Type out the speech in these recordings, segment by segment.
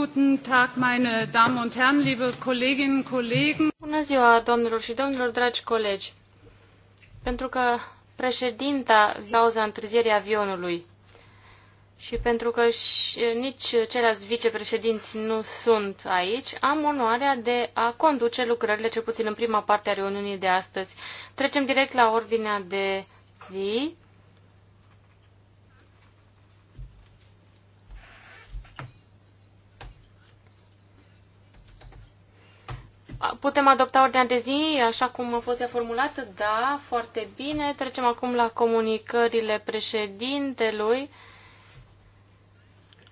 Guten Tag, meine Damen und Herren, liebe Kolleginnen und Kollegen. Bună ziua, domnilor și domnilor, dragi colegi. Pentru că președinta cauza întârzierii avionului și pentru că nici ceilalți vicepreședinți nu sunt aici, am onoarea de a conduce lucrările, cel puțin în prima parte a reuniunii de astăzi. Trecem direct la ordinea de zi. Putem adopta ordinea de zi așa cum a fost formulată? Da, foarte bine. Trecem acum la comunicările președintelui.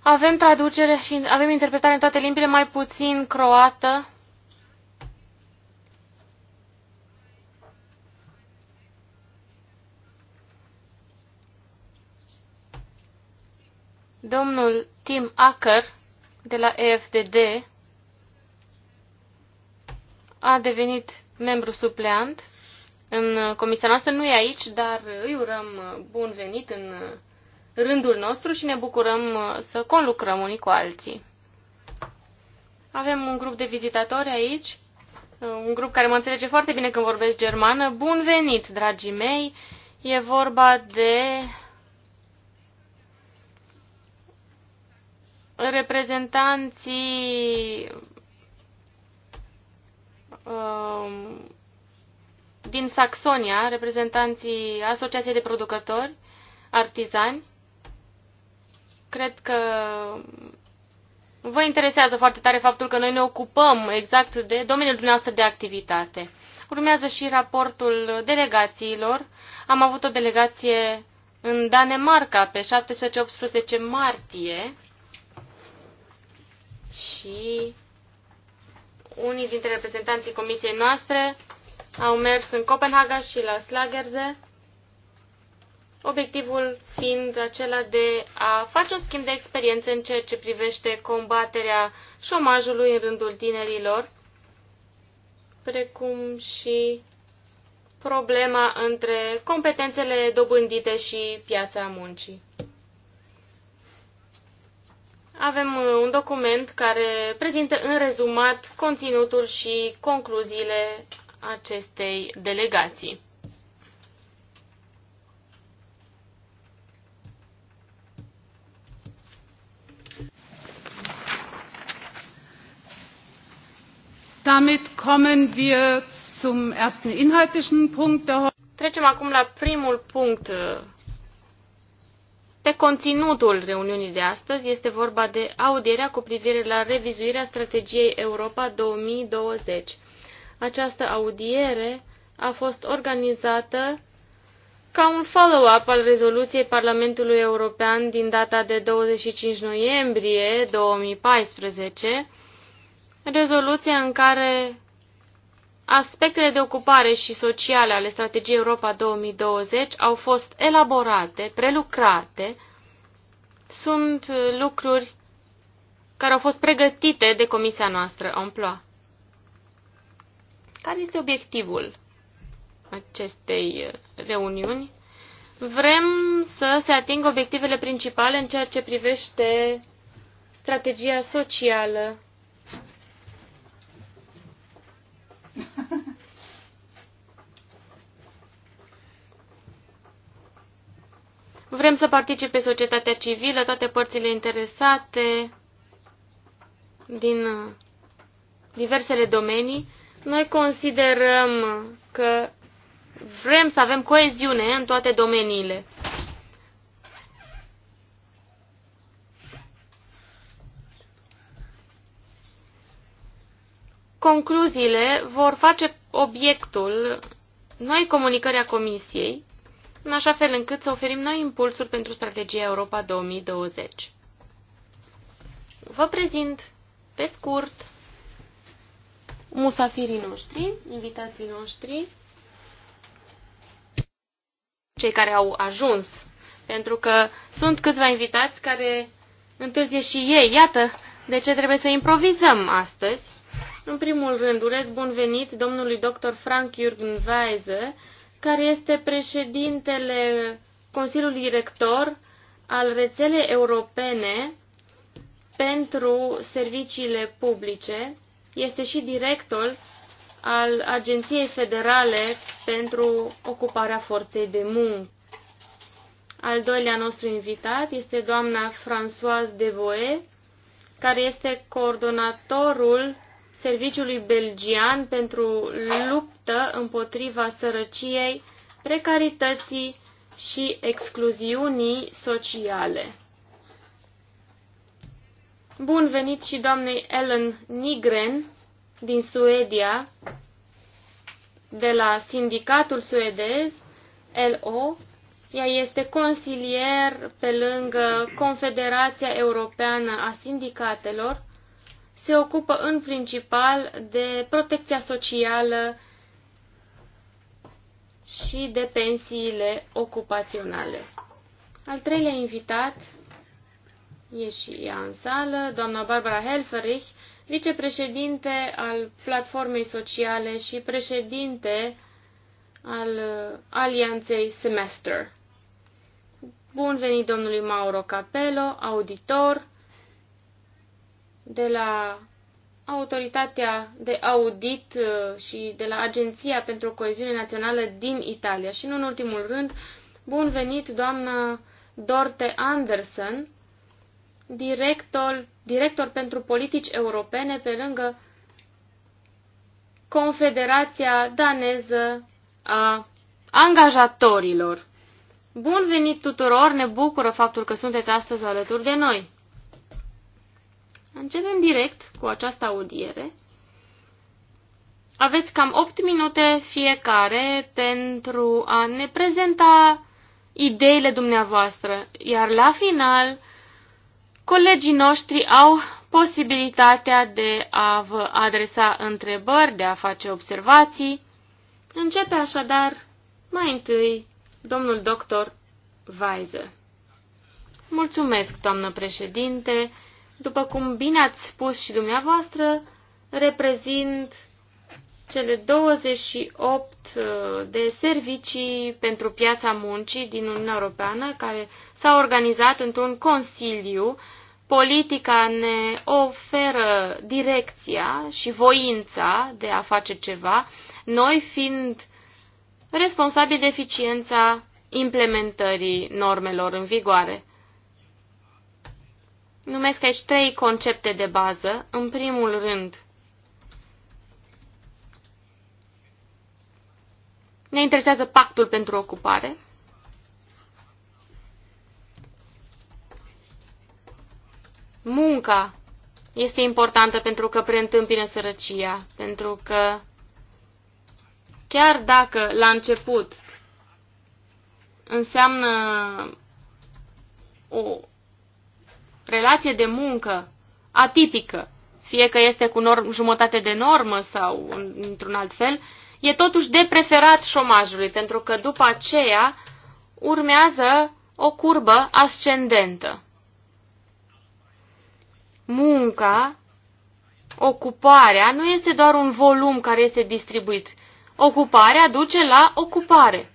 Avem traducere și avem interpretare în toate limbile, mai puțin croată. Domnul Tim Acker de la EFDD a devenit membru supleant în uh, comisia noastră. Nu e aici, dar îi urăm uh, bun venit în uh, rândul nostru și ne bucurăm să conlucrăm unii cu alții. Avem un grup de vizitatori aici, un grup care mă înțelege foarte bine când vorbesc germană. Bun venit, dragii mei! E vorba de reprezentanții Um, din Saxonia, reprezentanții Asociației de Producători, Artizani. Cred că vă interesează foarte tare faptul că noi ne ocupăm exact de domeniul dumneavoastră de activitate. Urmează și raportul delegațiilor. Am avut o delegație în Danemarca pe 17-18 martie și unii dintre reprezentanții comisiei noastre au mers în Copenhaga și la Slagerze, obiectivul fiind acela de a face un schimb de experiențe în ceea ce privește combaterea șomajului în rândul tinerilor, precum și problema între competențele dobândite și piața muncii avem uh, un document care prezintă în rezumat conținutul și concluziile acestei delegații. Damit kommen wir zum ersten inhaltlichen Punkt der Trecem acum la primul punct uh, pe conținutul reuniunii de astăzi este vorba de audierea cu privire la revizuirea strategiei Europa 2020. Această audiere a fost organizată ca un follow-up al rezoluției Parlamentului European din data de 25 noiembrie 2014, rezoluția în care aspectele de ocupare și sociale ale strategiei Europa 2020 au fost elaborate, prelucrate, sunt uh, lucruri care au fost pregătite de comisia noastră Omploa. Care este obiectivul acestei uh, reuniuni? Vrem să se atingă obiectivele principale în ceea ce privește strategia socială Vrem să participe societatea civilă, toate părțile interesate din uh, diversele domenii. Noi considerăm că vrem să avem coeziune în toate domeniile. Concluziile vor face obiectul noi comunicări a Comisiei în așa fel încât să oferim noi impulsuri pentru strategia Europa 2020. Vă prezint, pe scurt, musafirii noștri, invitații noștri, cei care au ajuns, pentru că sunt câțiva invitați care întârzie și ei. Iată de ce trebuie să improvizăm astăzi. În primul rând, urez bun venit domnului dr. Frank Jürgen Weise, care este președintele Consiliului Director al rețelei europene pentru serviciile publice. Este și director al Agenției Federale pentru Ocuparea Forței de Muncă. Al doilea nostru invitat este doamna Françoise Devoe, care este coordonatorul Serviciului Belgian pentru luptă împotriva sărăciei, precarității și excluziunii sociale. Bun venit și doamnei Ellen Nigren din Suedia, de la sindicatul suedez LO. Ea este consilier pe lângă Confederația Europeană a Sindicatelor se ocupă în principal de protecția socială și de pensiile ocupaționale. Al treilea invitat e și ea în sală, doamna Barbara Helferich, vicepreședinte al Platformei Sociale și președinte al uh, Alianței Semester. Bun venit domnului Mauro Capello, auditor, de la autoritatea de audit uh, și de la Agenția pentru Coeziune Națională din Italia. Și nu în ultimul rând, bun venit doamna Dorte Anderson, director, director pentru politici europene pe lângă Confederația Daneză a Angajatorilor. Bun venit tuturor, ne bucură faptul că sunteți astăzi alături de noi. Începem direct cu această audiere. Aveți cam 8 minute fiecare pentru a ne prezenta ideile dumneavoastră, iar la final colegii noștri au posibilitatea de a vă adresa întrebări, de a face observații. Începe așadar mai întâi domnul doctor Weiser. Mulțumesc, doamnă președinte, după cum bine ați spus și dumneavoastră, reprezint cele 28 uh, de servicii pentru piața muncii din Uniunea Europeană care s-au organizat într-un consiliu. Politica ne oferă direcția și voința de a face ceva, noi fiind responsabili de eficiența implementării normelor în vigoare numesc aici trei concepte de bază. În primul rând, ne interesează pactul pentru ocupare. Munca este importantă pentru că preîntâmpină sărăcia, pentru că chiar dacă la început înseamnă o relație de muncă atipică, fie că este cu norm, jumătate de normă sau într-un alt fel, e totuși de preferat șomajului, pentru că după aceea urmează o curbă ascendentă. Munca, ocuparea, nu este doar un volum care este distribuit. Ocuparea duce la ocupare.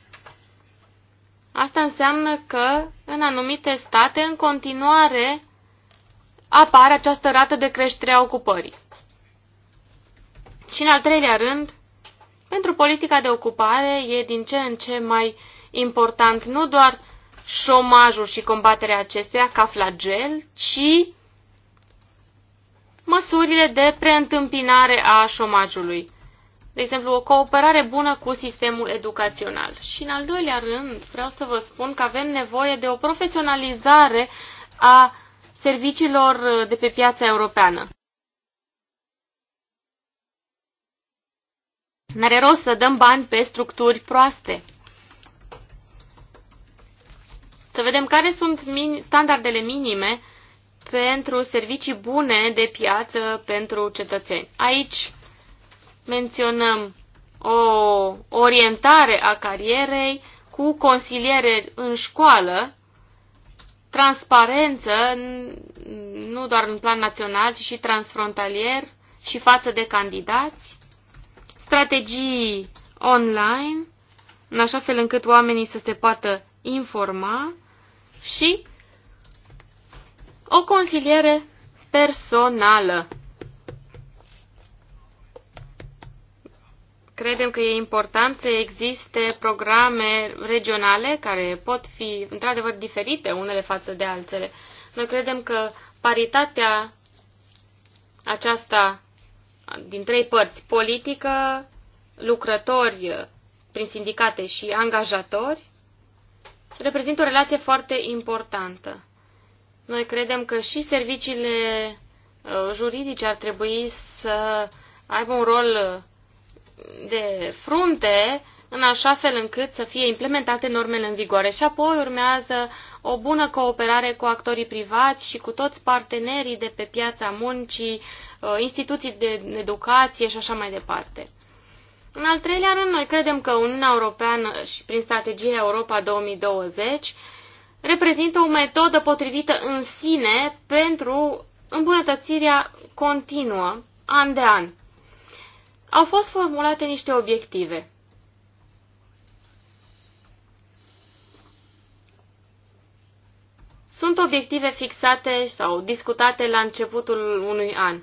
Asta înseamnă că în anumite state în continuare apare această rată de creștere a ocupării. Și în al treilea rând, pentru politica de ocupare e din ce în ce mai important nu doar șomajul și combaterea acestuia ca flagel, ci măsurile de preîntâmpinare a șomajului. De exemplu, o cooperare bună cu sistemul educațional. Și în al doilea rând, vreau să vă spun că avem nevoie de o profesionalizare a serviciilor de pe piața europeană. N-are rost să dăm bani pe structuri proaste. Să vedem care sunt min standardele minime pentru servicii bune de piață pentru cetățeni. Aici menționăm o orientare a carierei cu consiliere în școală transparență, nu doar în plan național, ci și transfrontalier și față de candidați, strategii online, în așa fel încât oamenii să se poată informa și o consiliere personală. Credem că e important să existe programe regionale care pot fi, într-adevăr, diferite unele față de altele. Noi credem că paritatea aceasta din trei părți, politică, lucrători prin sindicate și angajatori, reprezintă o relație foarte importantă. Noi credem că și serviciile uh, juridice ar trebui să aibă un rol uh, de frunte în așa fel încât să fie implementate normele în vigoare. Și apoi urmează o bună cooperare cu actorii privați și cu toți partenerii de pe piața muncii, uh, instituții de educație și așa mai departe. În al treilea rând, noi credem că Uniunea Europeană și prin strategia Europa 2020 reprezintă o metodă potrivită în sine pentru îmbunătățirea continuă, an de an, au fost formulate niște obiective. Sunt obiective fixate sau discutate la începutul unui an.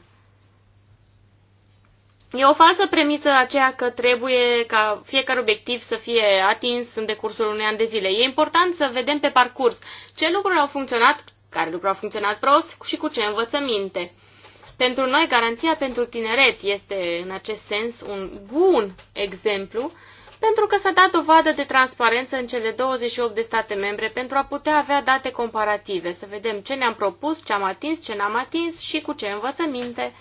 E o falsă premisă aceea că trebuie ca fiecare obiectiv să fie atins în decursul unui an de zile. E important să vedem pe parcurs ce lucruri au funcționat, care lucruri au funcționat prost și cu ce învățăminte. Pentru noi, garanția pentru tineret este, în acest sens, un bun exemplu pentru că s-a dat dovadă de transparență în cele 28 de state membre pentru a putea avea date comparative, să vedem ce ne-am propus, ce am atins, ce n-am atins și cu ce învățăminte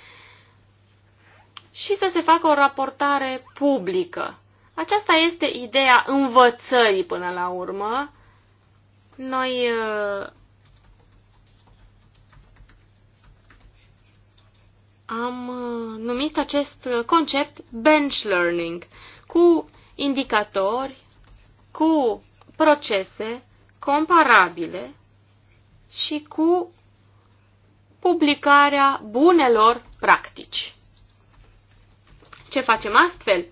și să se facă o raportare publică. Aceasta este ideea învățării până la urmă. Noi uh, am uh, numit acest uh, concept bench learning, cu indicatori, cu procese comparabile și cu publicarea bunelor practici. Ce facem astfel?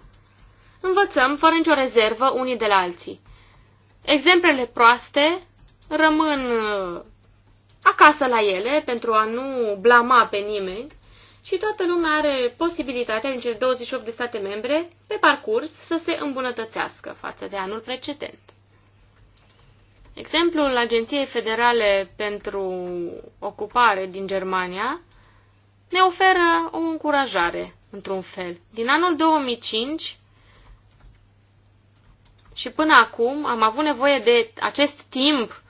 Învățăm fără nicio rezervă unii de la alții. Exemplele proaste rămân uh, acasă la ele pentru a nu blama pe nimeni și toată lumea are posibilitatea din cele 28 de state membre pe parcurs să se îmbunătățească față de anul precedent. Exemplul Agenției Federale pentru Ocupare din Germania ne oferă o încurajare, într-un fel. Din anul 2005 și până acum am avut nevoie de acest timp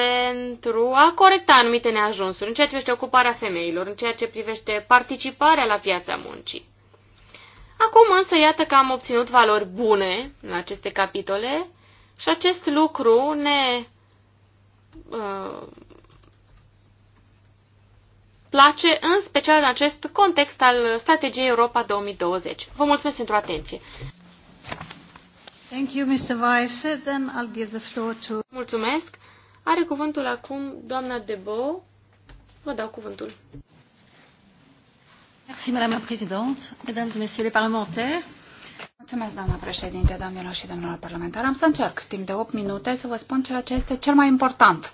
pentru a corecta anumite neajunsuri în ceea ce privește ocuparea femeilor, în ceea ce privește participarea la piața muncii. Acum însă iată că am obținut valori bune în aceste capitole și acest lucru ne uh, place în special în acest context al strategiei Europa 2020. Vă mulțumesc pentru atenție. Thank you, Mr. Vice. Then I'll give the floor to... Mulțumesc. Are cuvântul acum doamna Debo. Vă dau cuvântul. Merci, Madame la Présidente, Mesdames et Messieurs les parlementaires. Mulțumesc, doamna președinte, doamnelor și domnilor parlamentari. Am să încerc timp de 8 minute să vă spun ceea ce este cel mai important.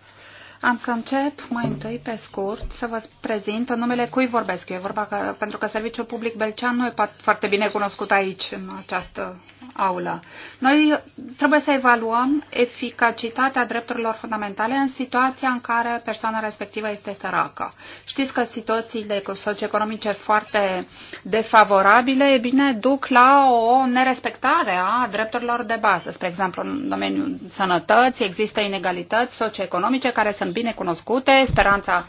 Am să încep mai întâi, pe scurt, să vă prezint în numele cui vorbesc. E vorba că, pentru că Serviciul Public Belcean nu e foarte bine cunoscut aici, în această aulă. Noi trebuie să evaluăm eficacitatea drepturilor fundamentale în situația în care persoana respectivă este săracă. Știți că situațiile socioeconomice foarte defavorabile, e bine, duc la o nerespectare a drepturilor de bază. Spre exemplu, în domeniul sănătății există inegalități socioeconomice care sunt bine cunoscute, speranța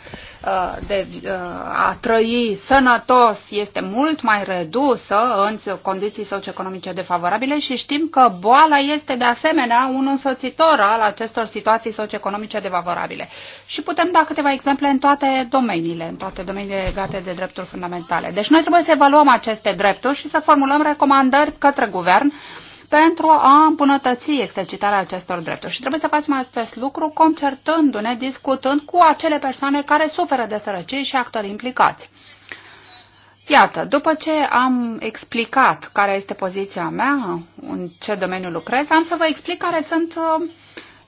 Uh, de uh, a trăi sănătos este mult mai redusă în condiții socioeconomice defavorabile și știm că boala este de asemenea un însoțitor al acestor situații socioeconomice defavorabile. Și putem da câteva exemple în toate domeniile, în toate domeniile legate de drepturi fundamentale. Deci noi trebuie să evaluăm aceste drepturi și să formulăm recomandări către guvern pentru a îmbunătăți exercitarea acestor drepturi. Și trebuie să facem acest lucru concertându-ne, discutând cu acele persoane care suferă de sărăcie și actori implicați. Iată, după ce am explicat care este poziția mea, în ce domeniu lucrez, am să vă explic care sunt uh,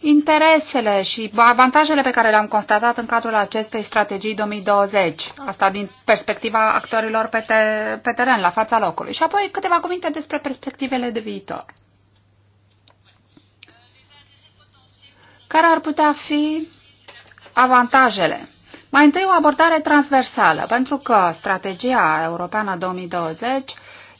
interesele și avantajele pe care le-am constatat în cadrul acestei strategii 2020, asta din perspectiva actorilor pe, te pe teren, la fața locului, și apoi câteva cuvinte despre perspectivele de viitor. Care ar putea fi avantajele? Mai întâi o abordare transversală, pentru că strategia europeană 2020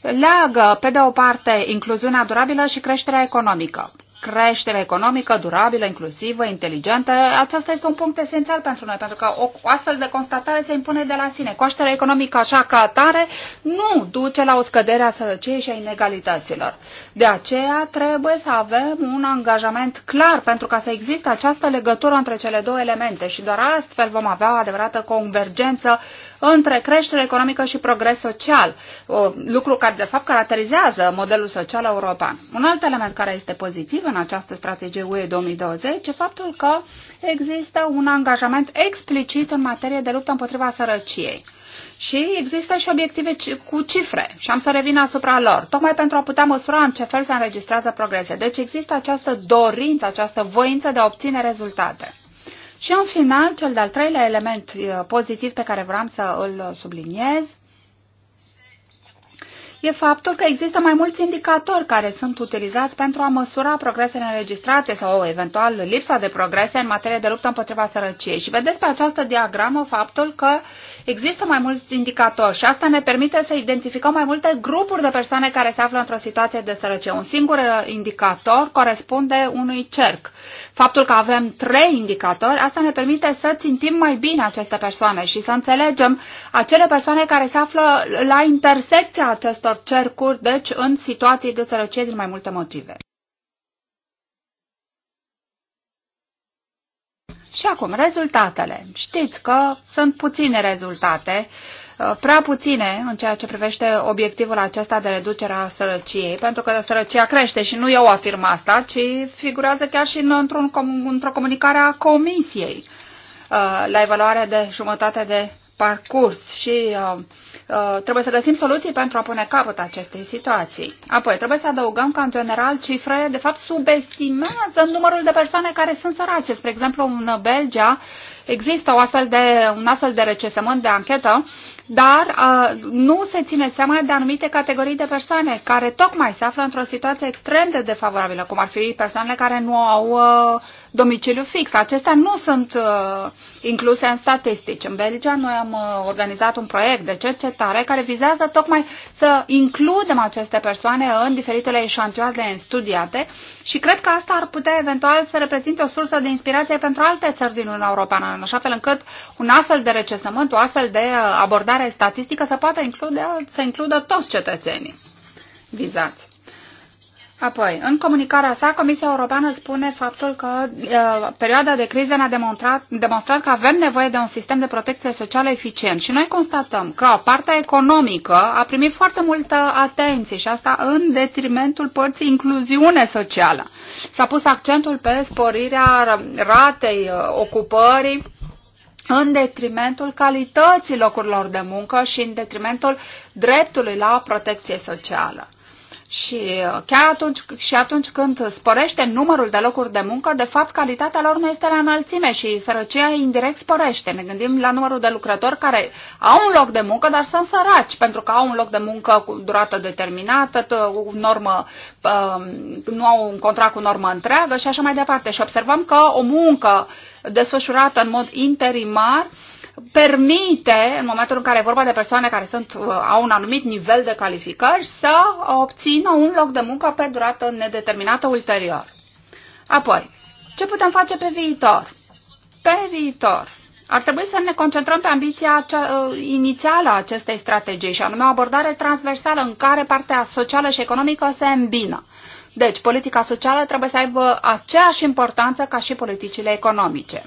leagă, pe de o parte, incluziunea durabilă și creșterea economică creștere economică, durabilă, inclusivă, inteligentă, acesta este un punct esențial pentru noi, pentru că o, o astfel de constatare se impune de la sine. Creșterea economică așa ca atare nu duce la o scădere a sărăciei și a inegalităților. De aceea trebuie să avem un angajament clar pentru ca să existe această legătură între cele două elemente și doar astfel vom avea o adevărată convergență între creștere economică și progres social, lucru care de fapt caracterizează modelul social european. Un alt element care este pozitiv în această strategie UE 2020 e faptul că există un angajament explicit în materie de luptă împotriva sărăciei. Și există și obiective cu cifre și am să revin asupra lor, tocmai pentru a putea măsura în ce fel se înregistrează progrese. Deci există această dorință, această voință de a obține rezultate. Și în final, cel de-al treilea element pozitiv pe care vreau să îl subliniez e faptul că există mai mulți indicatori care sunt utilizați pentru a măsura progresele înregistrate sau eventual lipsa de progrese în materie de luptă împotriva sărăciei. Și vedeți pe această diagramă faptul că uh, Există mai mulți indicatori și asta ne permite să identificăm mai multe grupuri de persoane care se află într-o situație de sărăcie. Un singur uh, indicator corespunde unui cerc. Faptul că avem trei indicatori, asta ne permite să țintim mai bine aceste persoane și să înțelegem acele persoane care se află la intersecția acestor cercuri, deci în situații de sărăcie din mai multe motive. Și acum, rezultatele. Știți că sunt puține rezultate, uh, prea puține în ceea ce privește obiectivul acesta de reducere a sărăciei, pentru că sărăcia crește și nu eu afirm asta, ci figurează chiar și într-o într comunicare a Comisiei uh, la evaluare de jumătate de parcurs și uh, uh, trebuie să găsim soluții pentru a pune capăt acestei situații. Apoi, trebuie să adăugăm că, în general, cifrele, de fapt, subestimează numărul de persoane care sunt sărace. Spre exemplu, în Belgia există o astfel de, un astfel de recesământ de anchetă, dar uh, nu se ține seama de anumite categorii de persoane care tocmai se află într-o situație extrem de defavorabilă, cum ar fi persoanele care nu au uh, domiciliu fix. Acestea nu sunt uh, incluse în statistici. În Belgia noi am uh, organizat un proiect de cercetare care vizează tocmai să includem aceste persoane în diferitele eșantioane studiate și cred că asta ar putea eventual să reprezinte o sursă de inspirație pentru alte țări din Uniunea Europeană, în așa fel încât un astfel de recesământ, o astfel de uh, abordare statistică să poată include, să includă toți cetățenii vizați. Apoi, în comunicarea sa, Comisia Europeană spune faptul că uh, perioada de criză ne-a demonstrat, demonstrat că avem nevoie de un sistem de protecție socială eficient și noi constatăm că partea economică a primit foarte multă atenție și asta în detrimentul părții incluziune socială. S-a pus accentul pe sporirea ratei uh, ocupării în detrimentul calității locurilor de muncă și în detrimentul dreptului la protecție socială. Și uh, chiar atunci, și atunci când sporește numărul de locuri de muncă, de fapt calitatea lor nu este la înălțime și sărăcia indirect sporește. Ne gândim la numărul de lucrători care au un loc de muncă, dar sunt săraci, pentru că au un loc de muncă cu durată determinată, cu normă, um, nu au un contract cu normă întreagă și așa mai departe. Și observăm că o muncă desfășurată în mod interimar, permite, în momentul în care e vorba de persoane care sunt, uh, au un anumit nivel de calificări, să obțină un loc de muncă pe durată nedeterminată ulterior. Apoi, ce putem face pe viitor? Pe viitor, ar trebui să ne concentrăm pe ambiția cea, uh, inițială a acestei strategii, și anume o abordare transversală în care partea socială și economică se îmbină. Deci, politica socială trebuie să aibă aceeași importanță ca și politicile economice.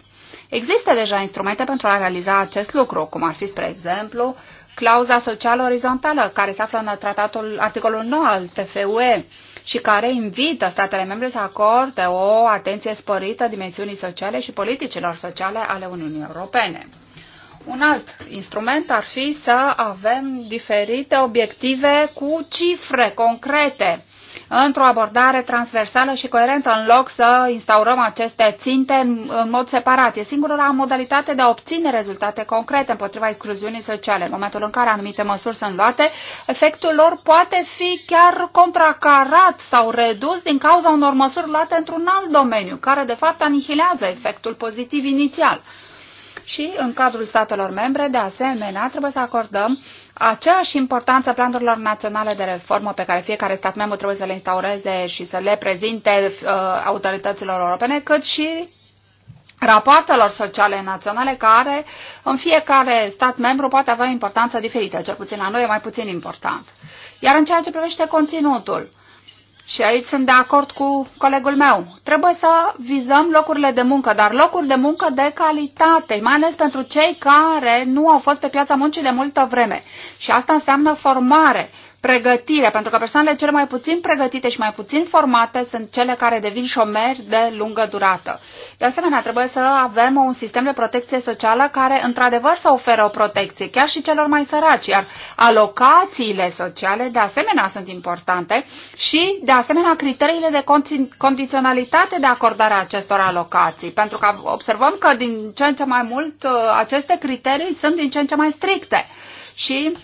Există deja instrumente pentru a realiza acest lucru, cum ar fi, spre exemplu, clauza socială orizontală care se află în tratatul articolul 9 al TFUE și care invită statele membre să acorde o atenție sporită dimensiunii sociale și politicilor sociale ale Uniunii Europene. Un alt instrument ar fi să avem diferite obiective cu cifre concrete într-o abordare transversală și coerentă, în loc să instaurăm aceste ținte în, în mod separat. E singura modalitate de a obține rezultate concrete împotriva excluziunii sociale. În momentul în care anumite măsuri sunt luate, efectul lor poate fi chiar contracarat sau redus din cauza unor măsuri luate într-un alt domeniu, care de fapt anihilează efectul pozitiv inițial și în cadrul statelor membre, de asemenea, trebuie să acordăm aceeași importanță planurilor naționale de reformă pe care fiecare stat membru trebuie să le instaureze și să le prezinte uh, autorităților europene, cât și rapoartelor sociale naționale care în fiecare stat membru poate avea importanță diferită, cel puțin la noi e mai puțin important. Iar în ceea ce privește conținutul, uh, și aici sunt de acord cu colegul meu, trebuie să vizăm locurile de muncă, dar locuri de muncă de calitate, mai ales pentru cei care nu au fost pe piața muncii de multă vreme. Și asta înseamnă formare pregătire, pentru că persoanele cele mai puțin pregătite și mai puțin formate sunt cele care devin șomeri de lungă durată. De asemenea, trebuie să avem un sistem de protecție socială care, într-adevăr, să oferă o protecție, chiar și celor mai săraci, iar alocațiile sociale, de asemenea, sunt importante și, de asemenea, criteriile de condiționalitate de acordare a acestor alocații, pentru că observăm că, din ce în ce mai mult, uh, aceste criterii sunt din ce în ce mai stricte. Și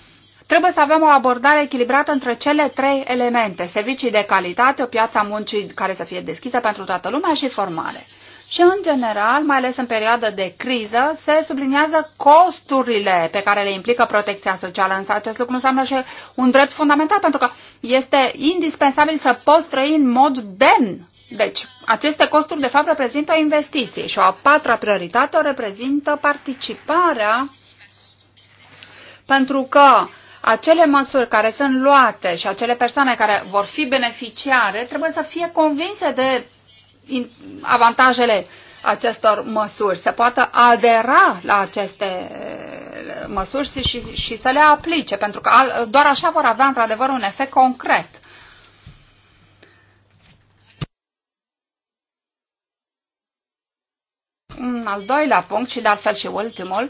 Trebuie să avem o abordare echilibrată între cele trei elemente, servicii de calitate, o piață muncii care să fie deschisă pentru toată lumea și formare. Și, în general, mai ales în perioada de criză, se subliniază costurile pe care le implică protecția socială. Însă acest lucru înseamnă și un drept fundamental, pentru că este indispensabil să poți trăi în mod demn. Deci, aceste costuri, de fapt, reprezintă o investiție și o a patra prioritate o reprezintă participarea, pentru că uh, acele măsuri care sunt luate și acele persoane care vor fi beneficiare trebuie să fie convinse de avantajele acestor măsuri, să poată adera la aceste eh, măsuri și, și să le aplice, pentru că doar așa vor avea într-adevăr un efect concret. Un al doilea punct și de altfel și ultimul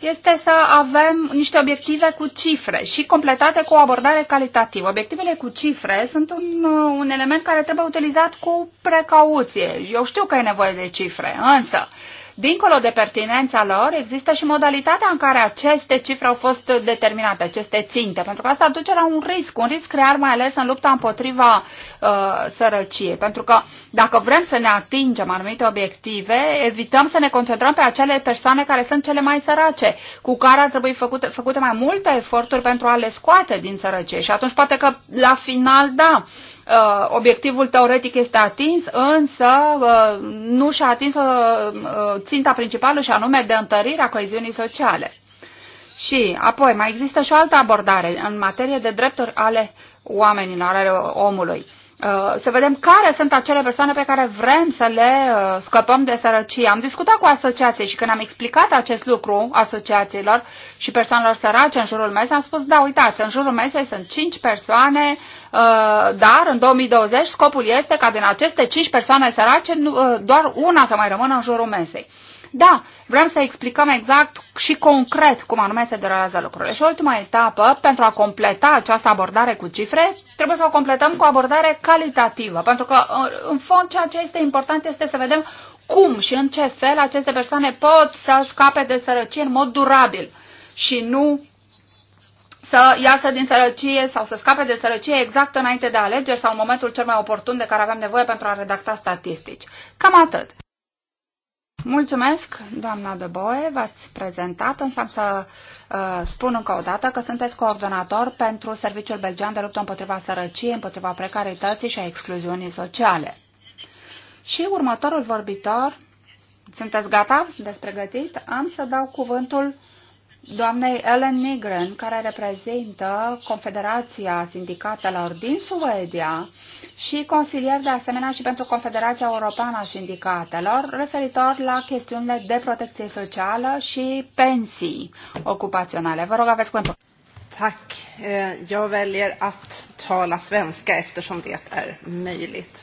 este să avem niște obiective cu cifre și completate cu o abordare calitativă. Obiectivele cu cifre sunt un, uh, un element care trebuie utilizat cu precauție. Eu știu că e nevoie de cifre, însă Dincolo de pertinența lor, există și modalitatea în care aceste cifre au fost determinate, aceste ținte, pentru că asta duce la un risc, un risc creat mai ales în lupta împotriva uh, sărăciei, pentru că dacă vrem să ne atingem anumite obiective, evităm să ne concentrăm pe acele persoane care sunt cele mai sărace, cu care ar trebui făcute, făcute mai multe eforturi pentru a le scoate din sărăcie și atunci poate că la final, da, Uh, obiectivul teoretic este atins, însă uh, nu și-a atins uh, ținta principală și anume de întărirea coeziunii sociale. Și apoi mai există și o altă abordare în materie de drepturi ale oamenilor, ale omului. Uh, să vedem care sunt acele persoane pe care vrem să le uh, scăpăm de sărăcie. Am discutat cu asociații și când am explicat acest lucru asociațiilor și persoanelor sărace în jurul mesei, am spus, da, uitați, în jurul mesei sunt 5 persoane, uh, dar în 2020 scopul este ca din aceste 5 persoane sărace doar una să mai rămână în jurul mesei. Da, vreau să explicăm exact și concret cum anume se derulează lucrurile. Și ultima etapă, pentru a completa această abordare cu cifre, trebuie să o completăm cu o abordare calitativă, pentru că, în fond, ceea ce este important este să vedem cum și în ce fel aceste persoane pot să scape de sărăcie în mod durabil și nu să iasă din sărăcie sau să scape de sărăcie exact înainte de alegeri sau în momentul cel mai oportun de care avem nevoie pentru a redacta statistici. Cam atât. Mulțumesc, doamna Boe, v-ați prezentat, însă am să uh, spun încă o dată că sunteți coordonator pentru Serviciul Belgian de luptă împotriva sărăciei, împotriva precarității și a excluziunii sociale. Și următorul vorbitor, sunteți gata? Despregătit? Am să dau cuvântul doamnei Ellen Nigren, care reprezintă Confederația Sindicatelor din Suedia și consilier de asemenea și pentru Confederația Europeană a Sindicatelor, referitor la chestiunile de protecție socială și pensii ocupaționale. Vă rog, aveți cuvântul. Tack. Jag väljer att tala svenska eftersom det är möjligt.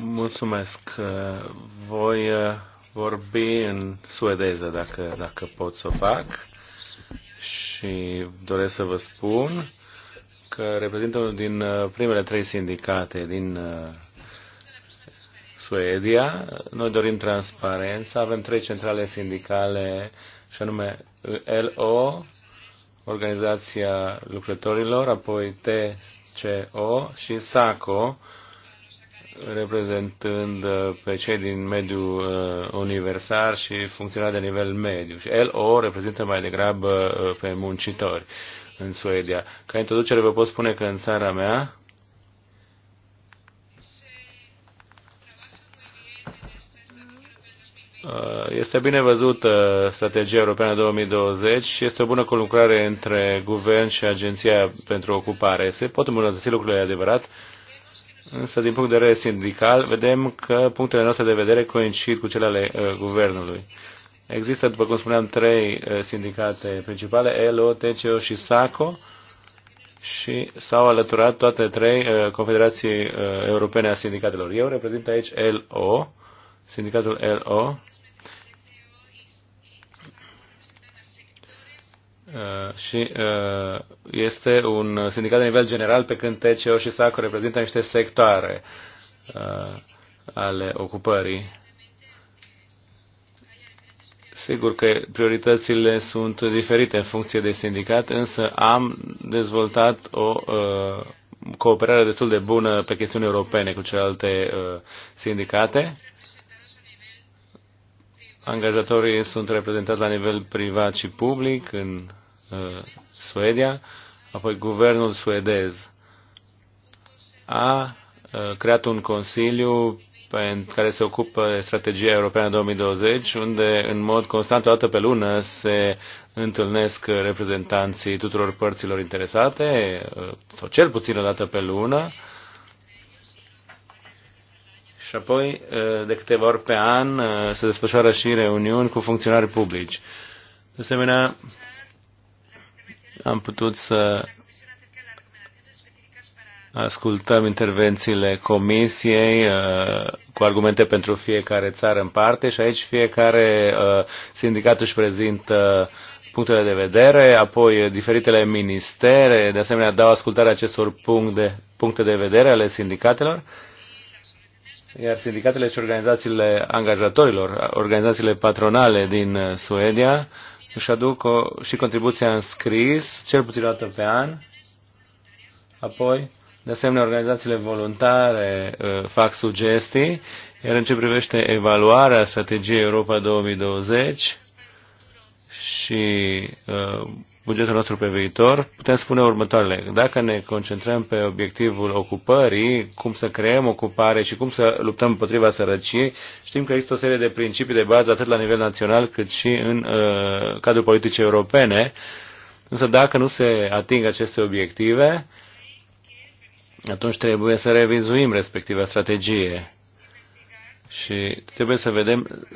Mulțumesc. Voi vorbi în suedeză dacă, dacă pot să o fac și doresc să vă spun că reprezintă unul din uh, primele trei sindicate din uh, Suedia. Noi dorim transparență. Avem trei centrale sindicale, și anume LO, Organizația Lucrătorilor, apoi TCO și SACO, reprezentând uh, pe cei din mediul uh, universal și funcționari de nivel mediu. Și LO reprezintă mai degrabă uh, pe muncitori în Suedia. Ca introducere vă pot spune că în țara mea Este bine văzută strategia europeană 2020 și este o bună colucrare între guvern și agenția pentru ocupare. Se pot îmbunătăți lucrurile, adevărat, Însă, din punct de vedere sindical, vedem că punctele noastre de vedere coincid cu cele ale uh, guvernului. Există, după cum spuneam, trei uh, sindicate principale, ELO, TCO și SACO, și s-au alăturat toate trei uh, Confederației uh, Europene a Sindicatelor. Eu reprezint aici LO, sindicatul LO, Uh, și uh, este un sindicat de nivel general, pe când TCO și SACO reprezintă niște sectoare uh, ale ocupării. Sigur că prioritățile sunt diferite în funcție de sindicat, însă am dezvoltat o uh, cooperare destul de bună pe chestiuni europene cu celelalte uh, sindicate. Angajatorii sunt reprezentați la nivel privat și public în Uh, Suedia, apoi guvernul suedez a uh, creat un consiliu care se ocupă de strategia europeană 2020, unde în mod constant, o dată pe lună, se întâlnesc reprezentanții tuturor părților interesate, uh, sau cel puțin o dată pe lună, și apoi, de câteva ori pe an, se desfășoară și reuniuni cu funcționari publici. De asemenea, am putut să ascultăm intervențiile comisiei uh, cu argumente pentru fiecare țară în parte și aici fiecare uh, sindicat își prezintă punctele de vedere, apoi diferitele ministere, de asemenea, dau ascultare acestor puncte, puncte de vedere ale sindicatelor, iar sindicatele și organizațiile angajatorilor, organizațiile patronale din Suedia, își aduc o, și contribuția în scris, cel puțin o dată pe an. Apoi, de asemenea, organizațiile voluntare uh, fac sugestii, iar în ce privește evaluarea strategiei Europa 2020, și uh, bugetul nostru pe viitor, putem spune următoarele. Dacă ne concentrăm pe obiectivul ocupării, cum să creăm ocupare și cum să luptăm împotriva sărăciei, știm că există o serie de principii de bază atât la nivel național cât și în uh, cadrul politicii europene. Însă dacă nu se ating aceste obiective, atunci trebuie să revizuim respectiva strategie și trebuie să vedem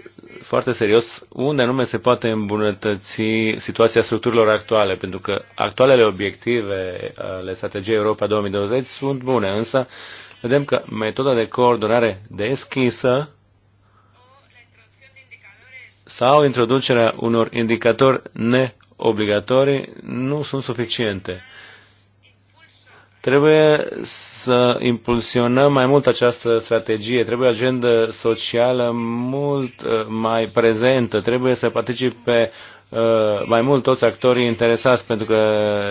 foarte serios unde anume se poate îmbunătăți situația structurilor actuale, pentru că actualele obiective ale strategiei Europa 2020 sunt bune, însă vedem că metoda de coordonare deschisă sau introducerea unor indicatori neobligatorii nu sunt suficiente. Trebuie să impulsionăm mai mult această strategie, trebuie o socială mult uh, mai prezentă, trebuie să participe uh, mai mult toți actorii interesați, pentru că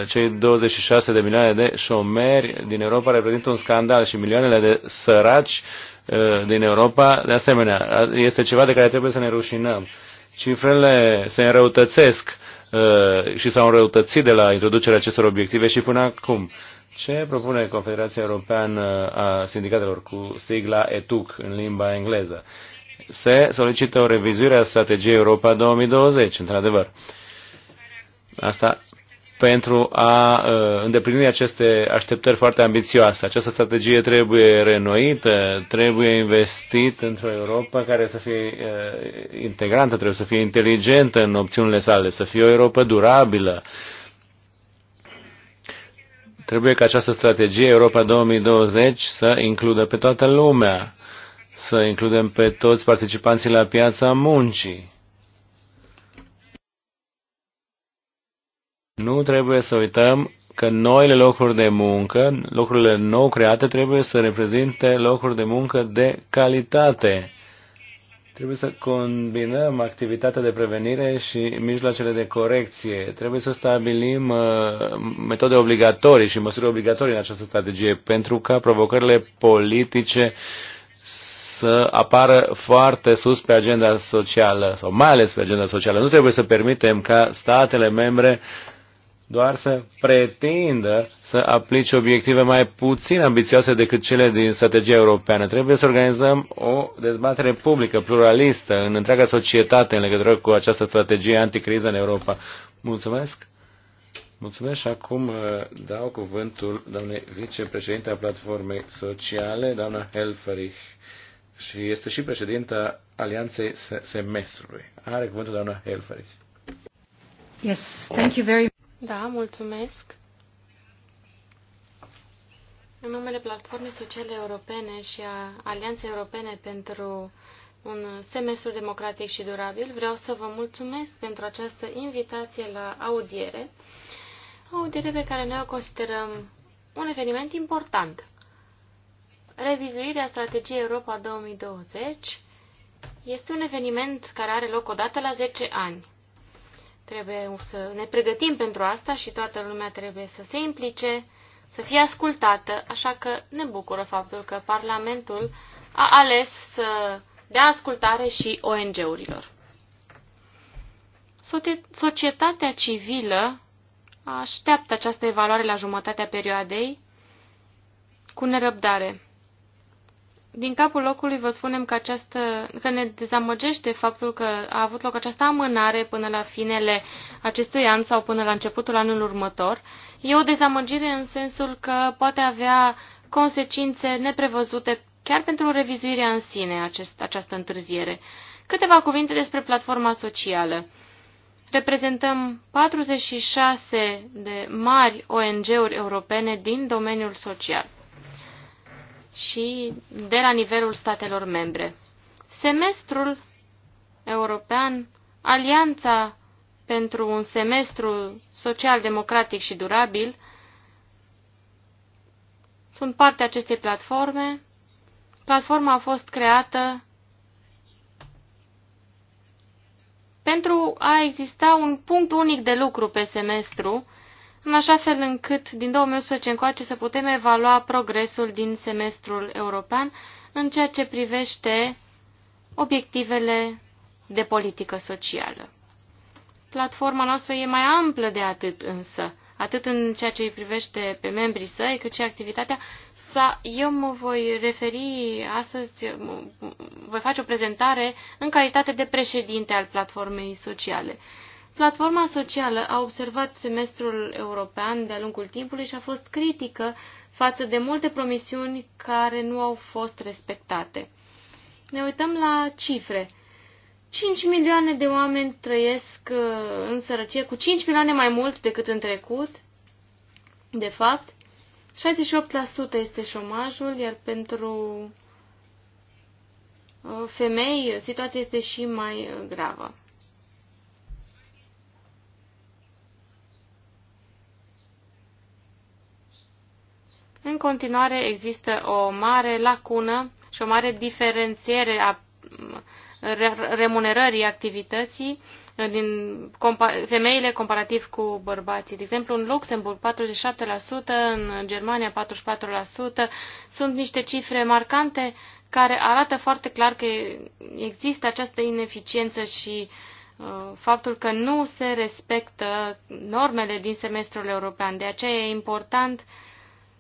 cei 26 de milioane de șomeri din Europa reprezintă un scandal și milioanele de săraci uh, din Europa, de asemenea, este ceva de care trebuie să ne rușinăm. Cifrele se înrăutățesc și s-au înrăutățit de la introducerea acestor obiective și până acum. Ce propune Confederația Europeană a Sindicatelor cu sigla ETUC în limba engleză? Se solicită o revizuire a strategiei Europa 2020, într-adevăr. Asta pentru a uh, îndeplini aceste așteptări foarte ambițioase. Această strategie trebuie renoită, trebuie investit într-o Europa care să fie uh, integrantă, trebuie să fie inteligentă în opțiunile sale, să fie o Europa durabilă, Trebuie ca această strategie Europa 2020 să includă pe toată lumea, să includem pe toți participanții la piața muncii. Nu trebuie să uităm că noile locuri de muncă, locurile nou create, trebuie să reprezinte locuri de muncă de calitate. Trebuie să combinăm activitatea de prevenire și mijloacele de corecție. Trebuie să stabilim uh, metode obligatorii și măsuri obligatorii în această strategie pentru ca provocările politice să apară foarte sus pe agenda socială, sau mai ales pe agenda socială. Nu trebuie să permitem ca statele membre doar să pretindă să aplice obiective mai puțin ambițioase decât cele din strategia europeană. Trebuie să organizăm o dezbatere publică, pluralistă, în întreaga societate în legătură cu această strategie anticriză în Europa. Mulțumesc! Mulțumesc și acum uh, dau cuvântul doamnei vicepreședinte a Platformei Sociale, doamna Helferich, și este și președinta Alianței Semestrului. Are cuvântul doamna Helferich. Yes, thank you very da, mulțumesc. În numele Platformei Sociale Europene și a Alianței Europene pentru un semestru democratic și durabil, vreau să vă mulțumesc pentru această invitație la audiere, audiere pe care noi o considerăm un eveniment important. Revizuirea strategiei Europa 2020 este un eveniment care are loc odată la 10 ani. Trebuie să ne pregătim pentru asta și toată lumea trebuie să se implice, să fie ascultată, așa că ne bucură faptul că Parlamentul a ales să dea ascultare și ONG-urilor. Societatea civilă așteaptă această evaluare la jumătatea perioadei cu nerăbdare din capul locului vă spunem că, această, că ne dezamăgește faptul că a avut loc această amânare până la finele acestui an sau până la începutul anului următor. E o dezamăgire în sensul că poate avea consecințe neprevăzute chiar pentru revizuirea în sine acest, această întârziere. Câteva cuvinte despre platforma socială. Reprezentăm 46 de mari ONG-uri europene din domeniul social și de la nivelul statelor membre. Semestrul european, alianța pentru un semestru social-democratic și durabil, sunt parte acestei platforme. Platforma a fost creată pentru a exista un punct unic de lucru pe semestru în așa fel încât din 2011 încoace să putem evalua progresul din semestrul european în ceea ce privește obiectivele de politică socială. Platforma noastră e mai amplă de atât însă, atât în ceea ce îi privește pe membrii săi, cât și activitatea sa. Eu mă voi referi astăzi, voi face o prezentare în calitate de președinte al platformei sociale. Platforma socială a observat semestrul european de-a lungul timpului și a fost critică față de multe promisiuni care nu au fost respectate. Ne uităm la cifre. 5 milioane de oameni trăiesc uh, în sărăcie, cu 5 milioane mai mult decât în trecut, de fapt. 68% este șomajul, iar pentru uh, femei situația este și mai uh, gravă. În continuare există o mare lacună și o mare diferențiere a remunerării activității din femeile comparativ cu bărbații. De exemplu, în Luxemburg 47%, în Germania 44%. Sunt niște cifre marcante care arată foarte clar că există această ineficiență și uh, faptul că nu se respectă normele din semestrul european. De aceea e important uh,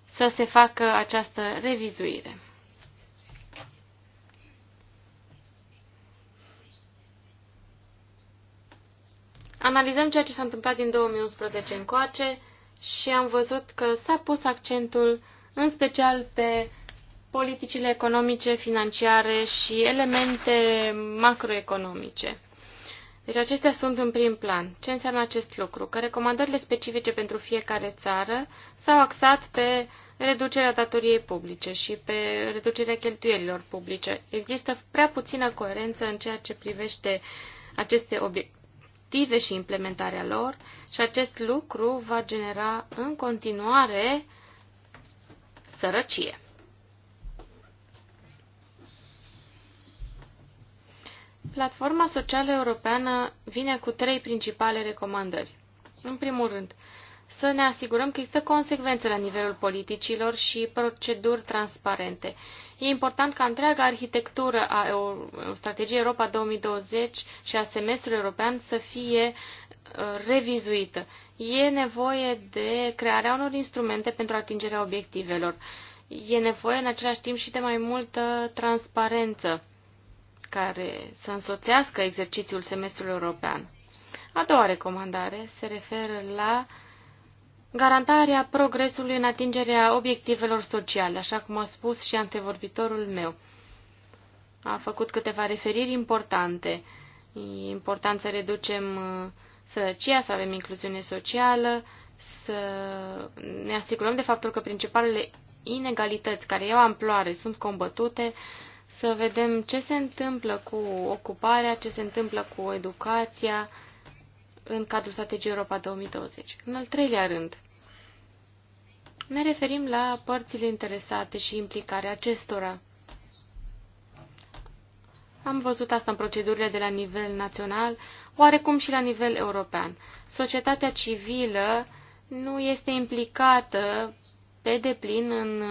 să se facă această revizuire. Analizăm ceea ce s-a întâmplat din 2011 încoace și am văzut că s-a pus accentul în special pe politicile economice, financiare și elemente macroeconomice. Deci acestea sunt în prim plan. Ce înseamnă acest lucru? Că recomandările specifice pentru fiecare țară s-au axat pe reducerea datoriei publice și pe reducerea cheltuielilor publice. Există prea puțină coerență în ceea ce privește aceste obiective și implementarea lor și acest lucru va genera în continuare sărăcie. Platforma Socială Europeană vine cu trei principale recomandări. În primul rând, să ne asigurăm că există consecvențe la nivelul politicilor și proceduri transparente. E important ca întreaga arhitectură a strategiei Europa 2020 și a semestrului european să fie uh, revizuită. E nevoie de crearea unor instrumente pentru atingerea obiectivelor. E nevoie în același timp și de mai multă transparență care să însoțească exercițiul semestrului european. A doua recomandare se referă la garantarea progresului în atingerea obiectivelor sociale, așa cum a spus și antevorbitorul meu. A făcut câteva referiri importante. E important să reducem uh, sărăcia, să avem incluziune socială, să ne asigurăm de faptul că principalele inegalități care iau amploare sunt combătute, să vedem ce se întâmplă cu ocuparea, ce se întâmplă cu educația în cadrul strategiei Europa 2020. În al treilea rând, ne referim la părțile interesate și implicarea acestora. Am văzut asta în procedurile de la nivel național, oarecum și la nivel european. Societatea civilă nu este implicată pe deplin în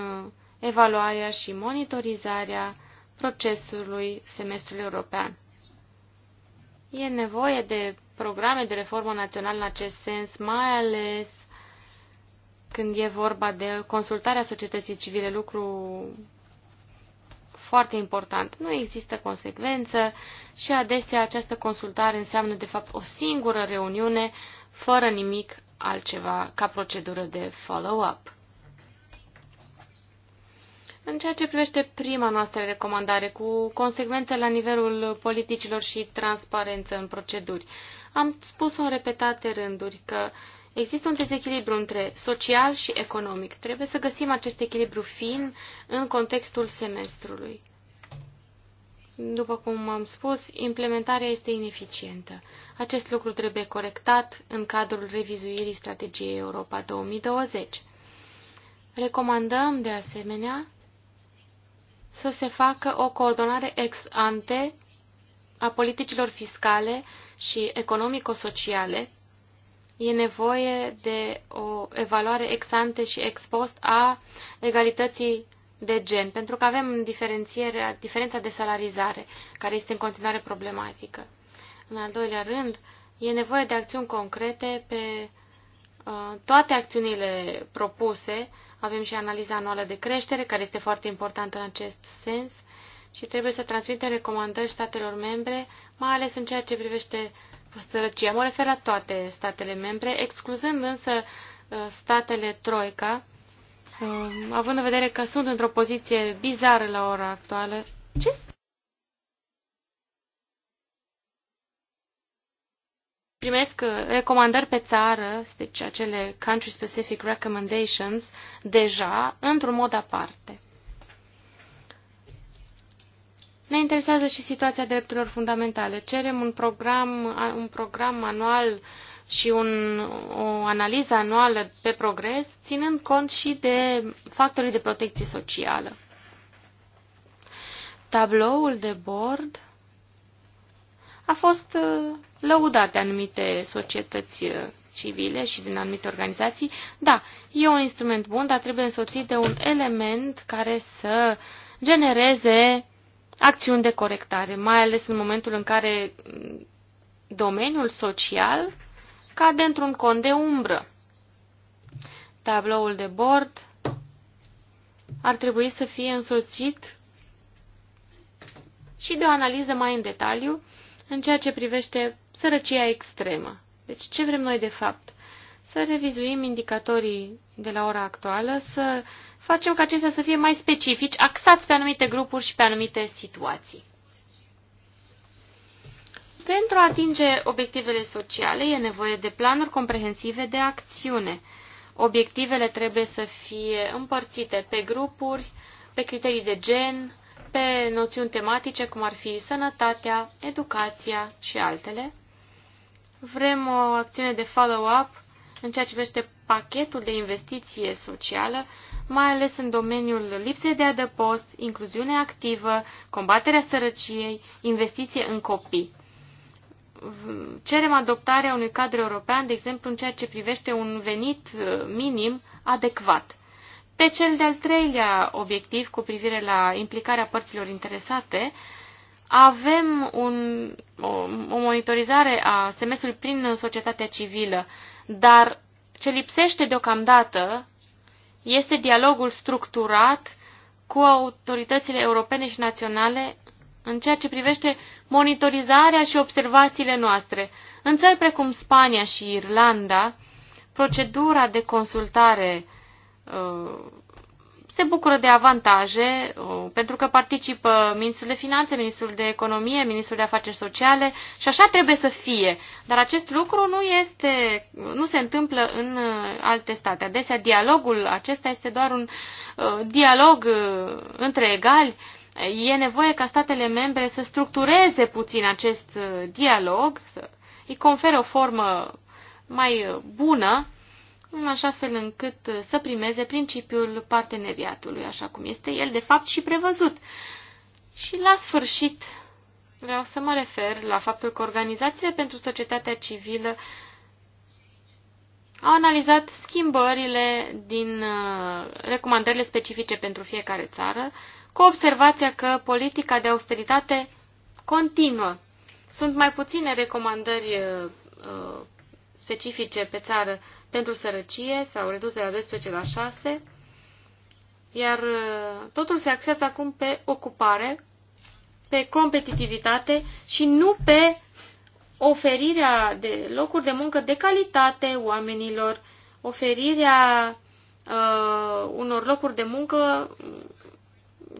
evaluarea și monitorizarea procesului semestrului european. E nevoie de programe de reformă națională în acest sens, mai ales când e vorba de consultarea societății civile, lucru foarte important. Nu există consecvență și adesea această consultare înseamnă de fapt o singură reuniune fără nimic altceva ca procedură de follow-up. În ceea ce privește prima noastră recomandare, cu consecvențe la nivelul politicilor și transparență în proceduri, am spus-o în repetate rânduri că există un dezechilibru între social și economic. Trebuie să găsim acest echilibru fin în contextul semestrului. După cum am spus, implementarea este ineficientă. Acest lucru trebuie corectat în cadrul revizuirii strategiei Europa 2020. Recomandăm, de asemenea, să se facă o coordonare ex ante a politicilor fiscale și economico-sociale. E nevoie de o evaluare ex ante și ex post a egalității de gen, pentru că avem diferența de salarizare, care este în continuare problematică. În al doilea rând, e nevoie de acțiuni concrete pe uh, toate acțiunile propuse, avem și analiza anuală de creștere, care este foarte importantă în acest sens și trebuie să transmitem recomandări statelor membre, mai ales în ceea ce privește sărăcia. Mă refer la toate statele membre, excluzând însă uh, statele Troica, uh, având în vedere că sunt într-o poziție bizară la ora actuală. Ce? primesc uh, recomandări pe țară, deci acele country-specific recommendations, deja, într-un mod aparte. Ne interesează și situația drepturilor fundamentale. Cerem un program, un program anual și un, o analiză anuală pe progres, ținând cont și de factorii de protecție socială. Tabloul de bord a fost uh, lăudat de anumite societăți uh, civile și din anumite organizații. Da, e un instrument bun, dar trebuie însoțit de un element care să genereze acțiuni de corectare, mai ales în momentul în care mm, domeniul social cade într-un cont de umbră. Tabloul de bord ar trebui să fie însoțit și de o analiză mai în detaliu în ceea ce privește sărăcia extremă. Deci ce vrem noi de fapt? Să revizuim indicatorii de la ora actuală, să facem ca acestea să fie mai specifici, axați pe anumite grupuri și pe anumite situații. Pentru a atinge obiectivele sociale e nevoie de planuri comprehensive de acțiune. Obiectivele trebuie să fie împărțite pe grupuri, pe criterii de gen, pe noțiuni tematice cum ar fi sănătatea, educația și altele. Vrem o acțiune de follow-up în ceea ce privește pachetul de investiție socială, mai ales în domeniul lipsei de adăpost, incluziune activă, combaterea sărăciei, investiție în copii. Cerem adoptarea unui cadru european, de exemplu, în ceea ce privește un venit uh, minim adecvat. Pe cel de-al treilea obiectiv, cu privire la implicarea părților interesate, avem un, o, o monitorizare a semestrului prin societatea civilă, dar ce lipsește deocamdată este dialogul structurat cu autoritățile europene și naționale în ceea ce privește monitorizarea și observațiile noastre. În țări precum Spania și Irlanda, procedura de consultare Uh, se bucură de avantaje uh, pentru că participă Ministrul de Finanțe, Ministrul de Economie, Ministrul de Afaceri Sociale și așa trebuie să fie. Dar acest lucru nu, este, nu se întâmplă în uh, alte state. Adesea dialogul acesta este doar un dialog între egali. E nevoie ca statele membre să structureze puțin acest dialog, să îi conferă o formă mai bună în așa fel încât să primeze principiul parteneriatului, așa cum este el de fapt și prevăzut. Și la sfârșit vreau să mă refer la faptul că organizațiile pentru societatea civilă au analizat schimbările din uh, recomandările specifice pentru fiecare țară, cu observația că politica de austeritate continuă. Sunt mai puține recomandări uh, uh, specifice pe țară pentru sărăcie s-au redus de la 12 la 6, iar uh, totul se axează acum pe ocupare, pe competitivitate și nu pe oferirea de locuri de muncă de calitate oamenilor, oferirea uh, unor locuri de muncă mm,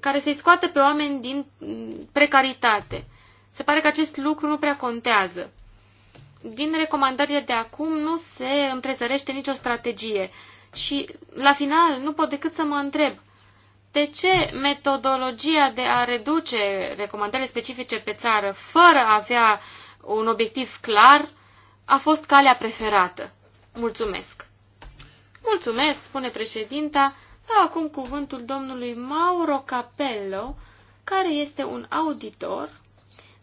care să-i scoată pe oameni din mm, precaritate. Se pare că acest lucru nu prea contează din recomandările de acum nu se întrezărește nicio strategie. Și la final nu pot decât să mă întreb, de ce metodologia de a reduce recomandările specifice pe țară fără a avea un obiectiv clar a fost calea preferată? Mulțumesc! Mulțumesc, spune președinta, dau acum cuvântul domnului Mauro Capello, care este un auditor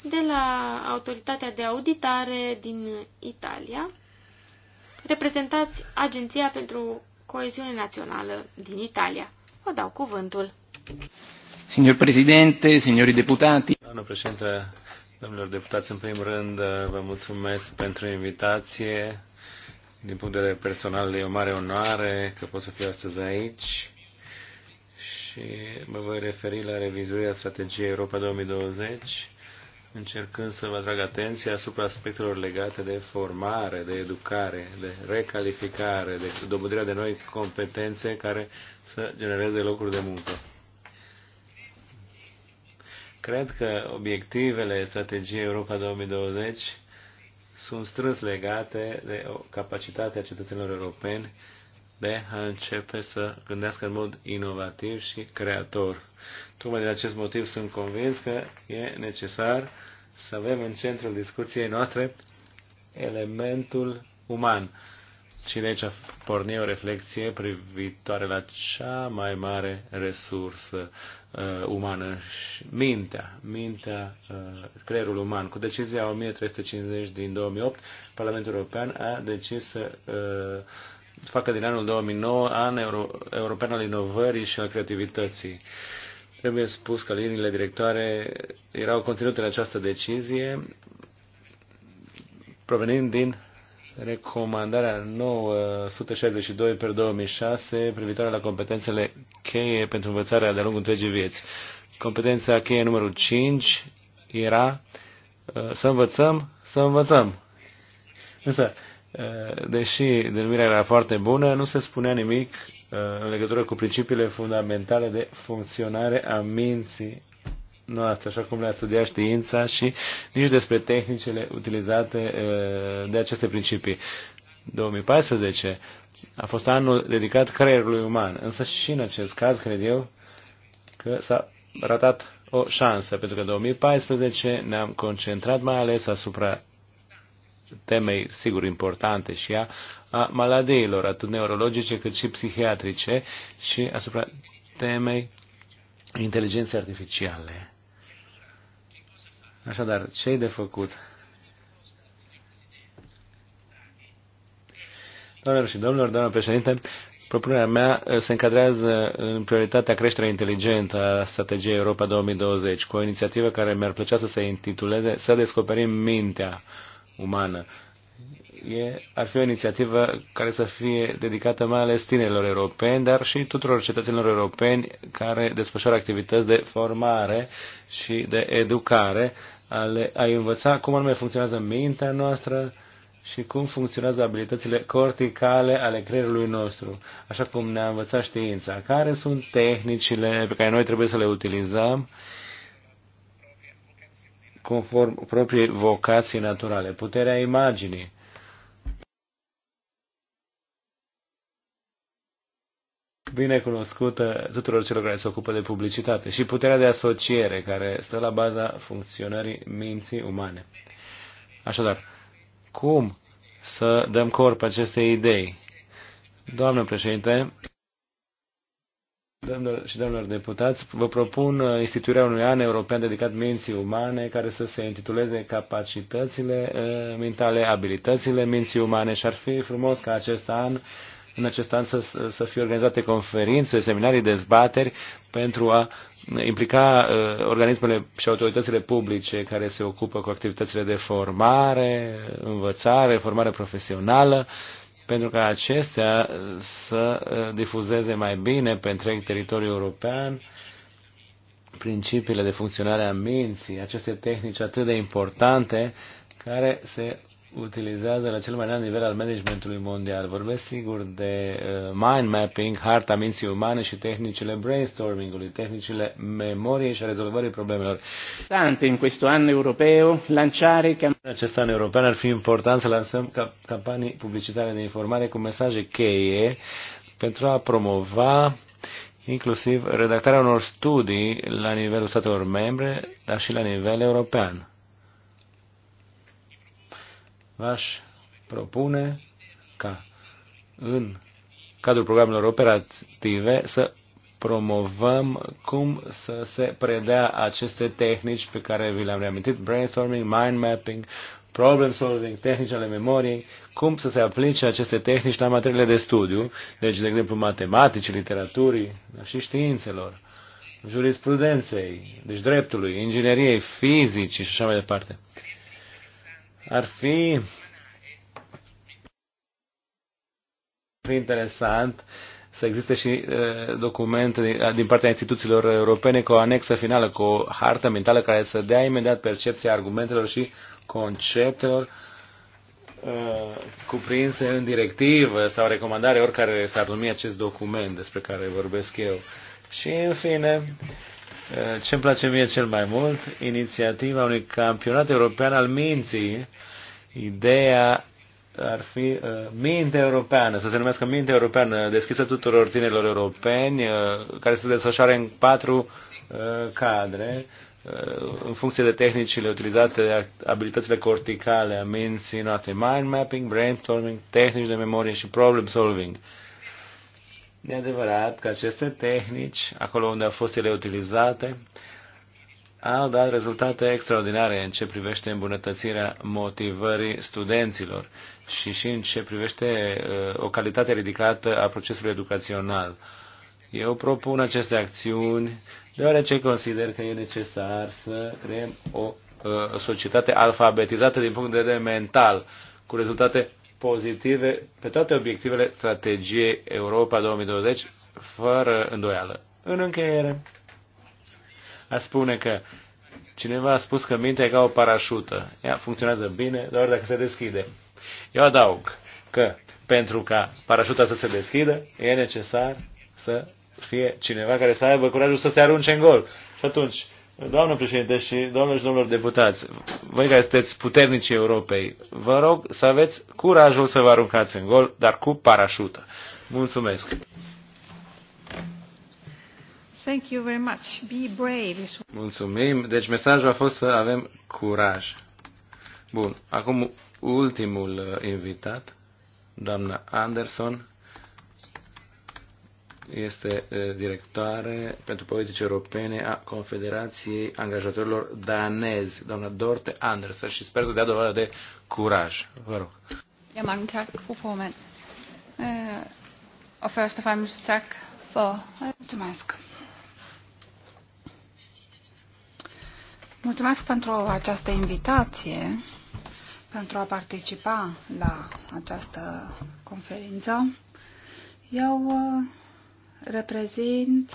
de la autoritatea de auditare din Italia, reprezentați Agenția pentru Coeziune Națională din Italia. Vă dau cuvântul. Signor Presidente, signori deputati. Doamnă președinte, domnilor deputați, în primul rând vă mulțumesc pentru invitație. Din punct de vedere personal e o mare onoare că pot să fiu astăzi aici și mă voi referi la revizuirea strategiei Europa 2020 încercând să vă atrag atenția asupra aspectelor legate de formare, de educare, de recalificare, de dobândirea de noi competențe care să genereze locuri de muncă. Cred că obiectivele strategiei Europa 2020 sunt strâns legate de capacitatea cetățenilor europeni de a începe să gândească în mod inovativ și creator. Tocmai de acest motiv sunt convins că e necesar să avem în centrul discuției noastre elementul uman. Și de aici porni o reflexie privitoare la cea mai mare resursă uh, umană, și mintea, mintea, uh, creierul uman. Cu decizia 1350 din 2008, Parlamentul European a decis să uh, facă din anul 2009 an euro, european al inovării și al creativității. Trebuie spus că liniile directoare erau conținute în această decizie, provenind din recomandarea 962 per 2006 privitoare la competențele cheie pentru învățarea de-a lungul întregii vieți. Competența cheie numărul 5 era uh, să învățăm, să învățăm. Însă, Eh, deși denumirea era foarte bună, nu se spunea nimic eh, în legătură cu principiile fundamentale de funcționare a minții noastre, așa cum le-a studiat știința și nici despre tehnicile utilizate eh, de aceste principii. 2014 a fost anul dedicat creierului uman, însă și în acest caz cred eu că s-a ratat o șansă, pentru că 2014 ne-am concentrat mai ales asupra temei, sigur, importante și a, a maladeilor, atât neurologice cât și psihiatrice, și asupra temei inteligenței artificiale. Așadar, ce de făcut? Doamnelor și domnilor, doamnă președinte, propunerea mea uh, se încadrează în prioritatea creșterea inteligentă a strategiei Europa 2020, cu o inițiativă care mi-ar plăcea să se intituleze Să descoperim mintea umană. E, ar fi o inițiativă care să fie dedicată mai ales tinerilor europeni, dar și tuturor cetățenilor europeni care desfășoară activități de formare și de educare, ale, a învăța cum anume funcționează mintea noastră, și cum funcționează abilitățile corticale ale creierului nostru, așa cum ne-a învățat știința, care sunt tehnicile pe care noi trebuie să le utilizăm conform propriei vocații naturale, puterea imaginii. bine cunoscută tuturor celor care se ocupă de publicitate și puterea de asociere care stă la baza funcționării minții umane. Așadar, cum să dăm corp acestei idei? Doamnă președinte, Domnilor și domnilor deputați, vă propun uh, instituirea unui an european dedicat minții umane, care să se intituleze Capacitățile uh, mentale, abilitățile minții umane și ar fi frumos ca acest an în acest an să, să fie organizate conferințe, seminarii, dezbateri pentru a implica uh, organismele și autoritățile publice care se ocupă cu activitățile de formare, învățare, formare profesională pentru ca acestea să uh, difuzeze mai bine pe întreg teritoriul european principiile de funcționare a minții, aceste tehnici atât de importante care se utilizează la cel mai înalt nivel al managementului mondial. Vorbesc sigur de uh, mind mapping, harta minții umane și tehnicile brainstormingului, tehnicile memoriei și a rezolvării problemelor. Tante în questo anno europeo lanciare În acest an european ar fi important să lansăm campanii publicitare de informare cu mesaje cheie pentru a promova inclusiv redactarea unor studii la nivelul statelor membre, dar și la nivel european v-aș propune ca în cadrul programelor operative să promovăm cum să se predea aceste tehnici pe care vi le-am reamintit, brainstorming, mind mapping, problem solving, tehnici ale memoriei, cum să se aplice aceste tehnici la materiile de studiu, deci, de exemplu, matematici, literaturii, dar și științelor, jurisprudenței, deci dreptului, ingineriei, fizicii și așa mai departe. Ar fi, interesant să existe și documente din partea instituțiilor europene cu o anexă finală, cu o hartă mentală care să dea imediat percepția argumentelor și conceptelor cuprinse în directivă sau recomandare, oricare s-ar numi acest document despre care vorbesc eu. Și, în fine, Eh, Ce îmi place mie cel mai mult? Inițiativa unui campionat european al minții. Ideea ar fi uh, eh, minte europeană, să se numească minte europeană, deschisă tuturor tinerilor europeni, uh, care se desfășoare în patru uh, cadre, uh, în funcție de tehnicile utilizate, abilitățile corticale a minții noastre, mind mapping, brainstorming, tehnici de memorie și problem solving. Uh, E adevărat că aceste tehnici, acolo unde au fost ele utilizate, au dat rezultate extraordinare în ce privește îmbunătățirea motivării studenților și și în ce privește uh, o calitate ridicată a procesului educațional. Eu propun aceste acțiuni deoarece consider că e necesar să creăm o uh, societate alfabetizată din punct de vedere mental, cu rezultate pozitive pe toate obiectivele strategiei Europa 2020, fără îndoială. În încheiere, a spune că cineva a spus că mintea e ca o parașută. Ea funcționează bine doar dacă se deschide. Eu adaug că pentru ca parașuta să se deschidă, e necesar să fie cineva care să aibă curajul să se arunce în gol. Și atunci, Doamnă președinte și domnilor și domnilor deputați, voi care sunteți puternici Europei, vă rog să aveți curajul să vă aruncați în gol, dar cu parașută. Mulțumesc! Thank you very much. Be brave. Mulțumim. Deci mesajul a fost să avem curaj. Bun. Acum ultimul uh, invitat, doamna Anderson este directoare pentru politici europene a Confederației Angajatorilor Danezi, doamna Dorte Andersen, și sper să dea dovadă de curaj. Vă rog. Ja, mange tak, fru formand. Uh, og først og fremmest tak for... Øh, Mulțumesc. Mulțumesc pentru această invitație, pentru a participa la această conferință. Eu uh, reprezint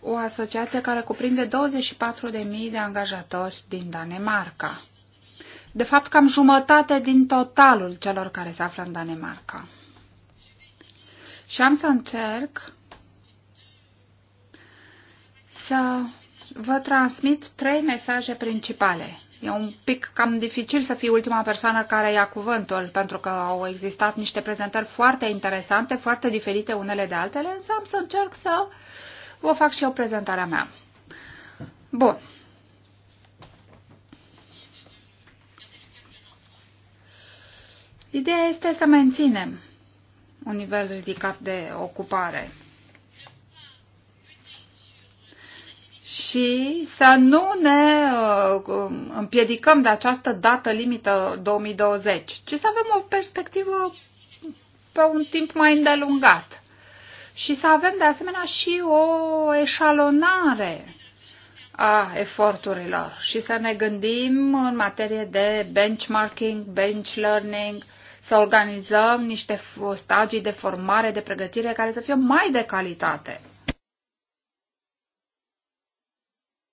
o asociație care cuprinde 24.000 de angajatori din Danemarca. De fapt, cam jumătate din totalul celor care se află în Danemarca. Și am să încerc să vă transmit trei mesaje principale E un pic cam dificil să fii ultima persoană care ia cuvântul, pentru că au existat niște prezentări foarte interesante, foarte diferite unele de altele, însă am să încerc să vă fac și eu prezentarea mea. Bun. Ideea este să menținem un nivel ridicat de ocupare și să nu ne uh, um, împiedicăm de această dată limită 2020, ci să avem o perspectivă pe un timp mai îndelungat. Și să avem de asemenea și o eșalonare a eforturilor și să ne gândim în materie de benchmarking, bench learning, să organizăm niște stagii de formare, de pregătire care să fie mai de calitate.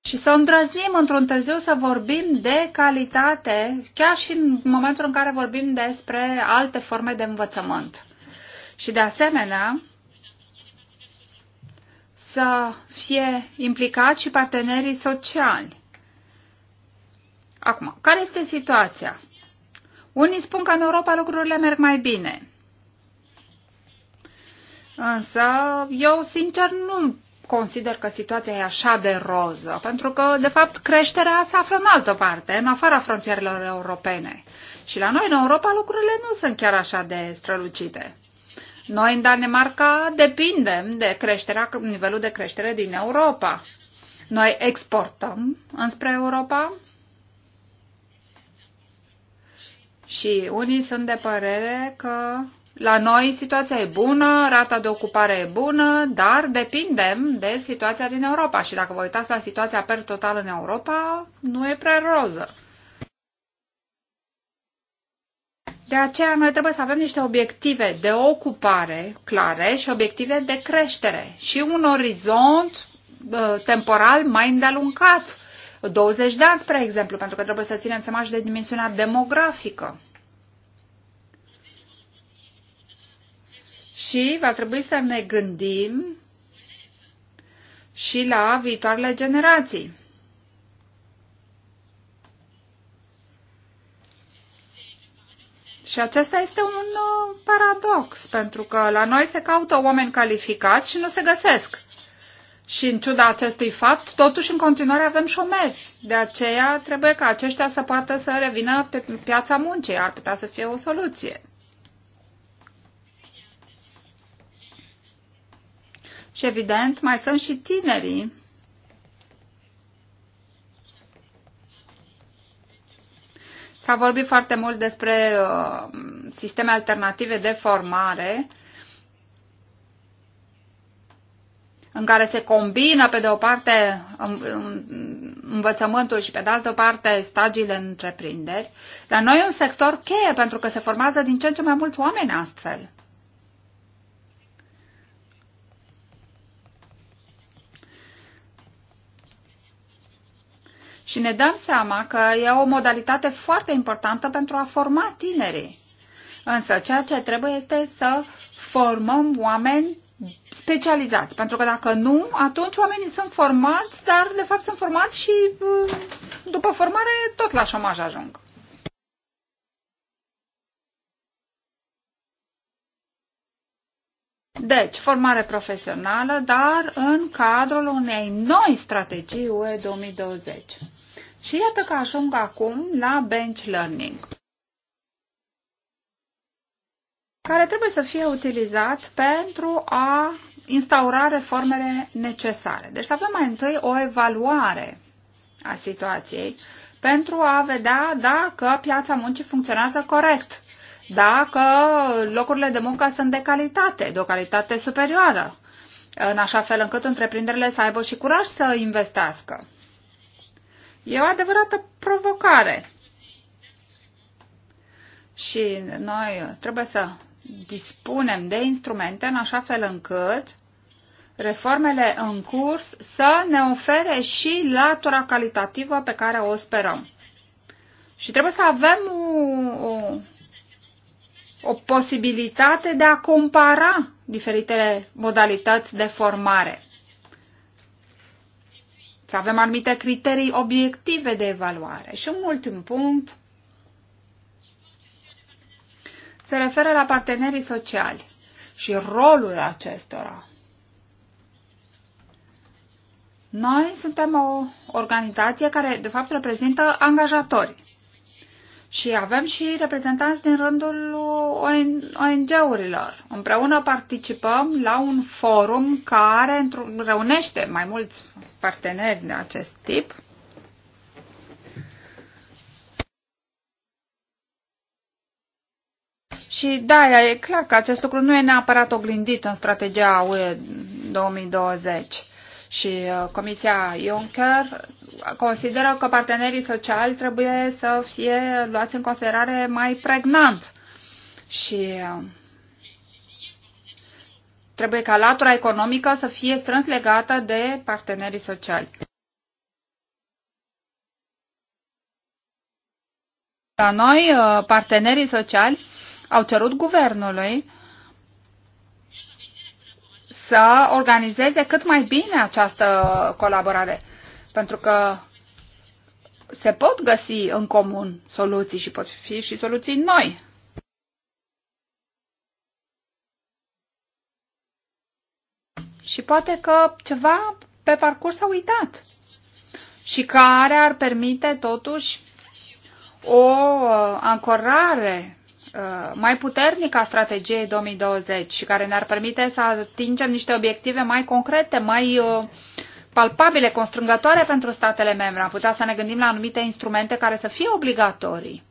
și să îndrăznim într-un târziu să vorbim de calitate, chiar și în momentul în care vorbim despre alte forme de învățământ. Și de asemenea, să fie implicați și partenerii sociali. Acum, care este situația? Unii spun că în Europa lucrurile merg mai bine. Însă, eu sincer nu consider că situația e așa de roză, pentru că, de fapt, creșterea se află în altă parte, în afara frontierelor europene. Și la noi, în Europa, lucrurile nu sunt chiar așa de strălucite. Noi, în Danemarca, depindem de creșterea, nivelul de creștere din Europa. Noi exportăm înspre Europa și unii sunt de părere că la noi situația e bună, rata de ocupare e bună, dar depindem de situația din Europa. Și dacă vă uitați la situația per total în Europa, nu e prea roză. De aceea noi trebuie să avem niște obiective de ocupare clare și obiective de creștere și un orizont uh, temporal mai îndelungat, 20 de ani, spre exemplu, pentru că trebuie să ținem seama și de dimensiunea demografică. și va trebui să ne gândim și la viitoarele generații. Și acesta este un uh, paradox, pentru că la noi se caută oameni calificați și nu se găsesc. Și în ciuda acestui fapt, totuși în continuare avem șomeri. De aceea trebuie ca aceștia să poată să revină pe piața muncii. Ar putea să fie o soluție. Și evident, mai sunt și tinerii S-a vorbit foarte mult despre uh, sisteme alternative de formare în care se combină, pe de o parte, învățământul și, pe de altă parte, stagiile în întreprinderi. La noi e un sector cheie pentru că se formează din ce în ce mai mulți oameni astfel. Și ne dăm seama că e o modalitate foarte importantă pentru a forma tinerii. Însă ceea ce trebuie este să formăm oameni specializați, pentru că dacă nu, atunci oamenii sunt formați, dar de fapt sunt formați și uh, după formare tot la șomaj ajung. Deci, formare profesională, dar în cadrul unei noi strategii UE 2020. Și iată că ajung acum la bench learning, care trebuie să fie utilizat pentru a instaura reformele necesare. Deci să avem mai întâi o evaluare a situației pentru a vedea dacă piața muncii funcționează corect, dacă locurile de muncă sunt de calitate, de o calitate superioară, în așa fel încât întreprinderile să aibă și curaj să investească. E o adevărată provocare. Și noi trebuie să dispunem de instrumente în așa fel încât reformele în curs să ne ofere și latura calitativă pe care o sperăm. Și trebuie să avem o, o, o posibilitate de a compara diferitele modalități de formare să avem anumite criterii obiective de evaluare. Și un ultim punct se referă la partenerii sociali și rolul acestora. Noi suntem o organizație care, de fapt, reprezintă angajatorii. Și avem și reprezentanți din rândul ONG-urilor. Împreună participăm la un forum care reunește mai mulți parteneri de acest tip. Și da, e clar că acest lucru nu e neapărat oglindit în strategia UE 2020. Și uh, Comisia Juncker consideră că partenerii sociali trebuie să fie luați în considerare mai pregnant și uh, trebuie ca latura economică să fie strâns legată de partenerii sociali. La noi, uh, partenerii sociali au cerut guvernului să organizeze cât mai bine această colaborare. Pentru că se pot găsi în comun soluții și pot fi și soluții noi. Și poate că ceva pe parcurs a uitat și care ar permite totuși o uh, ancorare Uh, mai puternică a strategiei 2020 și care ne-ar permite să atingem niște obiective mai concrete, mai uh, palpabile, constrângătoare pentru statele membre. Am putea să ne gândim la anumite instrumente care să fie obligatorii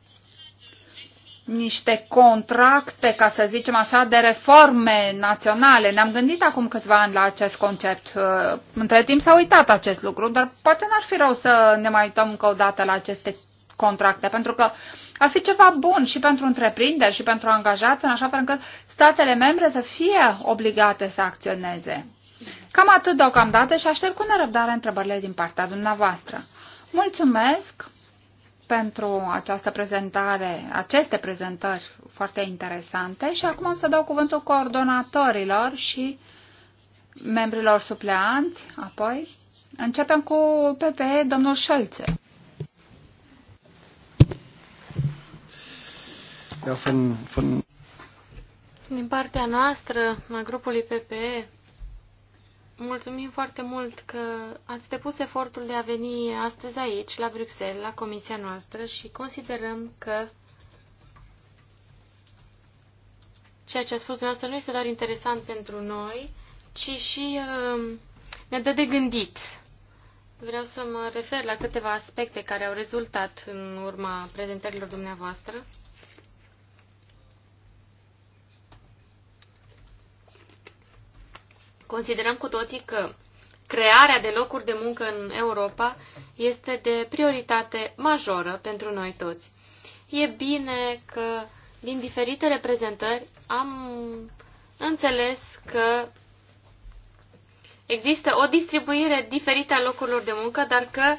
niște contracte, ca să zicem așa, de reforme naționale. Ne-am gândit acum câțiva ani la acest concept. Uh, între timp s-a uitat acest lucru, dar poate n-ar fi rău să ne mai uităm încă o dată la aceste contracte, pentru că ar fi ceva bun și pentru întreprinderi și pentru angajați, în așa fel încât statele membre să fie obligate să acționeze. Cam atât deocamdată și aștept cu nerăbdare întrebările din partea dumneavoastră. Mulțumesc pentru această prezentare, aceste prezentări foarte interesante și acum am să dau cuvântul coordonatorilor și membrilor supleanți, apoi Începem cu PPE, domnul Șălțe. Ja, von, von Din partea noastră, a grupului PPE, mulțumim foarte mult că ați depus efortul de a veni astăzi aici, la Bruxelles, la comisia noastră și considerăm că ceea ce a spus dumneavoastră nu este doar interesant pentru noi, ci și uh, ne dă de gândit. Vreau să mă refer la câteva aspecte care au rezultat în urma prezentărilor dumneavoastră. Considerăm cu toții că crearea de locuri de muncă în Europa este de prioritate majoră pentru noi toți. E bine că din diferitele prezentări am înțeles că există o distribuire diferită a locurilor de muncă, dar că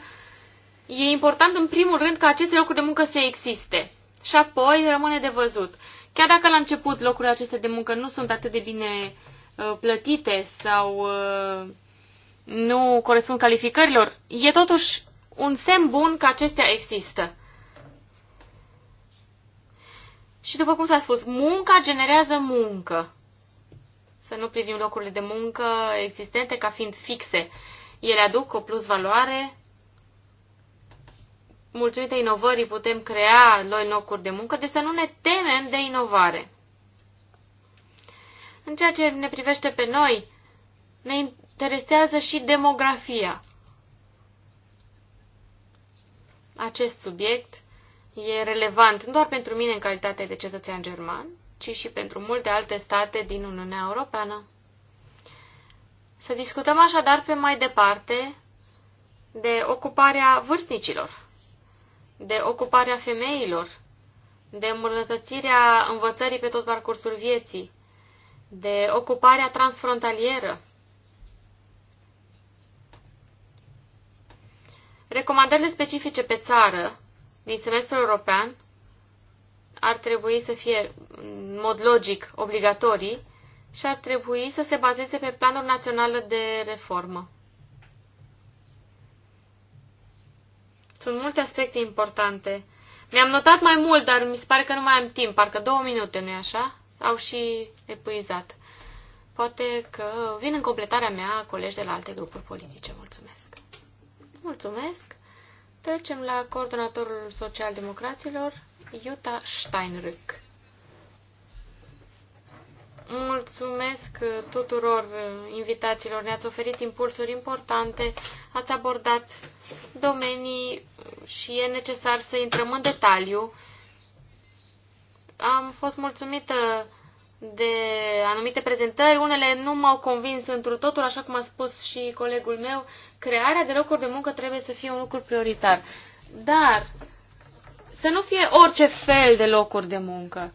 e important în primul rând ca aceste locuri de muncă să existe. Și apoi rămâne de văzut. Chiar dacă la început locurile acestea de muncă nu sunt atât de bine Uh, plătite sau uh, nu corespund calificărilor, e totuși un semn bun că acestea există. Și după cum s-a spus, munca generează muncă. Să nu privim locurile de muncă existente ca fiind fixe. Ele aduc o plus valoare. Mulțumită inovării putem crea noi locuri de muncă, deci să nu ne temem de inovare. În ceea ce ne privește pe noi, ne interesează și demografia. Acest subiect e relevant nu doar pentru mine în calitate de cetățean german, ci și pentru multe alte state din Uniunea Europeană. Să discutăm așadar pe mai departe de ocuparea vârstnicilor, de ocuparea femeilor, de îmbunătățirea învățării pe tot parcursul vieții, de ocuparea transfrontalieră. Recomandările specifice pe țară din semestrul european ar trebui să fie, în mod logic, obligatorii și ar trebui să se bazeze pe planul național de reformă. Sunt multe aspecte importante. Mi-am notat mai mult, dar mi se pare că nu mai am timp, parcă două minute, nu-i așa? au și epuizat. Poate că vin în completarea mea colegi de la alte grupuri politice. Mulțumesc! Mulțumesc! Trecem la coordonatorul social-democraților, Iuta Steinrück. Mulțumesc tuturor invitațiilor, ne-ați oferit impulsuri importante, ați abordat domenii și e necesar să intrăm în detaliu am fost mulțumită de anumite prezentări. Unele nu m-au convins întru totul, așa cum a spus și colegul meu. Crearea de locuri de muncă trebuie să fie un lucru prioritar. Dar să nu fie orice fel de locuri de muncă,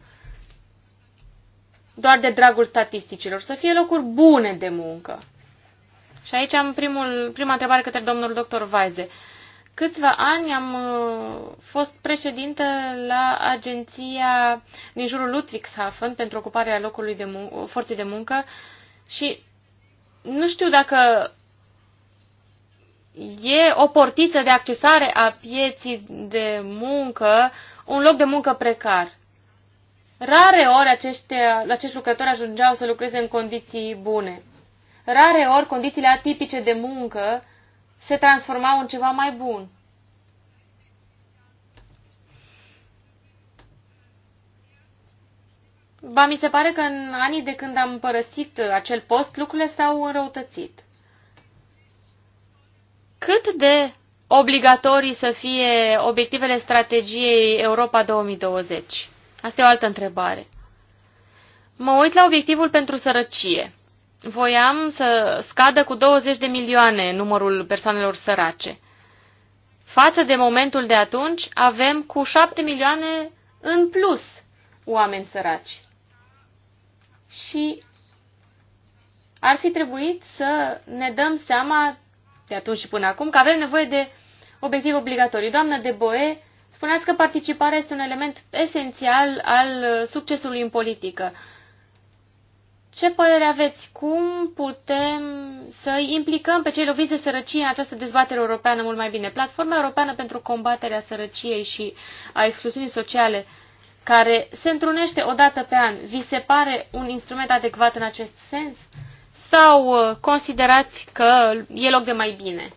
doar de dragul statisticilor, să fie locuri bune de muncă. Și aici am primul, prima întrebare către domnul doctor Vaize. Uh, câțiva ani am uh, fost președintă la agenția din jurul Ludwigshafen pentru ocuparea locului de mun- forței de muncă și nu știu dacă e o portiță de accesare a pieții de muncă, un loc de muncă precar. Rare ori aceștia, acești lucrători ajungeau să lucreze în condiții bune. Rare ori condițiile atipice de muncă uh, se transformau în ceva mai bun. Ba, mi se pare că în anii de când am părăsit acel post, lucrurile s-au înrăutățit. Cât de obligatorii să fie obiectivele strategiei Europa 2020? Asta e o altă întrebare. Mă uit la obiectivul pentru sărăcie voiam să scadă cu 20 de milioane numărul persoanelor sărace. Față de momentul de atunci, avem cu 7 milioane în plus oameni săraci. Și ar fi trebuit să ne dăm seama de atunci și până acum că avem nevoie de obiectiv obligatoriu. Doamna de Boe, spuneați că participarea este un element esențial al succesului în politică. Ce părere aveți? Cum putem să implicăm pe cei loviți de sărăcie în această dezbatere europeană mult mai bine? Platforma Europeană pentru combaterea sărăciei și a excluziunii sociale, care se întrunește o dată pe an, vi se pare un instrument adecvat în acest sens? Sau uh, considerați că e loc de mai bine?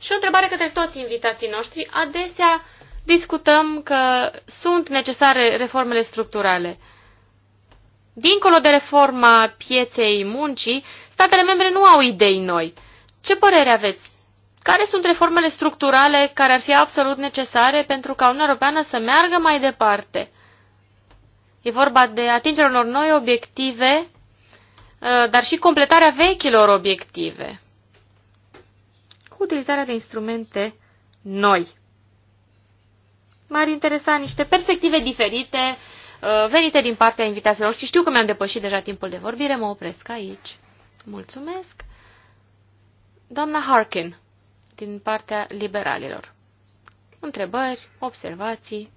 Și o întrebare către toți invitații noștri. Adesea discutăm că sunt necesare reformele structurale – Dincolo de reforma pieței muncii, statele membre nu au idei noi. Ce părere aveți? Care sunt reformele structurale care ar fi absolut necesare pentru ca Uniunea Europeană să meargă mai departe? E vorba de atingerea unor noi obiective, uh, dar și completarea vechilor obiective cu utilizarea de instrumente noi. M-ar interesa niște perspective diferite Uh, venite din partea invitațiilor și știu că mi-am depășit deja timpul de vorbire, mă opresc aici. Mulțumesc. Doamna Harkin, din partea liberalilor. Întrebări, observații.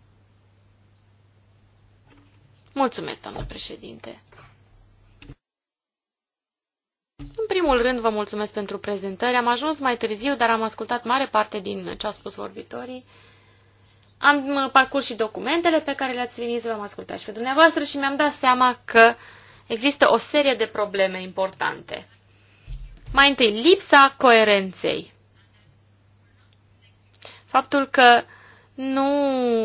Mulțumesc, doamnă președinte. În primul rând, vă mulțumesc pentru prezentări. Am ajuns mai târziu, dar am ascultat mare parte din ce au spus vorbitorii. Am parcurs și documentele pe care le-ați trimis, v-am ascultat și pe dumneavoastră și mi-am dat seama că există o serie de probleme importante. Mai întâi, lipsa coerenței. Faptul că nu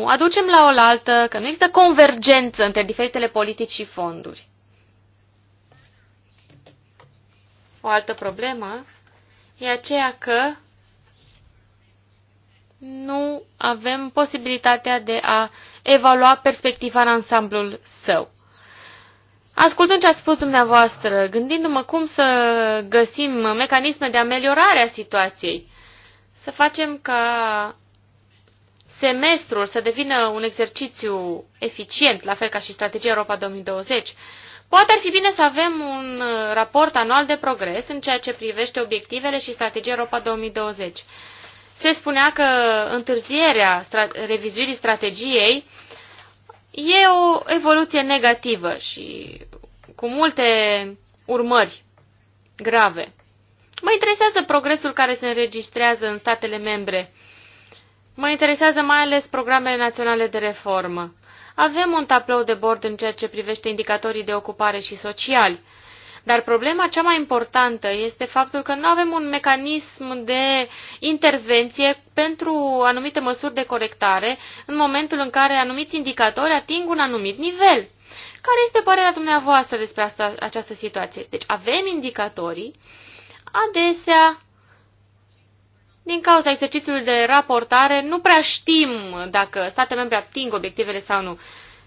aducem la oaltă, că nu există convergență între diferitele politici și fonduri. O altă problemă e aceea că nu avem posibilitatea de a evalua perspectiva în ansamblul său. Ascultând ce ați spus dumneavoastră, gândindu-mă cum să găsim mecanisme de ameliorare a situației, să facem ca semestrul să devină un exercițiu eficient, la fel ca și strategia Europa 2020, poate ar fi bine să avem un raport anual de progres în ceea ce privește obiectivele și strategia Europa 2020 se spunea că întârzierea revizuirii strategiei e o evoluție negativă și cu multe urmări grave. Mă interesează progresul care se înregistrează în statele membre. Mă interesează mai ales programele naționale de reformă. Avem un tablou de bord în ceea ce privește indicatorii de ocupare și sociali. Dar problema cea mai importantă este faptul că nu avem un mecanism de intervenție pentru anumite măsuri de corectare în momentul în care anumiți indicatori ating un anumit nivel. Care este părerea dumneavoastră despre asta, această situație? Deci avem indicatorii, adesea din cauza exercițiului de raportare, nu prea știm dacă state membre ating obiectivele sau nu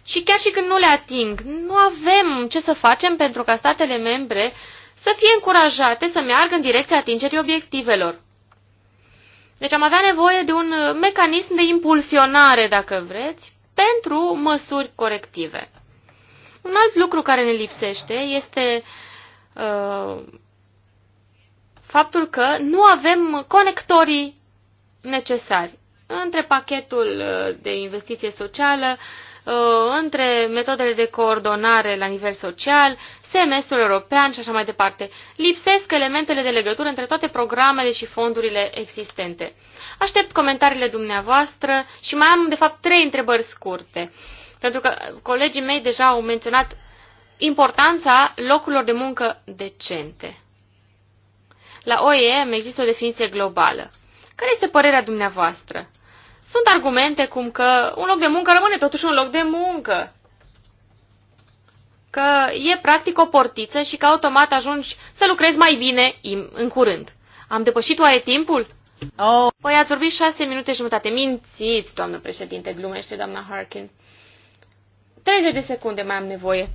și chiar și când nu le ating, nu avem ce să facem pentru ca statele membre să fie încurajate să meargă în direcția atingerii obiectivelor. Deci am avea nevoie de un mecanism de impulsionare, dacă vreți, pentru măsuri corective. Un alt lucru care ne lipsește este uh, faptul că nu avem conectorii necesari între pachetul uh, de investiție socială, uh, Uh, între metodele de coordonare la nivel social, semestrul european și așa mai departe. Lipsesc elementele de legătură între toate programele și fondurile existente. Aștept comentariile dumneavoastră și mai am, de fapt, trei întrebări scurte, pentru că colegii mei deja au menționat importanța locurilor de muncă decente. La OEM există o definiție globală. Care este părerea dumneavoastră? Sunt argumente cum că un loc de muncă rămâne totuși un loc de muncă, că e practic o portiță și că automat ajungi să lucrezi mai bine în curând. Am depășit oare timpul? Oh. Păi ați vorbit șase minute și jumătate. Mințiți, doamnă președinte, glumește doamna Harkin. 30 de secunde mai am nevoie.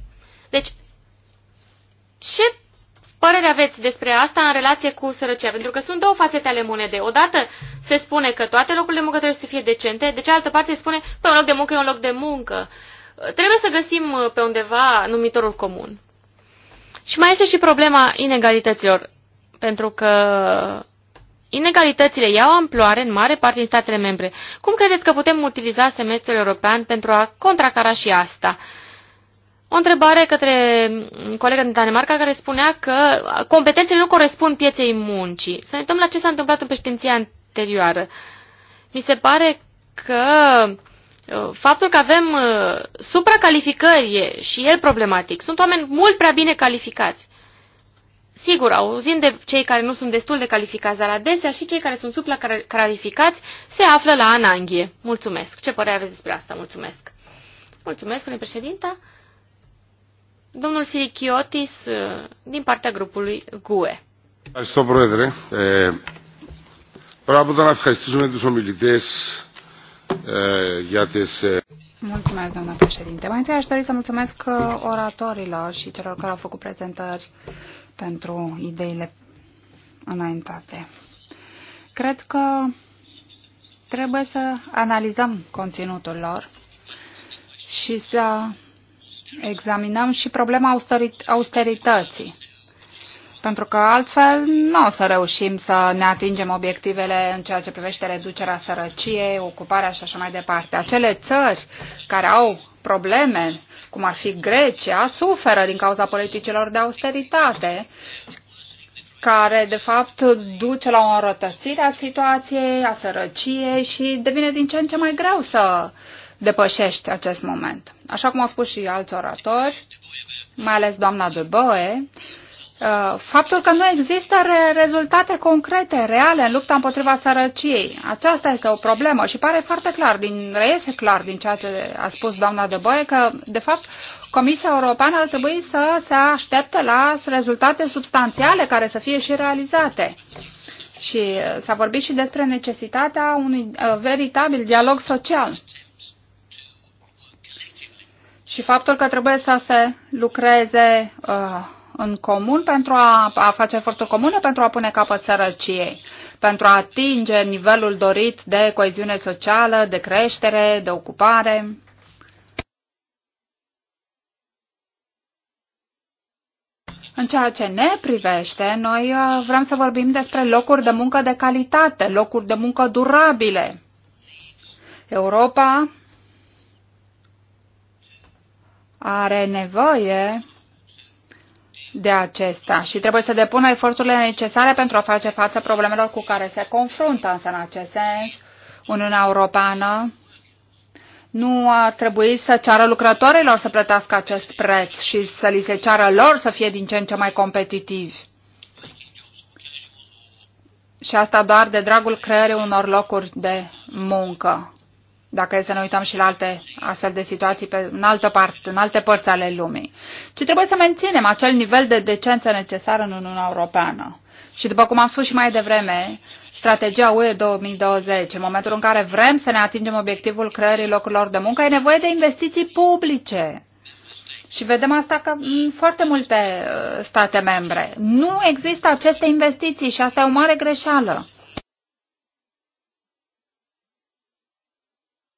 Deci, ce părere aveți despre asta în relație cu sărăcia? Pentru că sunt două fațete ale monedei. Odată se spune că toate locurile de muncă trebuie să fie decente, de cealaltă parte se spune că păi, un loc de muncă e un loc de muncă. Trebuie să găsim uh, pe undeva numitorul comun. Și mai este și problema inegalităților, pentru că inegalitățile iau amploare în mare parte din statele membre. Cum credeți că putem utiliza semestrul european pentru a contracara și asta? Uh, o întrebare către colega din Danemarca care spunea că competențele nu corespund pieței muncii. Să ne uităm la ce s-a întâmplat în președinția anterioară. Mi se pare că uh, faptul că avem uh, supracalificări e și el problematic. Sunt oameni mult prea bine calificați. Sigur, auzim de cei care nu sunt destul de calificați, dar adesea și cei care sunt supracalificați se află la ananghie. Mulțumesc. Ce părere aveți despre asta? Mulțumesc. Mulțumesc, spune președinta. Domnul Sirichiotis, uh, din partea grupului GUE. Ευχαριστώ, Πρόεδρε. Ε, Πράγματα να ευχαριστήσουμε τους ομιλητές ε, για τις... Mulțumesc, doamna președinte. Mai întâi aș dori să mulțumesc uh, oratorilor și celor care au făcut prezentări pentru ideile înaintate. Cred că trebuie să analizăm conținutul lor și să examinăm și problema austerității. Pentru că altfel nu o să reușim să ne atingem obiectivele în ceea ce privește reducerea sărăciei, ocuparea și așa mai departe. Acele țări care au probleme, cum ar fi Grecia, suferă din cauza politicilor de austeritate care, de fapt, duce la o înrătățire a situației, a sărăciei și devine din ce în ce mai greu să uh, depășește acest moment. Așa cum au spus și alți oratori, mai ales doamna de Boe, uh, faptul că nu există rezultate concrete, reale în lupta împotriva sărăciei. Aceasta este o problemă și pare foarte clar, din, reiese clar din ceea ce a spus doamna de Boe, că, de fapt, Comisia Europeană ar trebui să se aștepte la rezultate substanțiale care să fie și realizate. Și uh, s-a vorbit și despre necesitatea unui uh, veritabil dialog social și faptul că trebuie să se lucreze uh, în comun pentru a, a face eforturi comune pentru a pune capăt sărăciei, pentru a atinge nivelul dorit de coeziune socială, de creștere, de ocupare. În ceea ce ne privește, noi uh, vrem să vorbim despre locuri de muncă de calitate, locuri de muncă durabile. Europa are nevoie de acesta și trebuie să depună eforturile necesare pentru a face față problemelor cu care se confruntă. Însă, în acest sens, Uniunea Europeană nu ar trebui să ceară lucrătorilor să plătească acest preț și să li se ceară lor să fie din ce în ce mai competitivi. Și asta doar de dragul creării unor locuri de muncă dacă e să ne uităm și la alte astfel de situații pe, în altă parte, în alte părți ale lumii, ci trebuie să menținem acel nivel de decență necesar în Uniunea Europeană. Și după cum am spus și mai devreme, strategia UE 2020, în momentul în care vrem să ne atingem obiectivul creării locurilor de muncă, e nevoie de investiții publice. Și vedem asta că în foarte multe uh, state membre. Nu există aceste investiții și asta e o mare greșeală.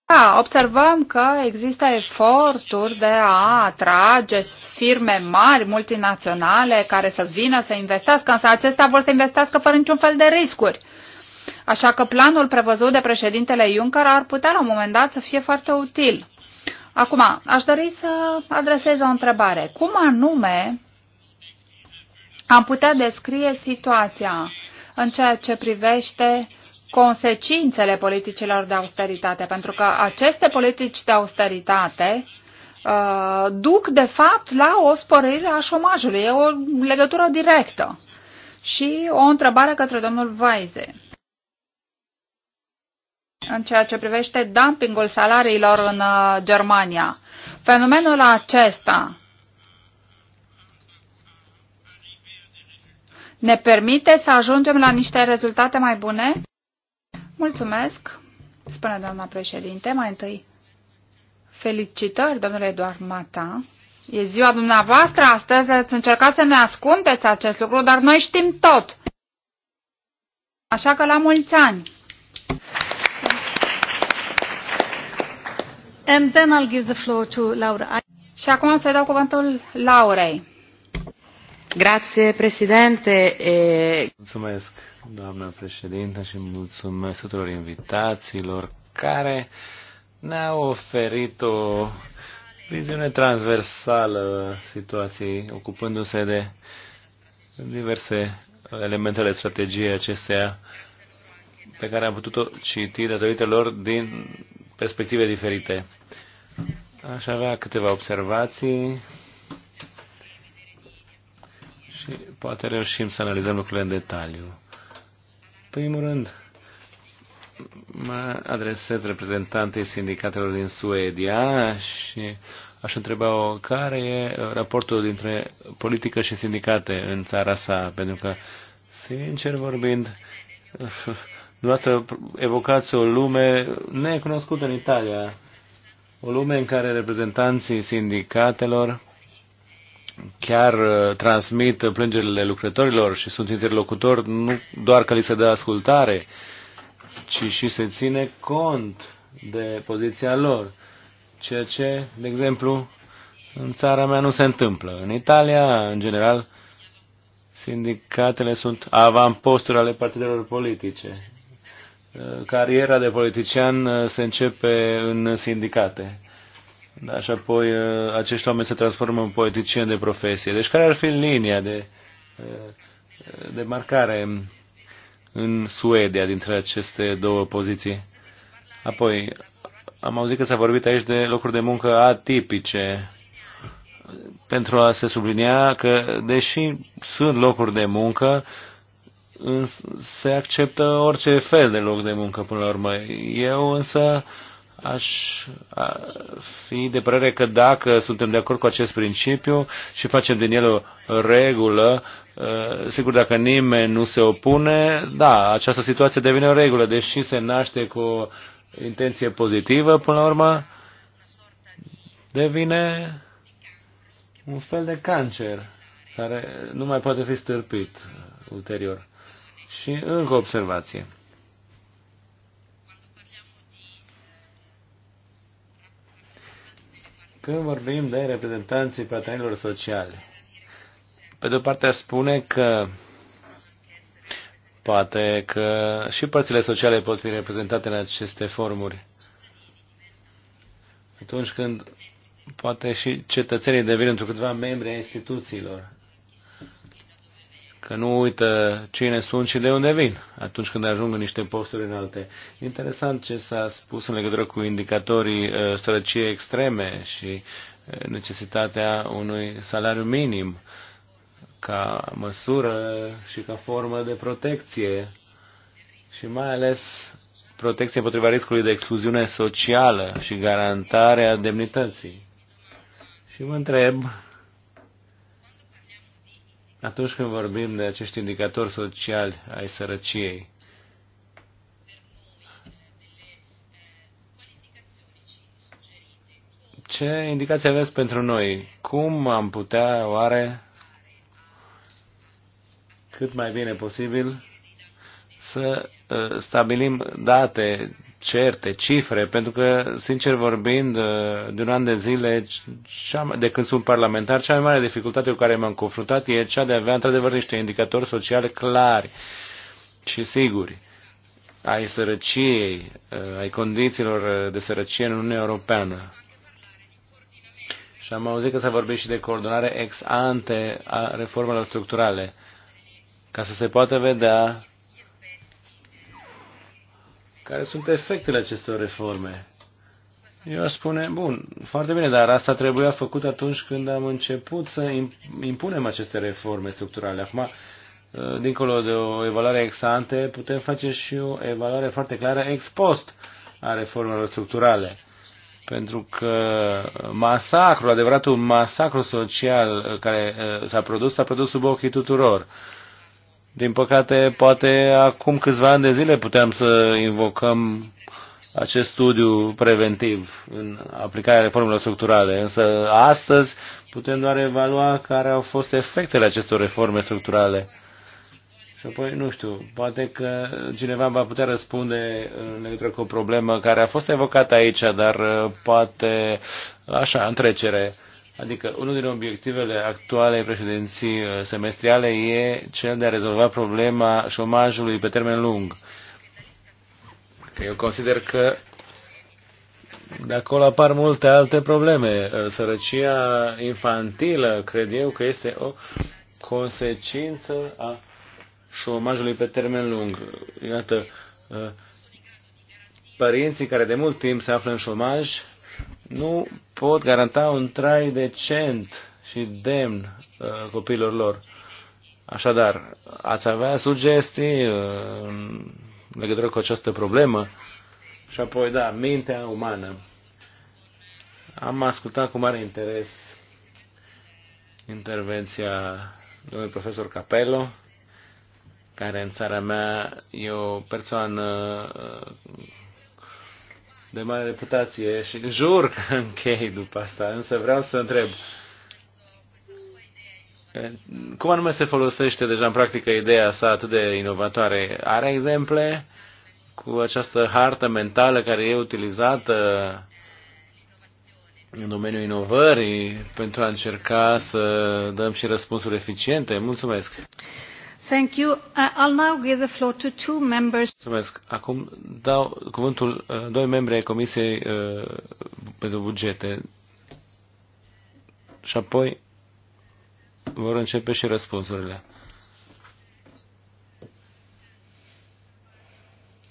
Da, observăm că există eforturi de a atrage firme mari, multinaționale, care să vină să investească, însă acestea vor să investească fără niciun fel de riscuri. Așa că planul prevăzut de președintele Juncker ar putea la un moment dat să fie foarte util. Acum, aș dori să adresez o întrebare. Cum anume am putea descrie situația în ceea ce privește uh, consecințele politicilor de austeritate, pentru că aceste politici de austeritate uh, duc, de fapt, la o sporire a șomajului. E o legătură directă. Și o întrebare către domnul Vaize. În ceea ce privește dumpingul salariilor în uh, Germania, fenomenul acesta ne permite să ajungem la niște rezultate mai bune? Mulțumesc, spune doamna președinte. Mai întâi, felicitări, domnule Eduard Mata. E ziua dumneavoastră astăzi, ați încercat să ne ascundeți acest lucru, dar noi știm tot. Așa că la mulți ani. And then I'll give the floor to Laura. Și acum o să-i dau cuvântul Laurei. Grazie, președinte. Mulțumesc. Doamna președintă, și mulțumesc tuturor invitațiilor care ne-au oferit o viziune transversală situației, ocupându-se de diverse elementele strategiei acesteia pe care am putut-o citi datorită lor din perspective diferite. Aș avea câteva observații și poate reușim să analizăm lucrurile în detaliu primul rând, mă adresez reprezentantei sindicatelor din Suedia și aș întreba-o care e uh, raportul dintre politică și sindicate în țara sa, pentru că, sincer vorbind, uh, dumneavoastră evocați o lume necunoscută în Italia, o lume în care reprezentanții sindicatelor chiar uh, transmit plângerile lucrătorilor și sunt interlocutori nu doar că li se dă ascultare, ci și se ține cont de poziția lor. Ceea ce, de exemplu, în țara mea nu se întâmplă. În Italia, în general, sindicatele sunt avamposturi ale partidelor politice. Uh, cariera de politician uh, se începe în sindicate da, și apoi uh, acești oameni se transformă în poeticieni de profesie. Deci care ar fi linia de, uh, de marcare în Suedia dintre aceste două poziții? Apoi, am auzit că s-a vorbit aici de locuri de muncă atipice pentru a se sublinia că, deși sunt locuri de muncă, se acceptă orice fel de loc de muncă până la urmă. Eu însă uh, aș fi de părere că dacă suntem de acord cu acest principiu și facem din el o regulă, sigur dacă nimeni nu se opune, da, această situație devine o regulă, deși se naște cu o intenție pozitivă, până la urmă devine un fel de cancer care nu mai poate fi stârpit ulterior. Și încă o observație. Când vorbim de reprezentanții partenerilor sociale, pe de o parte spune că poate că și părțile sociale pot fi reprezentate în aceste formuri. Atunci când poate și cetățenii devin într-o câteva membri ai instituțiilor că nu uită cine sunt și de unde vin atunci când ajung în niște posturi înalte. Interesant ce s-a spus în legătură cu indicatorii uh, extreme și uh, necesitatea unui salariu minim ca măsură și ca formă de protecție și mai ales protecție împotriva riscului de excluziune socială și garantarea demnității. Și mă întreb atunci când vorbim de acești indicatori sociali ai sărăciei. Ce indicații aveți pentru noi? Cum am putea oare cât mai bine posibil să uh, stabilim date certe, cifre, pentru că, sincer vorbind, uh, de un an de zile, cea, de când sunt parlamentar, cea mai mare dificultate cu care m-am confruntat e cea de a avea, într-adevăr, niște indicatori sociale clari și siguri ai sărăciei, uh, ai condițiilor uh, de sărăcie în Uniunea Europeană. Și am auzit că s-a vorbit și de coordonare ex ante a reformelor structurale, ca să se poată vedea care sunt efectele acestor reforme. Eu aș spune, bun, foarte bine, dar asta trebuia făcut atunci când am început să impunem aceste reforme structurale. Acum, eh, dincolo de o evaluare ex ante, putem face și o evaluare foarte clară ex post a reformelor structurale. Pentru că masacru, adevăratul masacru social eh, care eh, s-a produs, s-a produs sub ochii tuturor. Din păcate, poate acum câțiva ani de zile puteam să invocăm acest studiu preventiv în aplicarea reformelor structurale, însă astăzi putem doar evalua care au fost efectele acestor reforme structurale. Și apoi, nu știu, poate că cineva va putea răspunde în legătură cu o problemă care a fost evocată aici, dar uh, poate așa, în trecere. Adică unul din obiectivele actuale președinții uh, semestriale e cel de a rezolva problema șomajului pe termen lung. Eu consider că de acolo apar multe alte probleme. Uh, sărăcia infantilă, cred eu, că este o consecință a șomajului pe termen lung. Iată, uh, părinții care de mult timp se află în șomaj nu pot garanta un trai decent și demn uh, copiilor lor. Așadar, ați avea sugestii uh, în legătură cu această problemă? Și apoi, da, mintea umană. Am ascultat cu mare interes intervenția domnului profesor Capello, care în țara mea e o persoană uh, de mare reputație și jur că închei după asta, însă vreau să întreb. Cum anume se folosește deja în practică ideea sa atât de inovatoare? Are exemple cu această hartă mentală care e utilizată în domeniul inovării pentru a încerca să dăm și răspunsuri eficiente? Mulțumesc! Mulțumesc. Acum dau cuvântul uh, doi membri ai Comisiei uh, pentru bugete. Și apoi vor începe și răspunsurile.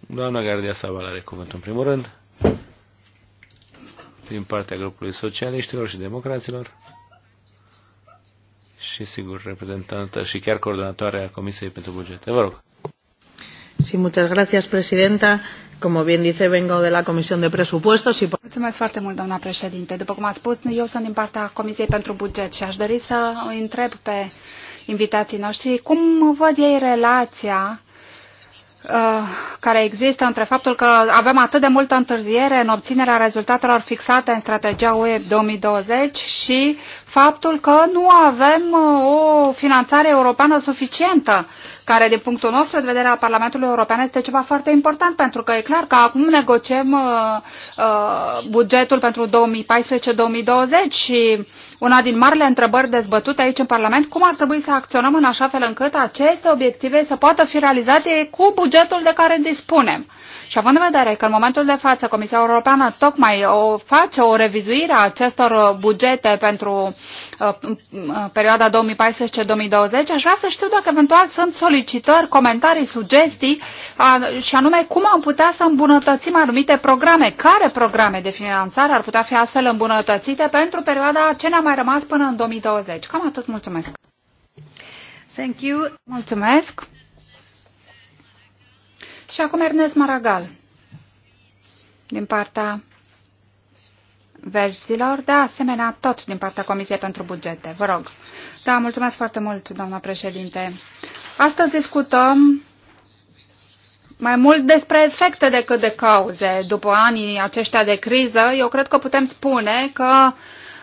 Doamna Gardia Saval are cuvântul în primul rând, din partea grupului socialiștilor și democraților și, sigur, reprezentantă și chiar a Comisiei pentru Bugete. Vă rog. Sí, muchas gracias, presidenta. Como bien dice, vengo de la Comisión de Presupuestos y... Mulțumesc foarte mult, doamna președinte. După cum a spus, eu sunt din partea Comisiei pentru Buget și aș dori să o întreb pe invitații noștri cum văd ei relația uh, care există între faptul că avem atât de multă întârziere în obținerea rezultatelor fixate în strategia UE 2020 și faptul că nu avem uh, o finanțare europeană suficientă care din punctul nostru de vedere al Parlamentului European este ceva foarte important, pentru că e clar că acum negociem uh, uh, bugetul pentru 2014-2020 și una din marile întrebări dezbătute aici în Parlament, cum ar trebui să acționăm în așa fel încât aceste obiective să poată fi realizate cu bugetul de care dispunem. Și având în vedere că în momentul de față Comisia Europeană tocmai o face o revizuire a acestor uh, bugete pentru uh, uh perioada 2014-2020, aș vrea să știu dacă eventual sunt solicitări solicitări, comentarii, sugestii și anume cum am putea să îmbunătățim anumite programe, care programe de finanțare ar putea fi astfel îmbunătățite pentru perioada ce ne-a mai rămas până în 2020. Cam atât, mulțumesc. Thank you. Mulțumesc. Și acum Ernest Maragal din partea verzilor, de asemenea tot din partea Comisiei pentru Bugete. Vă rog. Da, mulțumesc foarte mult, doamna președinte. Astăzi discutăm mai mult despre efecte decât de cauze. După anii aceștia de criză, eu cred că putem spune că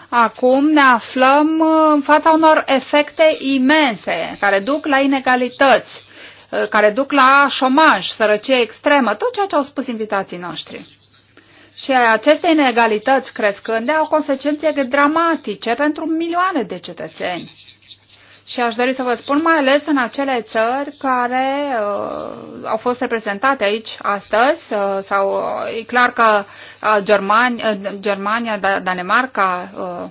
acum ne aflăm în fața unor efecte imense care duc la inegalități, care duc la șomaj, sărăcie extremă, tot ceea ce au spus invitații noștri. Și aceste inegalități crescânde au consecințe dramatice pentru milioane de cetățeni. Și aș dori să vă spun mai ales în acele țări care uh, au fost reprezentate aici astăzi, uh, sau uh, e clar că uh, Germani, uh, Germania, da, Danemarca, uh,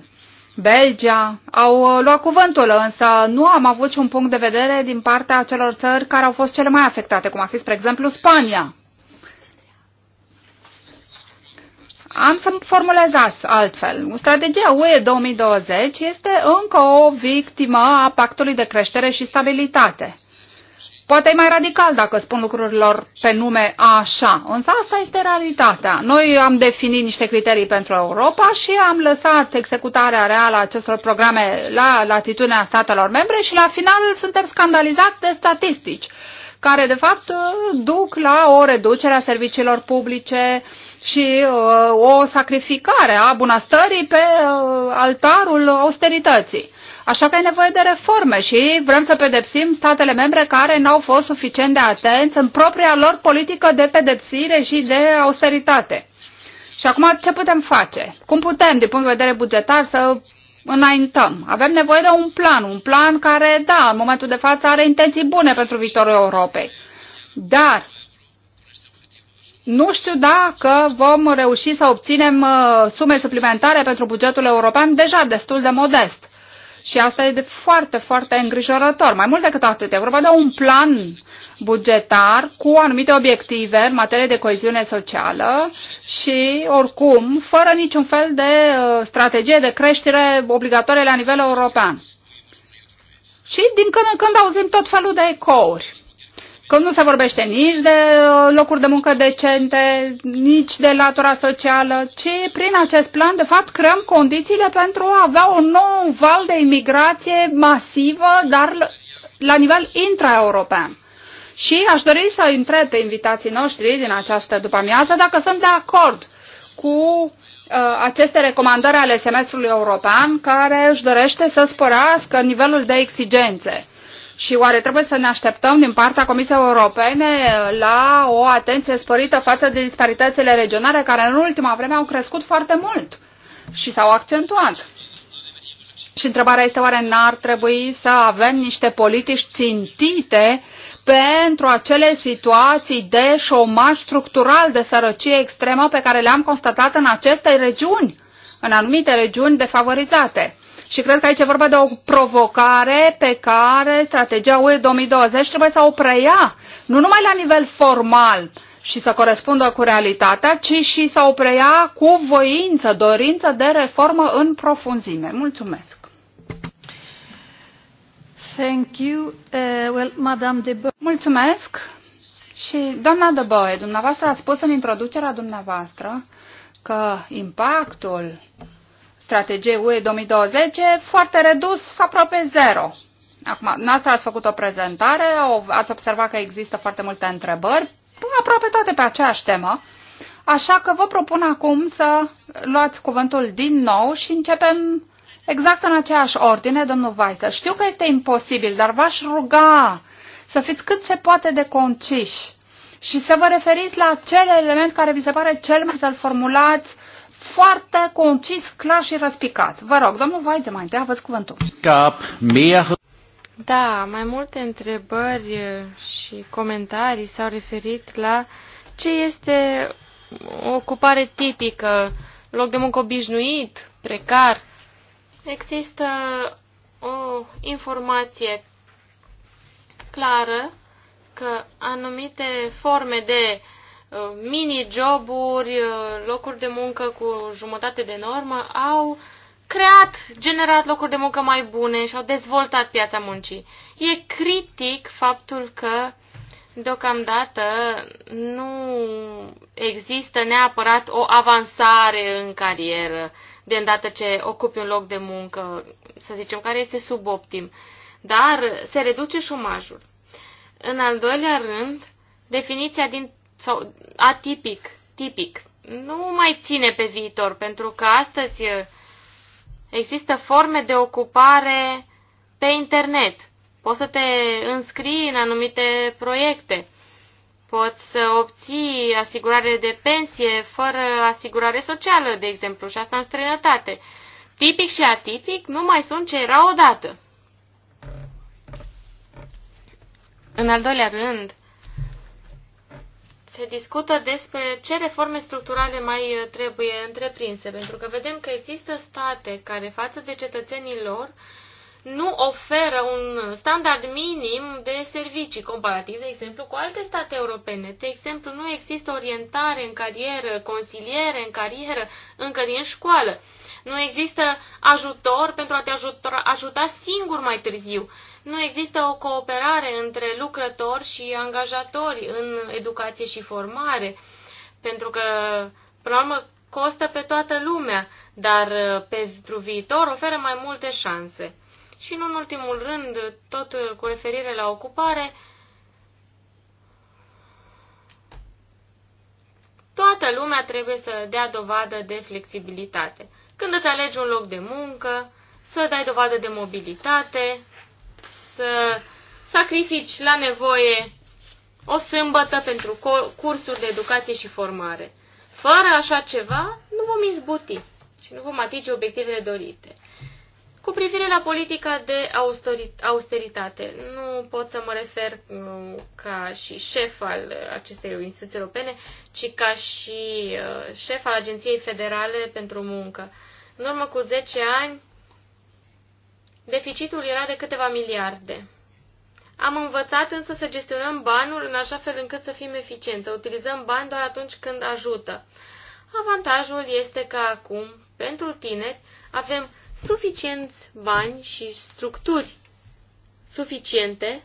Belgia au uh, luat cuvântul, însă nu am avut și un punct de vedere din partea acelor țări care au fost cele mai afectate, cum ar fi, spre exemplu, Spania. Am să mi formulez altfel. Strategia UE 2020 este încă o victimă a pactului de creștere și stabilitate. Poate e mai radical dacă spun lucrurilor pe nume așa, însă asta este realitatea. Noi am definit niște criterii pentru Europa și am lăsat executarea reală a acestor programe la latitudinea statelor membre și la final suntem scandalizați de statistici care de fapt duc la o reducere a serviciilor publice și uh, o sacrificare a bunăstării pe uh, altarul austerității. Așa că e nevoie de reforme și vrem să pedepsim statele membre care n-au fost suficient de atenți în propria lor politică de pedepsire și de austeritate. Și acum ce putem face? Cum putem, din punct de vedere bugetar, să înaintăm. Avem nevoie de un plan, un plan care, da, în momentul de față are intenții bune pentru viitorul Europei. Dar nu știu dacă vom reuși să obținem uh, sume suplimentare pentru bugetul european deja destul de modest. Și asta e de foarte, foarte îngrijorător. Mai mult decât atât, e vorba de un plan bugetar cu anumite obiective în materie de coeziune socială și, oricum, fără niciun fel de uh, strategie de creștere obligatorie la nivel european. Și din când în când auzim tot felul de ecouri că nu se vorbește nici de uh, locuri de muncă decente, nici de latura socială, ci prin acest plan, de fapt, creăm condițiile pentru a avea un nou val de imigrație masivă, dar la nivel intraeuropean. Și aș dori să întreb pe invitații noștri din această după-amiază dacă sunt de acord cu uh, aceste recomandări ale semestrului european care își dorește să sporească nivelul de exigențe și oare trebuie să ne așteptăm din partea Comisiei Europene la o atenție sporită față de disparitățile regionale care în ultima vreme au crescut foarte mult și s-au accentuat? Și întrebarea este oare n-ar trebui să avem niște politici țintite pentru acele situații de șomaj structural, de sărăcie extremă pe care le-am constatat în aceste regiuni, în anumite regiuni defavorizate? Și cred că aici e vorba de o provocare pe care strategia UE 2020 trebuie să o preia, nu numai la nivel formal, și să corespundă cu realitatea, ci și să o preia cu voință, dorință de reformă în profunzime. Mulțumesc! Thank you. Uh, well, Madame de Mulțumesc! Și doamna de Boe, dumneavoastră a spus în introducerea dumneavoastră că impactul strategiei UE 2020 e foarte redus, aproape zero. Acum, noastră ați făcut o prezentare, ați observat că există foarte multe întrebări, aproape toate pe aceeași temă. Așa că vă propun acum să luați cuvântul din nou și începem exact în aceeași ordine, domnul Weiser. Știu că este imposibil, dar v-aș ruga să fiți cât se poate de conciși și să vă referiți la acel element care vi se pare cel mai să-l formulați foarte concis, clar și răspicat. Vă rog, domnul Vaide, mai întâi aveți cuvântul. Da, mai multe întrebări și comentarii s-au referit la ce este o ocupare tipică, loc de muncă obișnuit, precar. Există o informație clară că anumite forme de Uh, mini-joburi, uh, locuri de muncă cu jumătate de normă, au creat, generat locuri de muncă mai bune și au dezvoltat piața muncii. E critic faptul că deocamdată nu există neapărat o avansare în carieră de îndată ce ocupi un loc de muncă, să zicem, care este suboptim. Dar se reduce șomajul. În al doilea rând, definiția din sau atipic, tipic, nu mai ține pe viitor, pentru că astăzi există forme de ocupare pe internet. Poți să te înscrii în anumite proiecte. Poți să obții asigurare de pensie fără asigurare socială, de exemplu, și asta în străinătate. Tipic și atipic nu mai sunt ce era odată. În al doilea rând, se discută despre ce reforme structurale mai uh, trebuie întreprinse, pentru că vedem că există state care, față de cetățenii lor, nu oferă un standard minim de servicii comparativ, de exemplu, cu alte state europene. De exemplu, nu există orientare în carieră, consiliere în carieră, încă din școală. Nu există ajutor pentru a te ajuta, ajuta singur mai târziu nu există o cooperare între lucrători și angajatori în educație și formare, pentru că, până la urmă, costă pe toată lumea, dar uh, pentru viitor oferă mai multe șanse. Și, nu în ultimul rând, tot uh, cu referire la ocupare, toată lumea trebuie să dea dovadă de flexibilitate. Când îți alegi un loc de muncă, să dai dovadă de mobilitate, să sacrifici la nevoie o sâmbătă pentru cursuri de educație și formare. Fără așa ceva, nu vom izbuti și nu vom atinge obiectivele dorite. Cu privire la politica de austeritate, nu pot să mă refer ca și șef al acestei instituții europene, ci ca și uh, șef al Agenției Federale pentru Muncă. În urmă cu 10 ani, deficitul era de câteva miliarde. Am învățat însă să gestionăm banul în așa fel încât să fim eficienți, să utilizăm bani doar atunci când ajută. Avantajul este că acum, pentru tineri, avem suficienți bani și structuri suficiente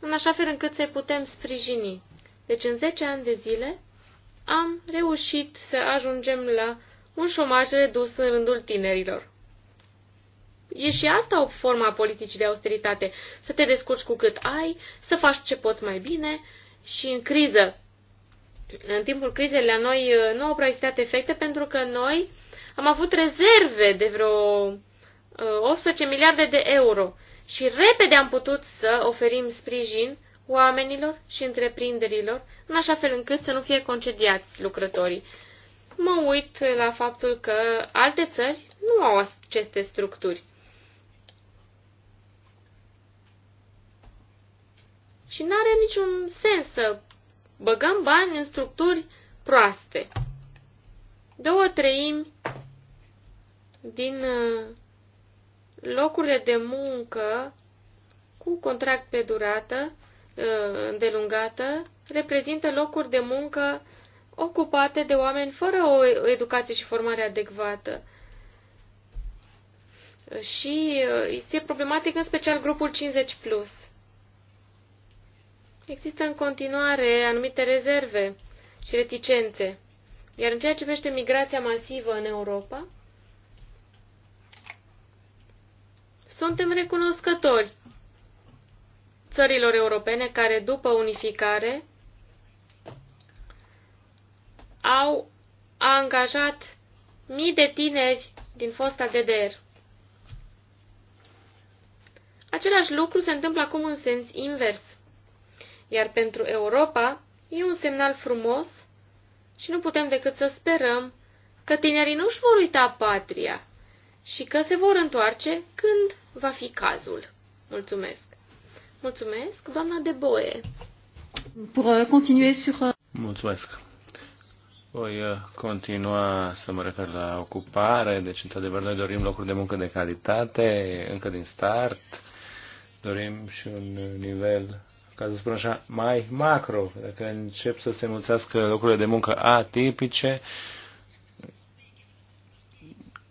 în așa fel încât să-i putem sprijini. Deci în 10 ani de zile am reușit să ajungem la un șomaj redus în rândul tinerilor. E și asta o formă a politicii de austeritate. Să te descurci cu cât ai, să faci ce poți mai bine și în criză. În timpul crizei la noi uh, nu au prea existat efecte pentru că noi am avut rezerve de vreo 18 uh, miliarde de euro și repede am putut să oferim sprijin oamenilor și întreprinderilor, în așa fel încât să nu fie concediați lucrătorii. Mă uit la faptul că alte țări nu au aceste structuri. Și nu are niciun sens să băgăm bani în structuri proaste. Două treimi din uh, locurile de muncă cu contract pe durată uh, îndelungată reprezintă locuri de muncă ocupate de oameni fără o educație și formare adecvată. Și uh, este problematic în special grupul 50+. Plus. Există în continuare anumite rezerve și reticențe. Iar în ceea ce privește migrația masivă în Europa, suntem recunoscători țărilor europene care, după unificare, au angajat mii de tineri din fosta DDR. Același lucru se întâmplă acum în sens invers. Iar pentru Europa e un semnal frumos și nu putem decât să sperăm că tinerii nu-și vor uita patria și că se vor întoarce când va fi cazul. Mulțumesc! Mulțumesc, doamna de Boe! Pour euh, continuer sur... Euh, Mulțumesc! Voi uh, continua să mă refer la ocupare, deci într-adevăr noi dorim locuri de muncă de calitate, încă din start, dorim și un nivel ca să spun așa, mai macro. Dacă încep să se mulțească locurile de muncă atipice,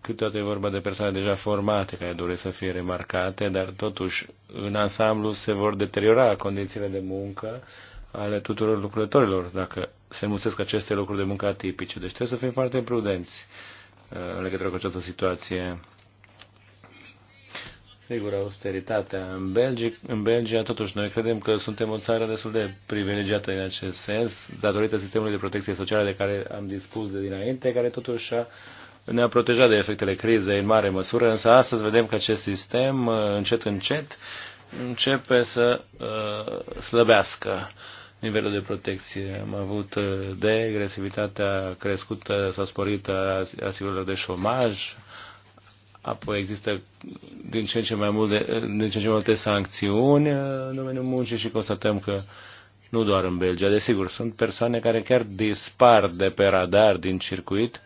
câteodată e vorba de persoane deja formate care doresc să fie remarcate, dar totuși în ansamblu se vor deteriora condițiile de muncă ale tuturor lucrătorilor dacă se mulțesc aceste locuri de muncă atipice. Deci trebuie să fim foarte prudenți uh, în legătură cu această situație Sigur, austeritatea în, Belgic, în Belgia, totuși, noi credem că suntem o țară destul de privilegiată în acest sens, datorită sistemului de protecție socială de care am dispus de dinainte, care totuși a ne-a protejat de efectele crizei în mare măsură, însă astăzi vedem că acest sistem uh, încet încet începe să uh, slăbească nivelul de protecție. Am avut uh, degresivitatea crescută, s-a a asigurărilor de șomaj, Apoi există din ce în ce mai, multe, din ce în ce multe sancțiuni uh, în domeniul muncii și constatăm că nu doar în Belgia, desigur, sunt persoane care chiar dispar de pe radar din circuit,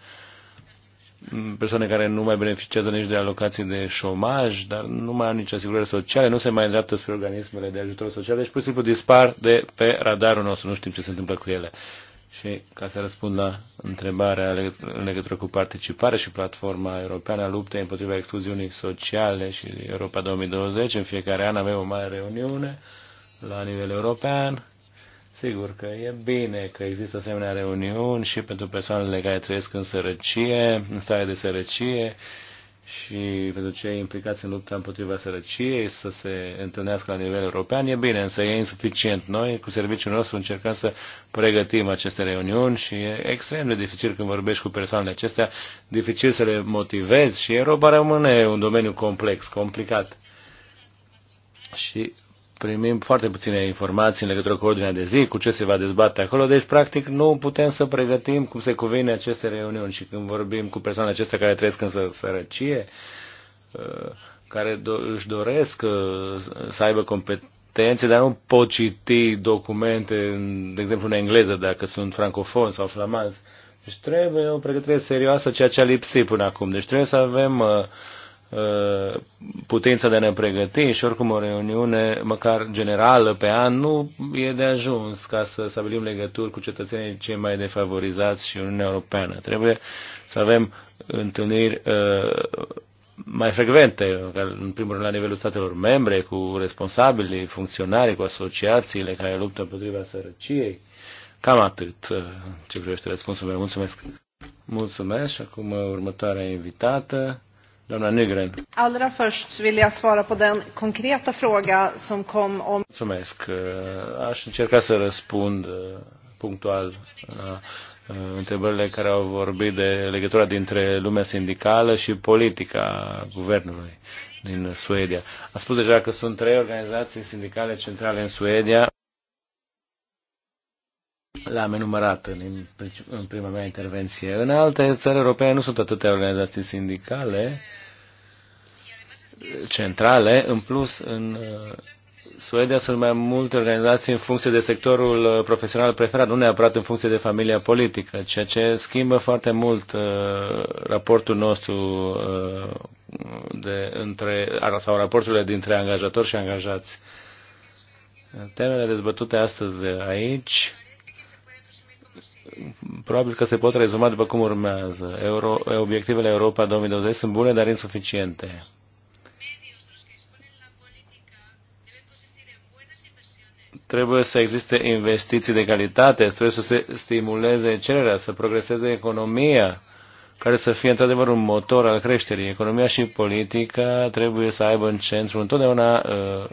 mm, persoane care nu mai beneficiază nici de alocații de șomaj, dar nu mai au nici asigurări sociale, nu se mai îndreaptă spre organismele de ajutor social, deci pur și simplu dispar de pe radarul nostru, nu știm ce se întâmplă cu ele. Și ca să răspund la întrebarea în legătură cu participarea și platforma europeană a luptei împotriva excluziunii sociale și Europa 2020, în fiecare an avem o mare reuniune la nivel european. Sigur că e bine că există asemenea reuniuni și pentru persoanele care trăiesc în sărăcie, în stare de sărăcie, și pentru cei implicați în lupta împotriva sărăciei să se întâlnească la nivel european. E bine, însă e insuficient. Noi, cu serviciul nostru, încercăm să pregătim aceste reuniuni și e extrem de dificil când vorbești cu persoanele acestea, dificil să le motivezi și Europa rămâne un domeniu complex, complicat. Și primim foarte puține informații în legătură cu ordinea de zi, cu ce se va dezbate acolo, deci practic nu putem să pregătim cum se cuvine aceste reuniuni și când vorbim cu persoanele acestea care trăiesc în sărăcie, uh, care își doresc uh, să aibă competențe, dar nu pot citi documente, de exemplu în engleză, dacă sunt francofon sau flamanzi. Deci trebuie o pregătire serioasă, ceea ce a lipsit până acum. Deci trebuie să avem uh, Uh, putința de a ne pregăti și oricum o reuniune, măcar generală pe an, nu e de ajuns ca să stabilim legături cu cetățenii cei mai defavorizați și Uniunea Europeană. Trebuie să avem întâlniri uh, mai frecvente, în primul rând la nivelul statelor membre, cu responsabili, funcționari, cu asociațiile care luptă împotriva sărăciei. Cam atât uh, ce privește răspunsul meu. Mulțumesc! Mulțumesc și acum următoarea invitată. Doamna Negren. Allra först vill jag svara på den konkreta fråga som kom om... Mulțumesc. Eh, aș încerca să răspund eh, punctual la eh, întrebările care au vorbit de legătura dintre lumea sindicală și politica guvernului din Suedia. A spus deja că sunt trei organizații sindicale centrale în Suedia. L-am enumerat în, în prima mea intervenție. În alte țări europene nu sunt atâtea organizații sindicale centrale. În plus, în uh, Suedia sunt mai multe organizații în funcție de sectorul uh, profesional preferat, nu neapărat în funcție de familia politică, ceea ce schimbă foarte mult uh, raportul nostru uh, de, între, sau raporturile dintre angajatori și angajați. Temele dezbătute astăzi aici probabil că se pot rezuma după cum urmează. Euro, obiectivele Europa 2020 sunt bune, dar insuficiente Trebuie să existe investiții de calitate, trebuie să se stimuleze cererea, să progreseze economia, care să fie într-adevăr un motor al creșterii. Economia și politica trebuie să aibă în centru întotdeauna uh,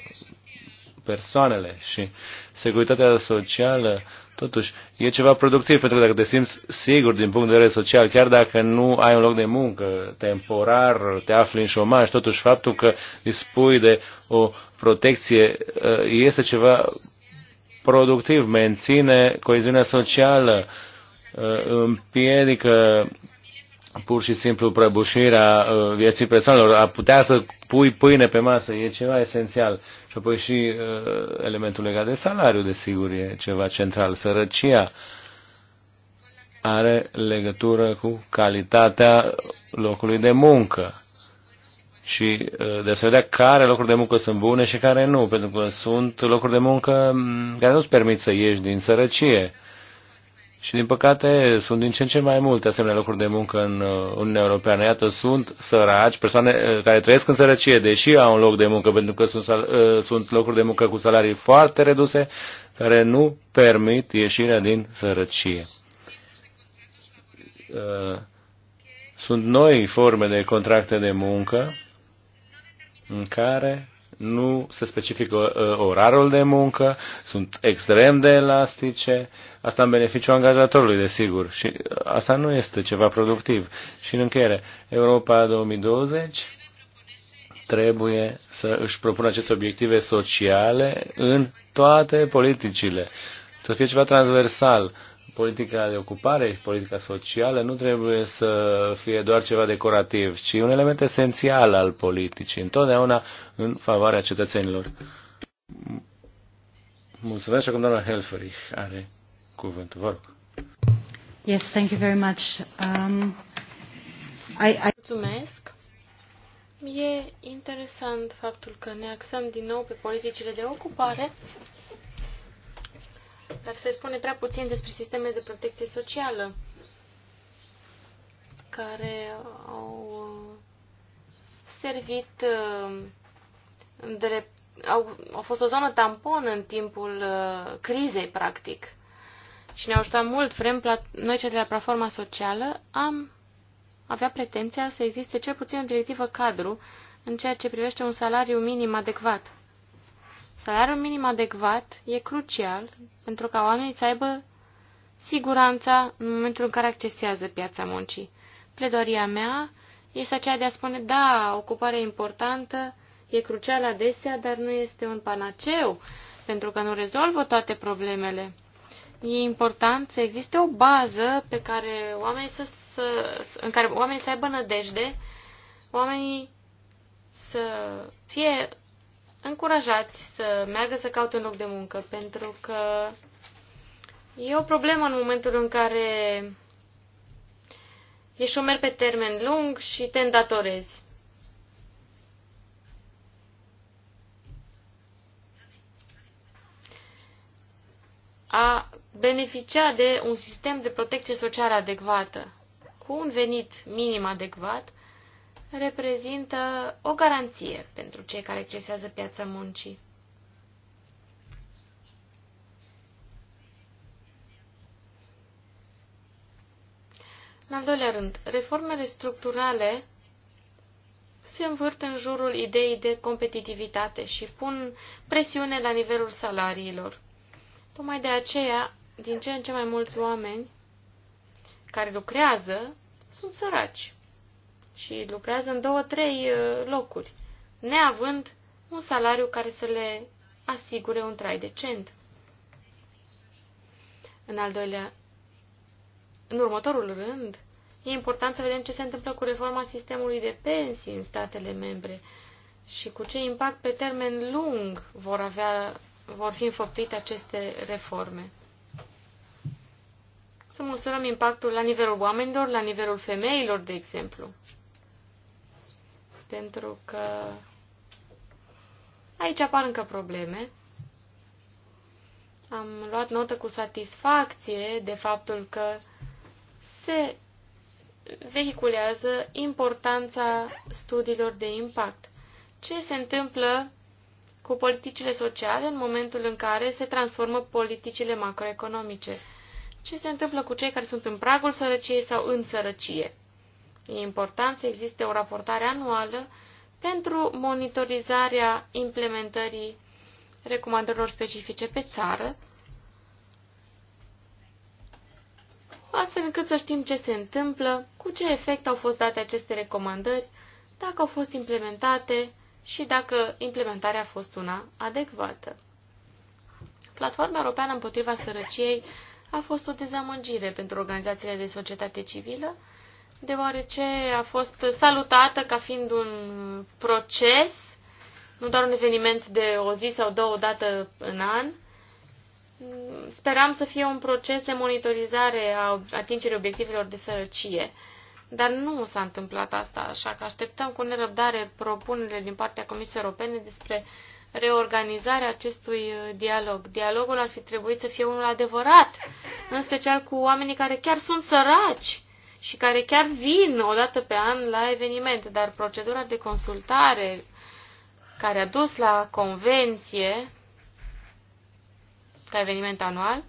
persoanele și securitatea socială, totuși, e ceva productiv, pentru că dacă te simți sigur din punct de vedere social, chiar dacă nu ai un loc de muncă temporar, te afli în șomaj, totuși faptul că dispui de o protecție uh, este ceva productiv, menține coeziunea socială, uh, împiedică pur și simplu prăbușirea uh, vieții persoanelor. A putea să pui pâine pe masă e ceva esențial. Și apoi și uh, elementul legat de salariu, desigur, e ceva central. Sărăcia are legătură cu calitatea locului de muncă și uh, de a se vedea care locuri de muncă sunt bune și care nu, pentru că sunt locuri de muncă mm, care nu-ți permit să ieși din sărăcie. Și din păcate sunt din ce în ce mai multe asemenea locuri de muncă în uh, Uniunea Europeană. Iată, sunt săraci, persoane uh, care trăiesc în sărăcie, deși au un loc de muncă, pentru că sunt, sunt locuri de muncă cu salarii foarte reduse, care nu permit ieșirea din sărăcie. Sunt noi forme de contracte de muncă în care nu se specifică uh, orarul de muncă, sunt extrem de elastice, asta în beneficiu angajatorului, desigur, și uh, asta nu este ceva productiv. Și în încheiere, Europa 2020 trebuie să își propună aceste obiective sociale în toate politicile, să fie ceva transversal, politica de ocupare și politica socială nu trebuie să fie doar ceva decorativ, ci un element esențial al politicii, întotdeauna în favoarea cetățenilor. Mulțumesc și acum doamna Helferich are cuvântul. Vă rog. Yes, thank you very much. Um, I, I... Mulțumesc. E interesant faptul că ne axăm din nou pe politicile de ocupare dar se spune prea puțin despre sistemele de protecție socială care au uh, servit uh, drept au, au fost o zonă tampon în timpul uh, crizei, practic. Și ne-au ajutat mult. Vrem, noi, cei de la platforma socială, am avea pretenția să existe cel puțin o directivă cadru în ceea ce privește un salariu minim adecvat. Salariul minim adecvat e crucial pentru ca oamenii să aibă siguranța în momentul în care accesează piața muncii. Pledoria mea este aceea de a spune, da, ocuparea e importantă, e crucială adesea, dar nu este un panaceu, pentru că nu rezolvă toate problemele. E important să existe o bază pe care oamenii să, să, în care oamenii să aibă nădejde, oamenii să fie încurajați să meargă să caute un loc de muncă, pentru că e o problemă în momentul în care ești șomer pe termen lung și te îndatorezi. A beneficia de un sistem de protecție socială adecvată, cu un venit minim adecvat, reprezintă o garanție pentru cei care accesează piața muncii. În al doilea rând, reformele structurale se învârt în jurul ideii de competitivitate și pun presiune la nivelul salariilor. Tocmai de aceea, din ce în ce mai mulți oameni care lucrează sunt săraci și lucrează în două, trei uh, locuri, neavând un salariu care să le asigure un trai decent. În al doilea, în următorul rând, e important să vedem ce se întâmplă cu reforma sistemului de pensii în statele membre și cu ce impact pe termen lung vor, avea, vor fi înfăptuite aceste reforme. Să măsurăm impactul la nivelul oamenilor, la nivelul femeilor, de exemplu pentru că aici apar încă probleme. Am luat notă cu satisfacție de faptul că se vehiculează importanța studiilor de impact. Ce se întâmplă cu politicile sociale în momentul în care se transformă politicile macroeconomice? Ce se întâmplă cu cei care sunt în pragul sărăciei sau în sărăcie? E important să existe o raportare anuală pentru monitorizarea implementării recomandărilor specifice pe țară, astfel încât să știm ce se întâmplă, cu ce efect au fost date aceste recomandări, dacă au fost implementate și dacă implementarea a fost una adecvată. Platforma Europeană împotriva sărăciei a fost o dezamăgire pentru organizațiile de societate civilă, deoarece a fost salutată ca fiind un proces, nu doar un eveniment de o zi sau două dată în an. Speram să fie un proces de monitorizare a atingerii obiectivelor de sărăcie, dar nu s-a întâmplat asta, așa că așteptăm cu nerăbdare propunerile din partea Comisiei Europene despre reorganizarea acestui dialog. Dialogul ar fi trebuit să fie unul adevărat, în special cu oamenii care chiar sunt săraci și care chiar vin o dată pe an la evenimente, dar procedura de consultare care a dus la convenție ca eveniment anual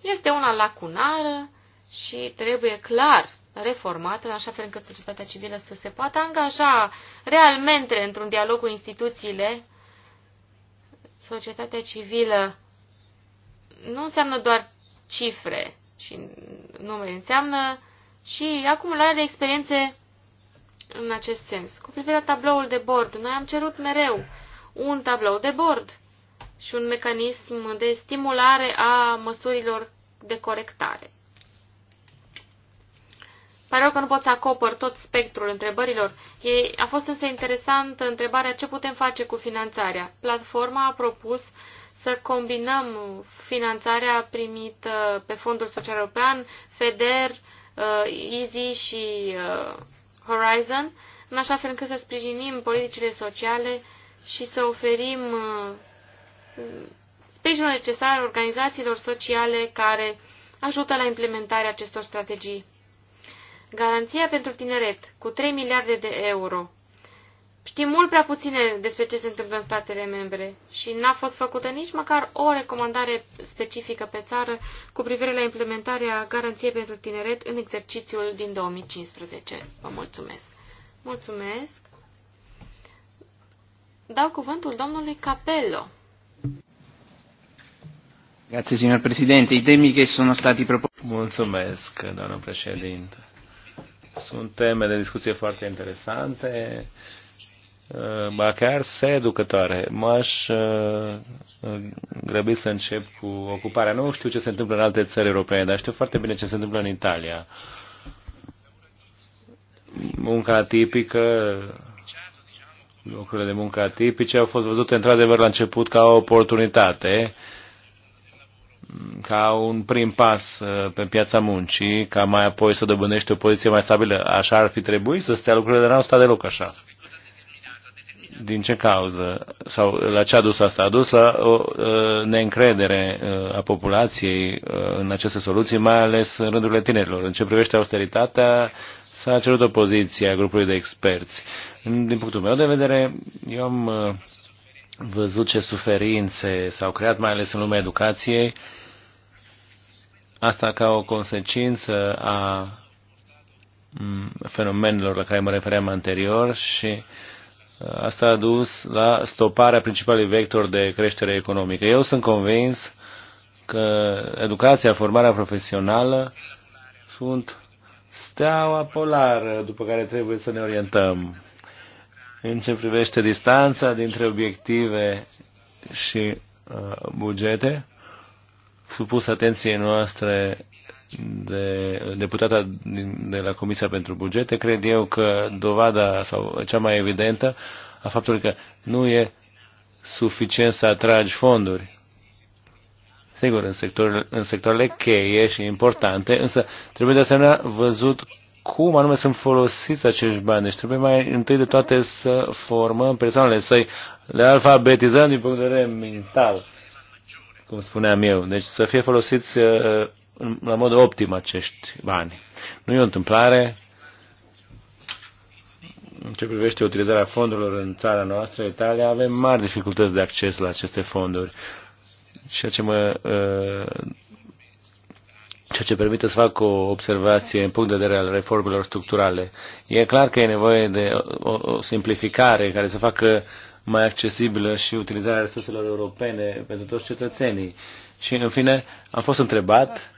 este una lacunară și trebuie clar reformată, în așa fel încât societatea civilă să se poată angaja realmente într-un dialog cu instituțiile. Societatea civilă nu înseamnă doar cifre și numere, înseamnă și acumularea de experiențe în acest sens. Cu privire la tabloul de bord, noi am cerut mereu un tablou de bord și un mecanism de stimulare a măsurilor de corectare. Pare rău că nu pot să acopăr tot spectrul întrebărilor. E, a fost însă interesantă întrebarea ce putem face cu finanțarea. Platforma a propus să combinăm finanțarea primită pe Fondul Social European, FEDER, uh, Uh, EASY și uh, Horizon, în așa fel încât să sprijinim politicile sociale și să oferim uh, sprijinul necesar organizațiilor sociale care ajută la implementarea acestor strategii. Garanția pentru tineret cu 3 miliarde de euro Știm mult prea puține despre ce se întâmplă în statele membre și n-a fost făcută nici măcar o recomandare specifică pe țară cu privire la implementarea garanției pentru tineret în exercițiul din 2015. Vă mulțumesc! Mulțumesc! Dau cuvântul domnului Capello. Grazie, signor Presidente. I temi che sono stati proposti... Mulțumesc, doamnă președinte. Sunt teme de discuție foarte interesante ba uh, chiar educătoare. M-aș uh, uh, grăbi să încep cu ocuparea. Nu știu ce se întâmplă în alte țări europene, dar știu foarte bine ce se întâmplă în Italia. Munca atipică, lucrurile de muncă atipice au fost văzute într-adevăr la început ca o oportunitate, ca un prim pas pe piața muncii, ca mai apoi să dobândești o poziție mai stabilă. Așa ar fi trebuit să stea lucrurile, dar n-au stat deloc așa din ce cauză sau la ce a dus asta? A dus la o ă, neîncredere ă, a populației ă, în aceste soluții, mai ales în rândurile tinerilor. În ce privește austeritatea, s-a cerut opoziția grupului de experți. Din punctul meu de vedere, eu am văzut ce suferințe s-au creat, mai ales în lumea educației, asta ca o consecință a fenomenelor la care mă refeream anterior și uh, Asta a dus la stoparea principalului vector de creștere economică. Eu sunt convins că educația, formarea profesională sunt steaua polară după care trebuie să ne orientăm. În ce privește distanța dintre obiective și uh, bugete, supus atenției noastre de deputata de la Comisia pentru Bugete, cred eu că dovada sau cea mai evidentă a faptului că nu e suficient să atragi fonduri. Sigur, în, sector, în sectoarele cheie și importante, însă trebuie de asemenea văzut cum anume sunt folosiți acești bani. Deci trebuie mai întâi de toate să formăm persoanele, să le alfabetizăm din punct de vedere mental, cum spuneam eu. Deci să fie folosiți uh, la mod optim acești bani. Nu e o întâmplare. În ce privește utilizarea fondurilor în țara noastră, Italia, avem mari dificultăți de acces la aceste fonduri. Ceea ce mă ă, ceea ce permite să fac o observație în punct de vedere al reformelor structurale. E clar că e nevoie de o, o simplificare care să facă mai accesibilă și utilizarea resurselor europene pentru toți cetățenii. Și, în fine, am fost întrebat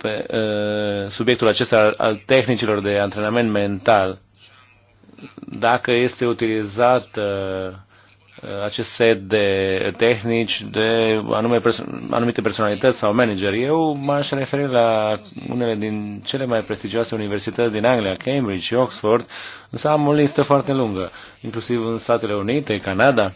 pe uh, subiectul acesta al tehnicilor de antrenament mental, dacă este utilizat uh, acest set de tehnici de anume perso anumite personalități sau manageri. Eu m-aș referi la unele din cele mai prestigioase universități din Anglia, Cambridge și Oxford, însă am o listă foarte lungă, inclusiv în Statele Unite, Canada,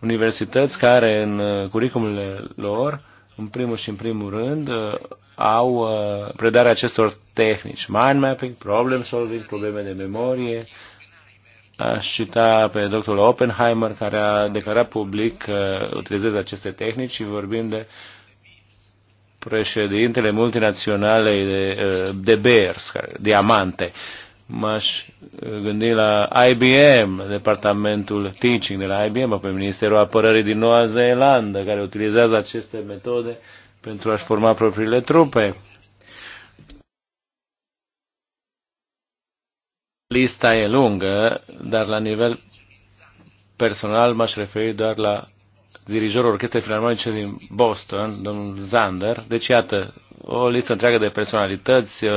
universități care în curicumurile lor în primul și în primul rând, uh, au uh, predarea acestor tehnici. Mind mapping, problem solving, probleme de memorie. Aș cita pe doctorul Oppenheimer, care a declarat public că utilizează aceste tehnici și vorbim de președintele multinaționalei de, uh, de Bears, care, diamante. Uh, m-aș uh, gândi la IBM, departamentul teaching de la IBM, pe Ministerul Apărării din Noua Zeelandă, care utilizează aceste metode pentru a-și forma propriile trupe. Lista e lungă, dar la nivel personal m-aș referi doar la dirijorul Orchestrei Filarmonice din Boston, domnul Zander. Deci, iată, o listă întreagă de personalități uh,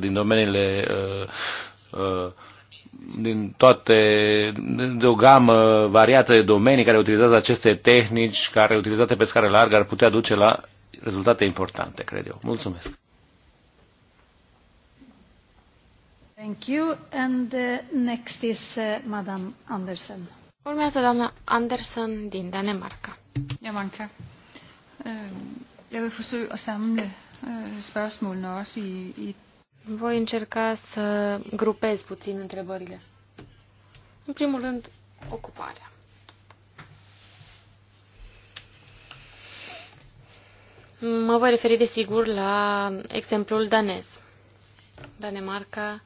din domeniile uh, Uh, din toate, de o gamă variată de domenii care utilizează aceste tehnici, care utilizate pe scară largă, ar putea duce la rezultate importante, cred eu. Mulțumesc! Thank you. And uh, next is uh, Madame Anderson. Urmează doamna Anderson din Danemarca. Ja, mange tak. Øh, jeg vil forsøge at samle øh, spørgsmålene også i, i voi încerca să grupez puțin întrebările. În primul rând, ocuparea. Mă voi referi, desigur, la exemplul danez. Danemarca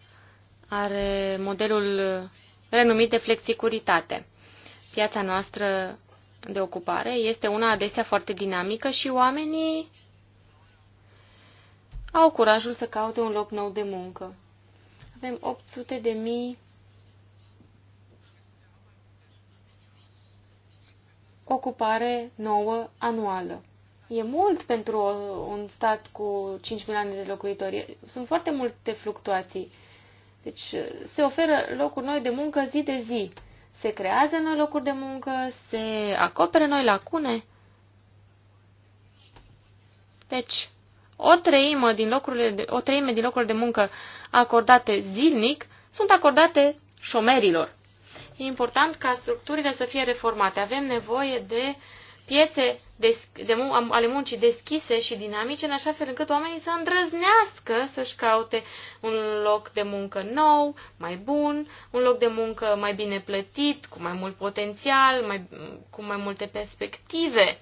are modelul renumit de flexicuritate. Piața noastră de ocupare este una adesea foarte dinamică și oamenii au curajul să caute un loc nou de muncă. Avem 800 de mii ocupare nouă anuală. E mult pentru un stat cu 5 milioane de locuitori. Sunt foarte multe fluctuații. Deci se oferă locuri noi de muncă zi de zi. Se creează noi locuri de muncă, se acoperă noi lacune. Deci, o treime din locurile de, o treime din locurile de muncă acordate zilnic sunt acordate șomerilor. E important ca structurile să fie reformate. Avem nevoie de piețe de, de, ale muncii deschise și dinamice, în așa fel încât oamenii să îndrăznească să-și caute un loc de muncă nou, mai bun, un loc de muncă mai bine plătit, cu mai mult potențial, mai, cu mai multe perspective.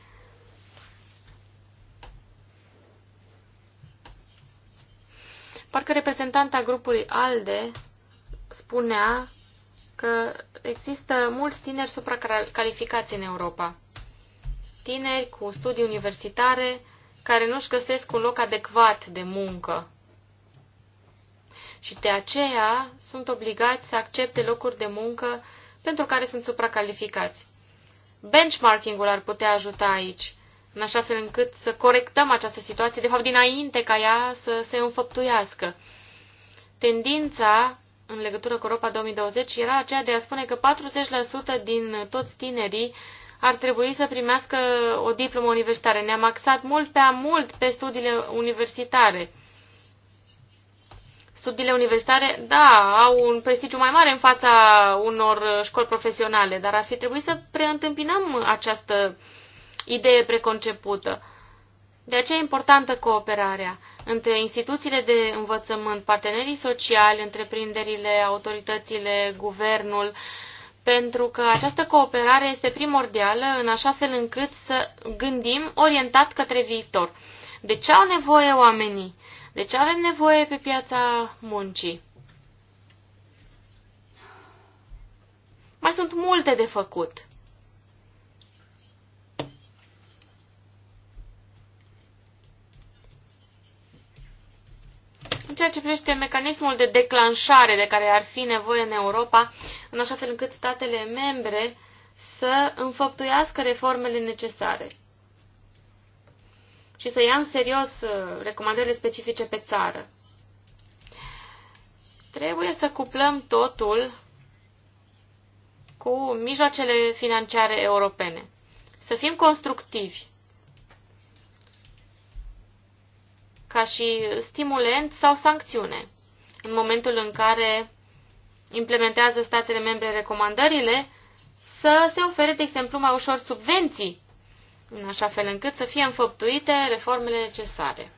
Parcă reprezentanta grupului ALDE spunea că există mulți tineri supracalificați în Europa. Tineri cu studii universitare care nu-și găsesc un loc adecvat de muncă. Și de aceea sunt obligați să accepte locuri de muncă pentru care sunt supracalificați. Benchmarking-ul ar putea ajuta aici în așa fel încât să corectăm această situație, de fapt dinainte ca ea să se înfăptuiască. Tendința în legătură cu Europa 2020 era aceea de a spune că 40% din toți tinerii ar trebui să primească o diplomă universitară. Ne-am axat mult pe mult pe studiile universitare. Studiile universitare, da, au un prestigiu mai mare în fața unor școli profesionale, dar ar fi trebuit să preîntâmpinăm această uh, idee preconcepută. De aceea e importantă cooperarea între instituțiile de învățământ, partenerii sociali, întreprinderile, autoritățile, guvernul, pentru că această cooperare este primordială în așa fel încât să gândim orientat către viitor. De ce au nevoie oamenii? De ce avem nevoie pe piața muncii? Mai sunt multe de făcut. ceea ce privește mecanismul de declanșare de care ar fi nevoie în Europa, în așa fel încât statele membre să înfăptuiască reformele necesare și să ia în serios uh, recomandările specifice pe țară. Trebuie să cuplăm totul cu mijloacele financiare europene. Să fim constructivi ca și stimulent sau sancțiune. În momentul în care implementează statele membre recomandările, să se ofere, de exemplu, mai ușor subvenții, în așa fel încât să fie înfăptuite reformele necesare.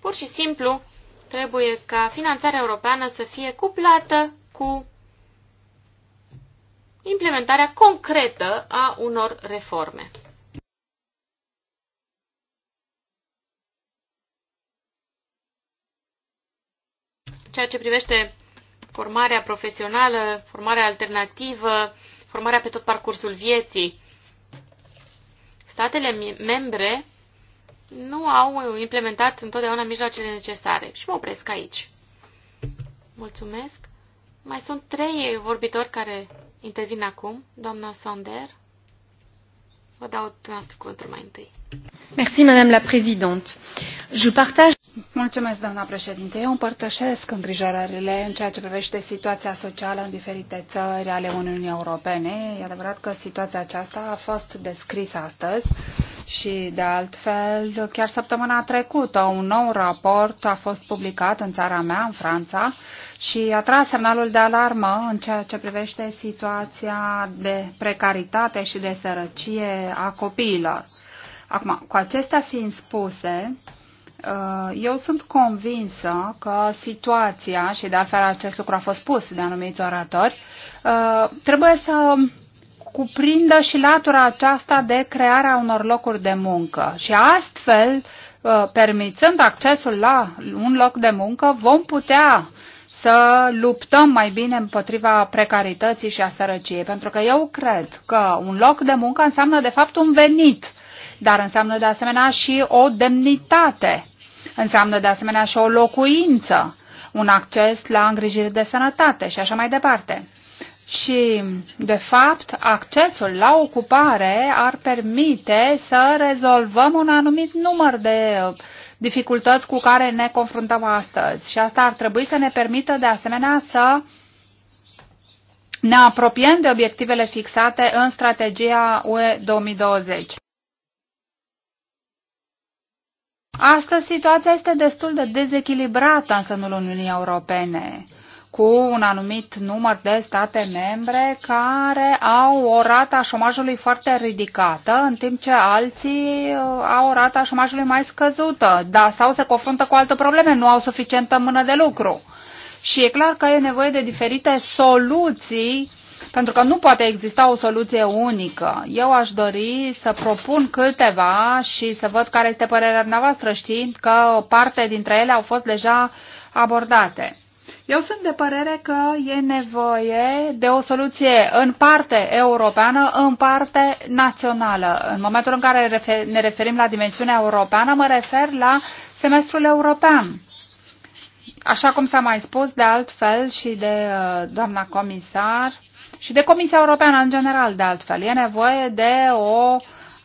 Pur și simplu, trebuie ca finanțarea europeană să fie cuplată cu implementarea concretă a unor reforme. ceea ce privește formarea profesională, formarea alternativă, formarea pe tot parcursul vieții. Statele membre nu au implementat întotdeauna mijloacele necesare. Și mă opresc aici. Mulțumesc. Mai sunt trei vorbitori care intervin acum. Doamna Sander. Vă dau dumneavoastră cuvântul mai întâi. Mulțumesc. Madame la Présidente. Je partage... Mulțumesc, doamna președinte. Eu împărtășesc îngrijorările în ceea ce privește situația socială în diferite țări ale Uniunii Europene. E adevărat că situația aceasta a fost descrisă astăzi și, de altfel, chiar săptămâna trecută un nou raport a fost publicat în țara mea, în Franța, și a tras semnalul de alarmă în ceea ce privește situația de precaritate și de sărăcie a copiilor. Acum, cu acestea fiind spuse, Uh, eu sunt convinsă că situația, și de altfel acest lucru a fost spus de anumiți oratori, uh, trebuie să cuprindă și latura aceasta de crearea unor locuri de muncă. Și astfel, uh, permițând accesul la un loc de muncă, vom putea să luptăm mai bine împotriva precarității și a sărăciei. Pentru că eu cred că un loc de muncă înseamnă, de fapt, un venit dar înseamnă de asemenea și o demnitate. Înseamnă de asemenea și o locuință, un acces la îngrijiri de sănătate și așa mai departe. Și, de fapt, accesul la ocupare ar permite să rezolvăm un anumit număr de uh, dificultăți cu care ne confruntăm astăzi. Și asta ar trebui să ne permită, de asemenea, să ne apropiem de obiectivele fixate în strategia UE 2020. Astăzi situația este destul de dezechilibrată în sânul Uniunii Europene cu un anumit număr de state membre care au o rată a șomajului foarte ridicată, în timp ce alții uh, au o rată a șomajului mai scăzută, da, sau se confruntă cu alte probleme, nu au suficientă mână de lucru. Și e clar că e nevoie de diferite soluții pentru că nu poate exista o soluție unică. Eu aș dori să propun câteva și să văd care este părerea dumneavoastră, știind că o parte dintre ele au fost deja abordate. Eu sunt de părere că e nevoie de o soluție în parte europeană, în parte națională. În momentul în care ne referim la dimensiunea europeană, mă refer la semestrul european. Așa cum s-a mai spus de altfel și de uh, doamna comisar, și de Comisia Europeană în general, de altfel. E nevoie de o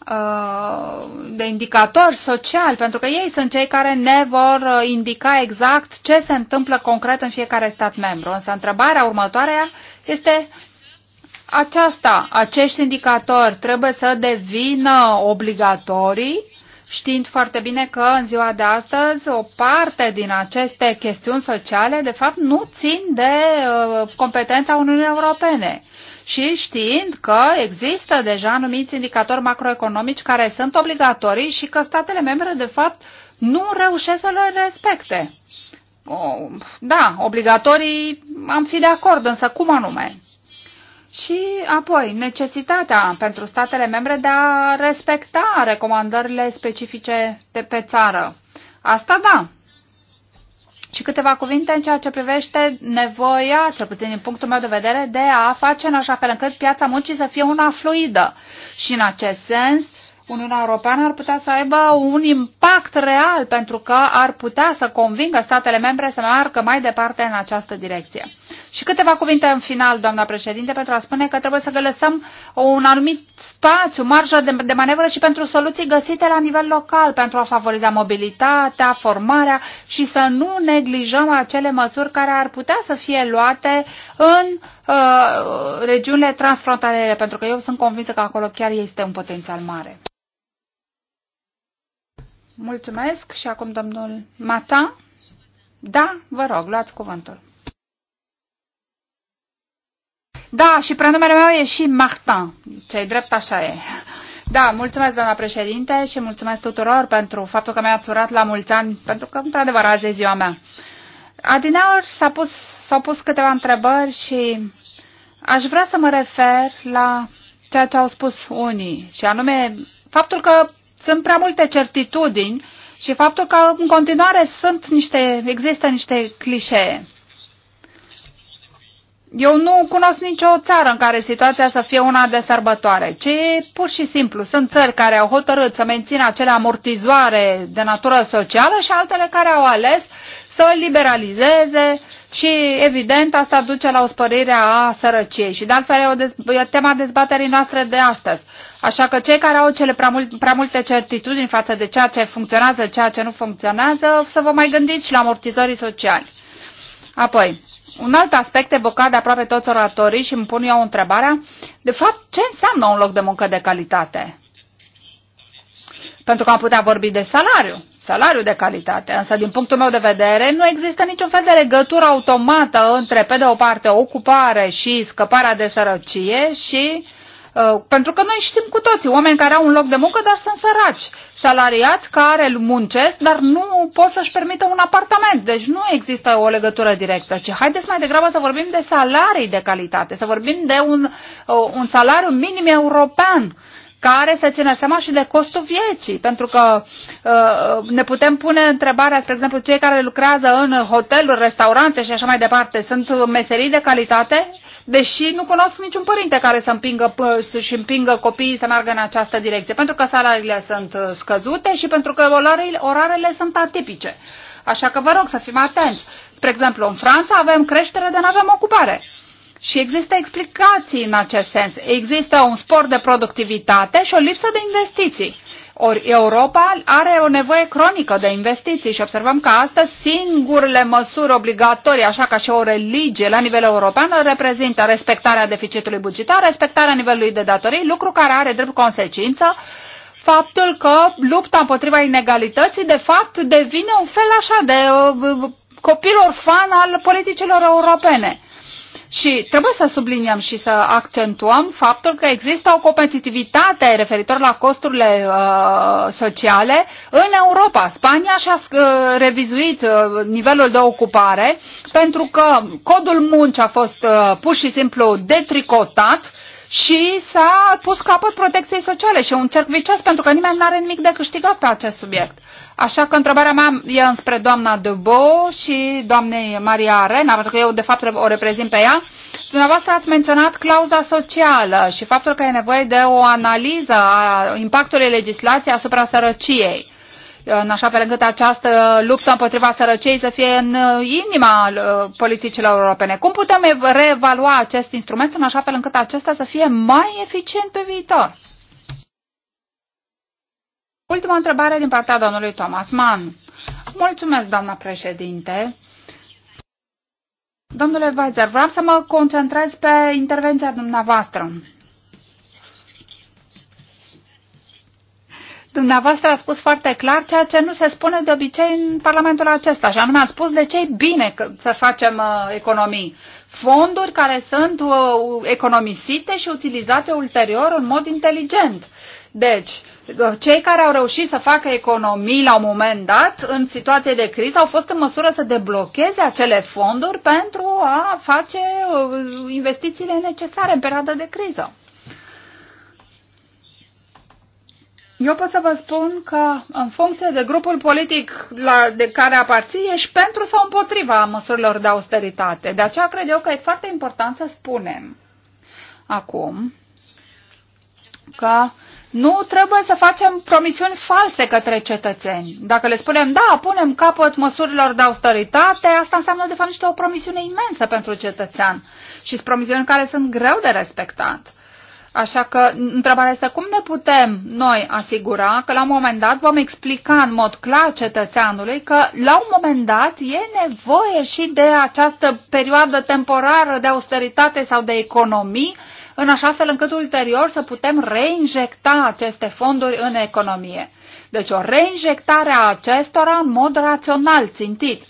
uh, de indicatori sociali, pentru că ei sunt cei care ne vor uh, indica exact ce se întâmplă concret în fiecare stat membru. Însă întrebarea următoarea este aceasta. Acești indicatori trebuie să devină obligatorii știind foarte bine că în ziua de astăzi o parte din aceste chestiuni sociale, de fapt, nu țin de uh, competența Uniunii Europene și știind că există deja anumiți indicatori macroeconomici care sunt obligatorii și că statele membre, de fapt, nu reușesc să le respecte. Da, obligatorii am fi de acord, însă cum anume? Și apoi, necesitatea pentru statele membre de a respecta recomandările specifice de pe țară. Asta da. Și câteva cuvinte în ceea ce privește nevoia, cel puțin din punctul meu de vedere, de a face în așa fel încât piața muncii să fie una fluidă. Și în acest sens, Uniunea Europeană ar putea să aibă un impact real pentru că ar putea să convingă statele membre să meargă mai departe în această direcție. Și câteva cuvinte în final, doamna președinte, pentru a spune că trebuie să lăsăm un anumit spațiu, marjă de, de manevră și pentru soluții găsite la nivel local, pentru a favoriza mobilitatea, formarea și să nu neglijăm acele măsuri care ar putea să fie luate în uh, regiunile transfrontaliere, pentru că eu sunt convinsă că acolo chiar este un potențial mare. Mulțumesc și acum domnul Mata. Da, vă rog, luați cuvântul. Da, și prenumele meu e și Martin. ce drept așa e. Da, mulțumesc, doamna președinte, și mulțumesc tuturor pentru faptul că mi-ați urat la mulți ani, pentru că, într-adevăr, azi e ziua mea. Adineori s-au pus, s pus câteva întrebări și aș vrea să mă refer la ceea ce au spus unii, și anume faptul că sunt prea multe certitudini și faptul că în continuare sunt niște, există niște clișee. Eu nu cunosc nicio țară în care situația să fie una de sărbătoare, ci pur și simplu sunt țări care au hotărât să mențină acele amortizoare de natură socială și altele care au ales să liberalizeze și, evident, asta duce la o spărire a sărăciei. Și, de altfel, e, o dez- e tema dezbaterii noastre de astăzi. Așa că cei care au cele prea, mul- prea multe certitudini față de ceea ce funcționează, ceea ce nu funcționează, să vă mai gândiți și la amortizorii sociali. Apoi, un alt aspect evocat de aproape toți oratorii și îmi pun eu întrebarea, de fapt, ce înseamnă un loc de muncă de calitate? Pentru că am putea vorbi de salariu, salariu de calitate, însă din punctul meu de vedere nu există niciun fel de legătură automată între, pe de o parte, ocupare și scăparea de sărăcie și Uh, pentru că noi știm cu toții oameni care au un loc de muncă, dar sunt săraci, salariați care muncesc, dar nu pot să-și permită un apartament. Deci nu există o legătură directă, ci haideți mai degrabă să vorbim de salarii de calitate, să vorbim de un, uh, un salariu minim european care să țină seama și de costul vieții, pentru că uh, ne putem pune întrebarea, spre exemplu, cei care lucrează în hoteluri, restaurante și așa mai departe, sunt meserii de calitate? deși nu cunosc niciun părinte care să împingă, să-și împingă copiii să meargă în această direcție, pentru că salariile sunt uh, scăzute și pentru că orarele, orarele sunt atipice. Așa că vă rog să fim atenți. Spre exemplu, în Franța avem creștere, dar nu avem ocupare. Și există explicații în acest sens. Există un spor de productivitate și o lipsă de investiții. Ori Europa are o nevoie cronică de investiții și observăm că astăzi singurele măsuri obligatorii, așa ca și o religie la nivel european, reprezintă respectarea deficitului bugetar, respectarea nivelului de datorii, lucru care are drept consecință faptul că lupta împotriva inegalității, de fapt, devine un fel așa de uh, uh, copil orfan al politicilor europene. Și trebuie să subliniem și să accentuăm faptul că există o competitivitate referitor la costurile uh, sociale în Europa. Spania și-a uh, revizuit uh, nivelul de ocupare pentru că codul muncii a fost uh, pur și simplu detricotat și s-a pus capăt protecției sociale și un cerc vicios pentru că nimeni nu are nimic de câștigat pe acest subiect. Așa că întrebarea mea e înspre doamna Dubo și doamnei Maria Arena, pentru că eu de fapt o reprezint pe ea. Dumneavoastră ați menționat clauza socială și faptul că e nevoie de o analiză a impactului legislației asupra sărăciei în așa fel încât această luptă împotriva sărăciei să fie în inima uh, politicilor europene. Cum putem reevalua acest instrument în așa fel încât acesta să fie mai eficient pe viitor? Ultima întrebare din partea domnului Thomas Mann. Mulțumesc, doamna președinte. Domnule Weizer, vreau să mă concentrez pe intervenția dumneavoastră. Dumneavoastră a spus foarte clar ceea ce nu se spune de obicei în Parlamentul acesta, și anume a spus de ce e bine că, să facem uh, economii. Fonduri care sunt uh, economisite și utilizate ulterior în mod inteligent. Deci, uh, cei care au reușit să facă economii la un moment dat, în situație de criză, au fost în măsură să deblocheze acele fonduri pentru a face uh, investițiile necesare în perioada de criză. Eu pot să vă spun că în funcție de grupul politic la, de care aparții, ești pentru sau împotriva măsurilor de austeritate. De aceea cred eu că e foarte important să spunem acum că nu trebuie să facem promisiuni false către cetățeni. Dacă le spunem, da, punem capăt măsurilor de austeritate, asta înseamnă de fapt niște o promisiune imensă pentru cetățean și sunt promisiuni care sunt greu de respectat. Așa că întrebarea este cum ne putem noi asigura că la un moment dat vom explica în mod clar cetățeanului că la un moment dat e nevoie și de această perioadă temporară de austeritate sau de economii în așa fel încât ulterior să putem reinjecta aceste fonduri în economie. Deci o reinjectare a acestora în mod rațional, țintit,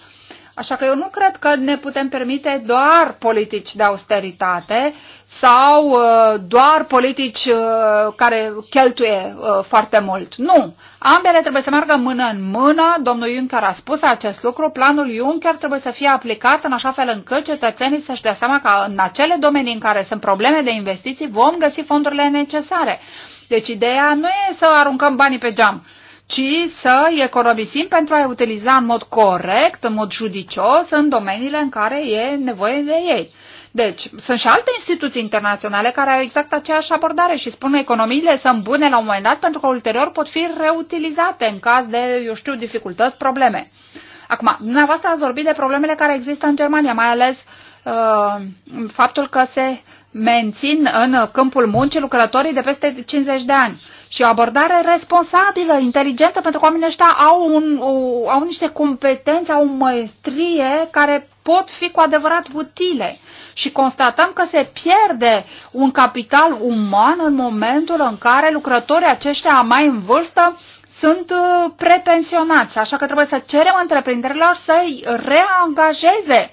Așa că eu nu cred că ne putem permite doar politici de austeritate sau uh, doar politici uh, care cheltuie uh, foarte mult. Nu. Ambele trebuie să meargă mână în mână. Domnul Juncker a spus acest lucru. Planul Juncker trebuie să fie aplicat în așa fel încât cetățenii să-și dea seama că în acele domenii în care sunt probleme de investiții vom găsi fondurile necesare. Deci ideea nu e să aruncăm banii pe geam ci să economisim pentru a utiliza în mod corect, în mod judicios, în domeniile în care e nevoie de ei. Deci, sunt și alte instituții internaționale care au exact aceeași abordare și spun că economiile sunt bune la un moment dat pentru că ulterior pot fi reutilizate în caz de, eu știu, dificultăți, probleme. Acum, dumneavoastră ați vorbit de problemele care există în Germania, mai ales uh, faptul că se mențin în câmpul muncii lucrătorii de peste 50 de ani și o abordare responsabilă, inteligentă, pentru că oamenii ăștia au, un, o, au niște competențe, au o maestrie care pot fi cu adevărat utile. Și constatăm că se pierde un capital uman în momentul în care lucrătorii aceștia mai în vârstă sunt uh, prepensionați, așa că trebuie să cerem întreprinderilor să-i reangajeze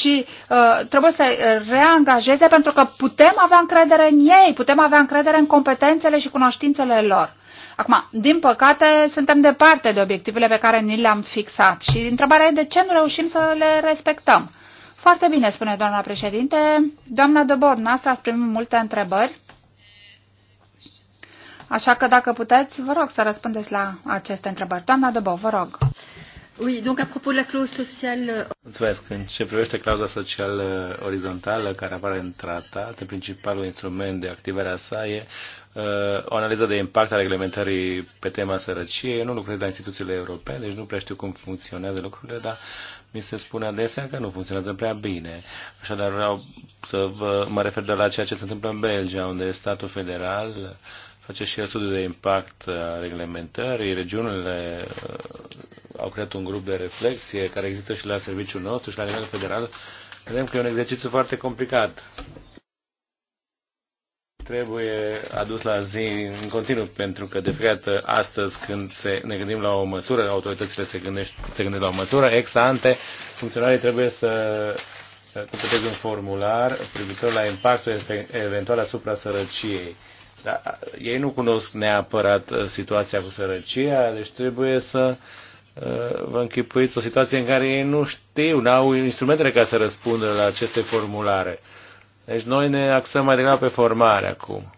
și uh, trebuie să reangajeze pentru că putem avea încredere în ei, putem avea încredere în competențele și cunoștințele lor. Acum, din păcate, suntem departe de obiectivele pe care ni le-am fixat și întrebarea e de ce nu reușim să le respectăm. Foarte bine, spune doamna președinte. Doamna Dobor, noastră ați primit multe întrebări, așa că dacă puteți, vă rog să răspundeți la aceste întrebări. Doamna Dobor, vă rog. Oui, donc à propos de la clause sociale... Euh, Mulțumesc. În ce privește clauza socială orizontală care apare în tratat, principalul instrument de activare a sa e uh, o analiză de impact a reglementării pe tema sărăciei. Eu nu lucrez la instituțiile europene, deci nu prea știu cum funcționează lucrurile, dar mi se spune adesea că nu funcționează prea bine. Așadar vreau să vă, mă refer de la ceea ce se întâmplă în Belgia, unde statul federal uh, face și el studiu de impact a reglementării. Regiunile uh, au creat un grup de reflexie care există și la serviciul nostru și la nivel federal. Vedem că e un exercițiu foarte complicat. Trebuie adus la zi în continuu, pentru că de fiecare astăzi când se, ne gândim la o măsură, autoritățile se, gândește, se gândesc la o măsură, ex ante, funcționarii trebuie să completeze un formular privitor la impactul eventual asupra sărăciei da, ei nu cunosc neapărat uh, situația cu sărăcia, deci trebuie să uh, vă închipuiți o situație în care ei nu știu, nu au instrumentele ca să răspundă la aceste formulare. Deci noi ne axăm mai degrabă pe formare acum.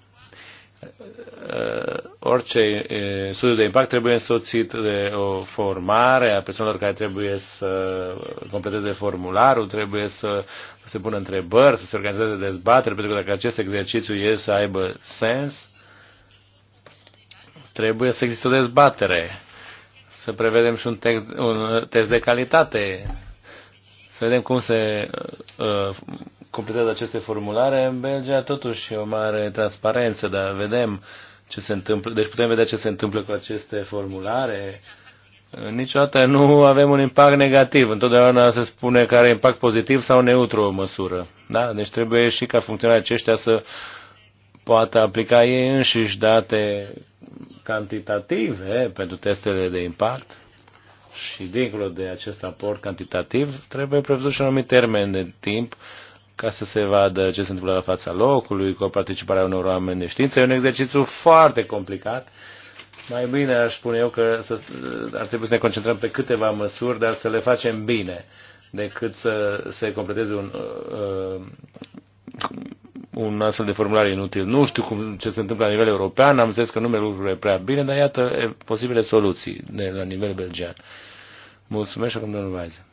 Uh, orice uh, studiu de impact trebuie însoțit de o formare a persoanelor care trebuie să completeze formularul, trebuie să se pună întrebări, să se organizeze dezbateri, pentru că dacă acest exercițiu e să aibă sens, trebuie să existe o dezbatere, să prevedem și un, text, un test de calitate, să vedem cum se uh, completat aceste formulare. În Belgia totuși e o mare transparență, dar vedem ce se întâmplă. Deci putem vedea ce se întâmplă cu aceste formulare. Niciodată nu avem un impact negativ. Întotdeauna se spune că are impact pozitiv sau neutru o măsură. Da? Deci trebuie și ca funcționarii aceștia să poată aplica ei înșiși date cantitative pentru testele de impact și dincolo de acest aport cantitativ trebuie prevăzut și un anumit termen de timp uh, ca să se vadă ce se întâmplă la fața locului, cu participarea unor oameni de știință. E un exercițiu foarte complicat. Mai bine aș spune eu că să, ar trebui să ne concentrăm pe câteva măsuri, dar să le facem bine, decât să se completeze un, uh, un astfel de formular inutil. Nu știu cum, ce se întâmplă la nivel european, am zis că nu merg lucrurile prea bine, dar iată posibile soluții de, la nivel belgian. Mulțumesc și acum domnul Vaize.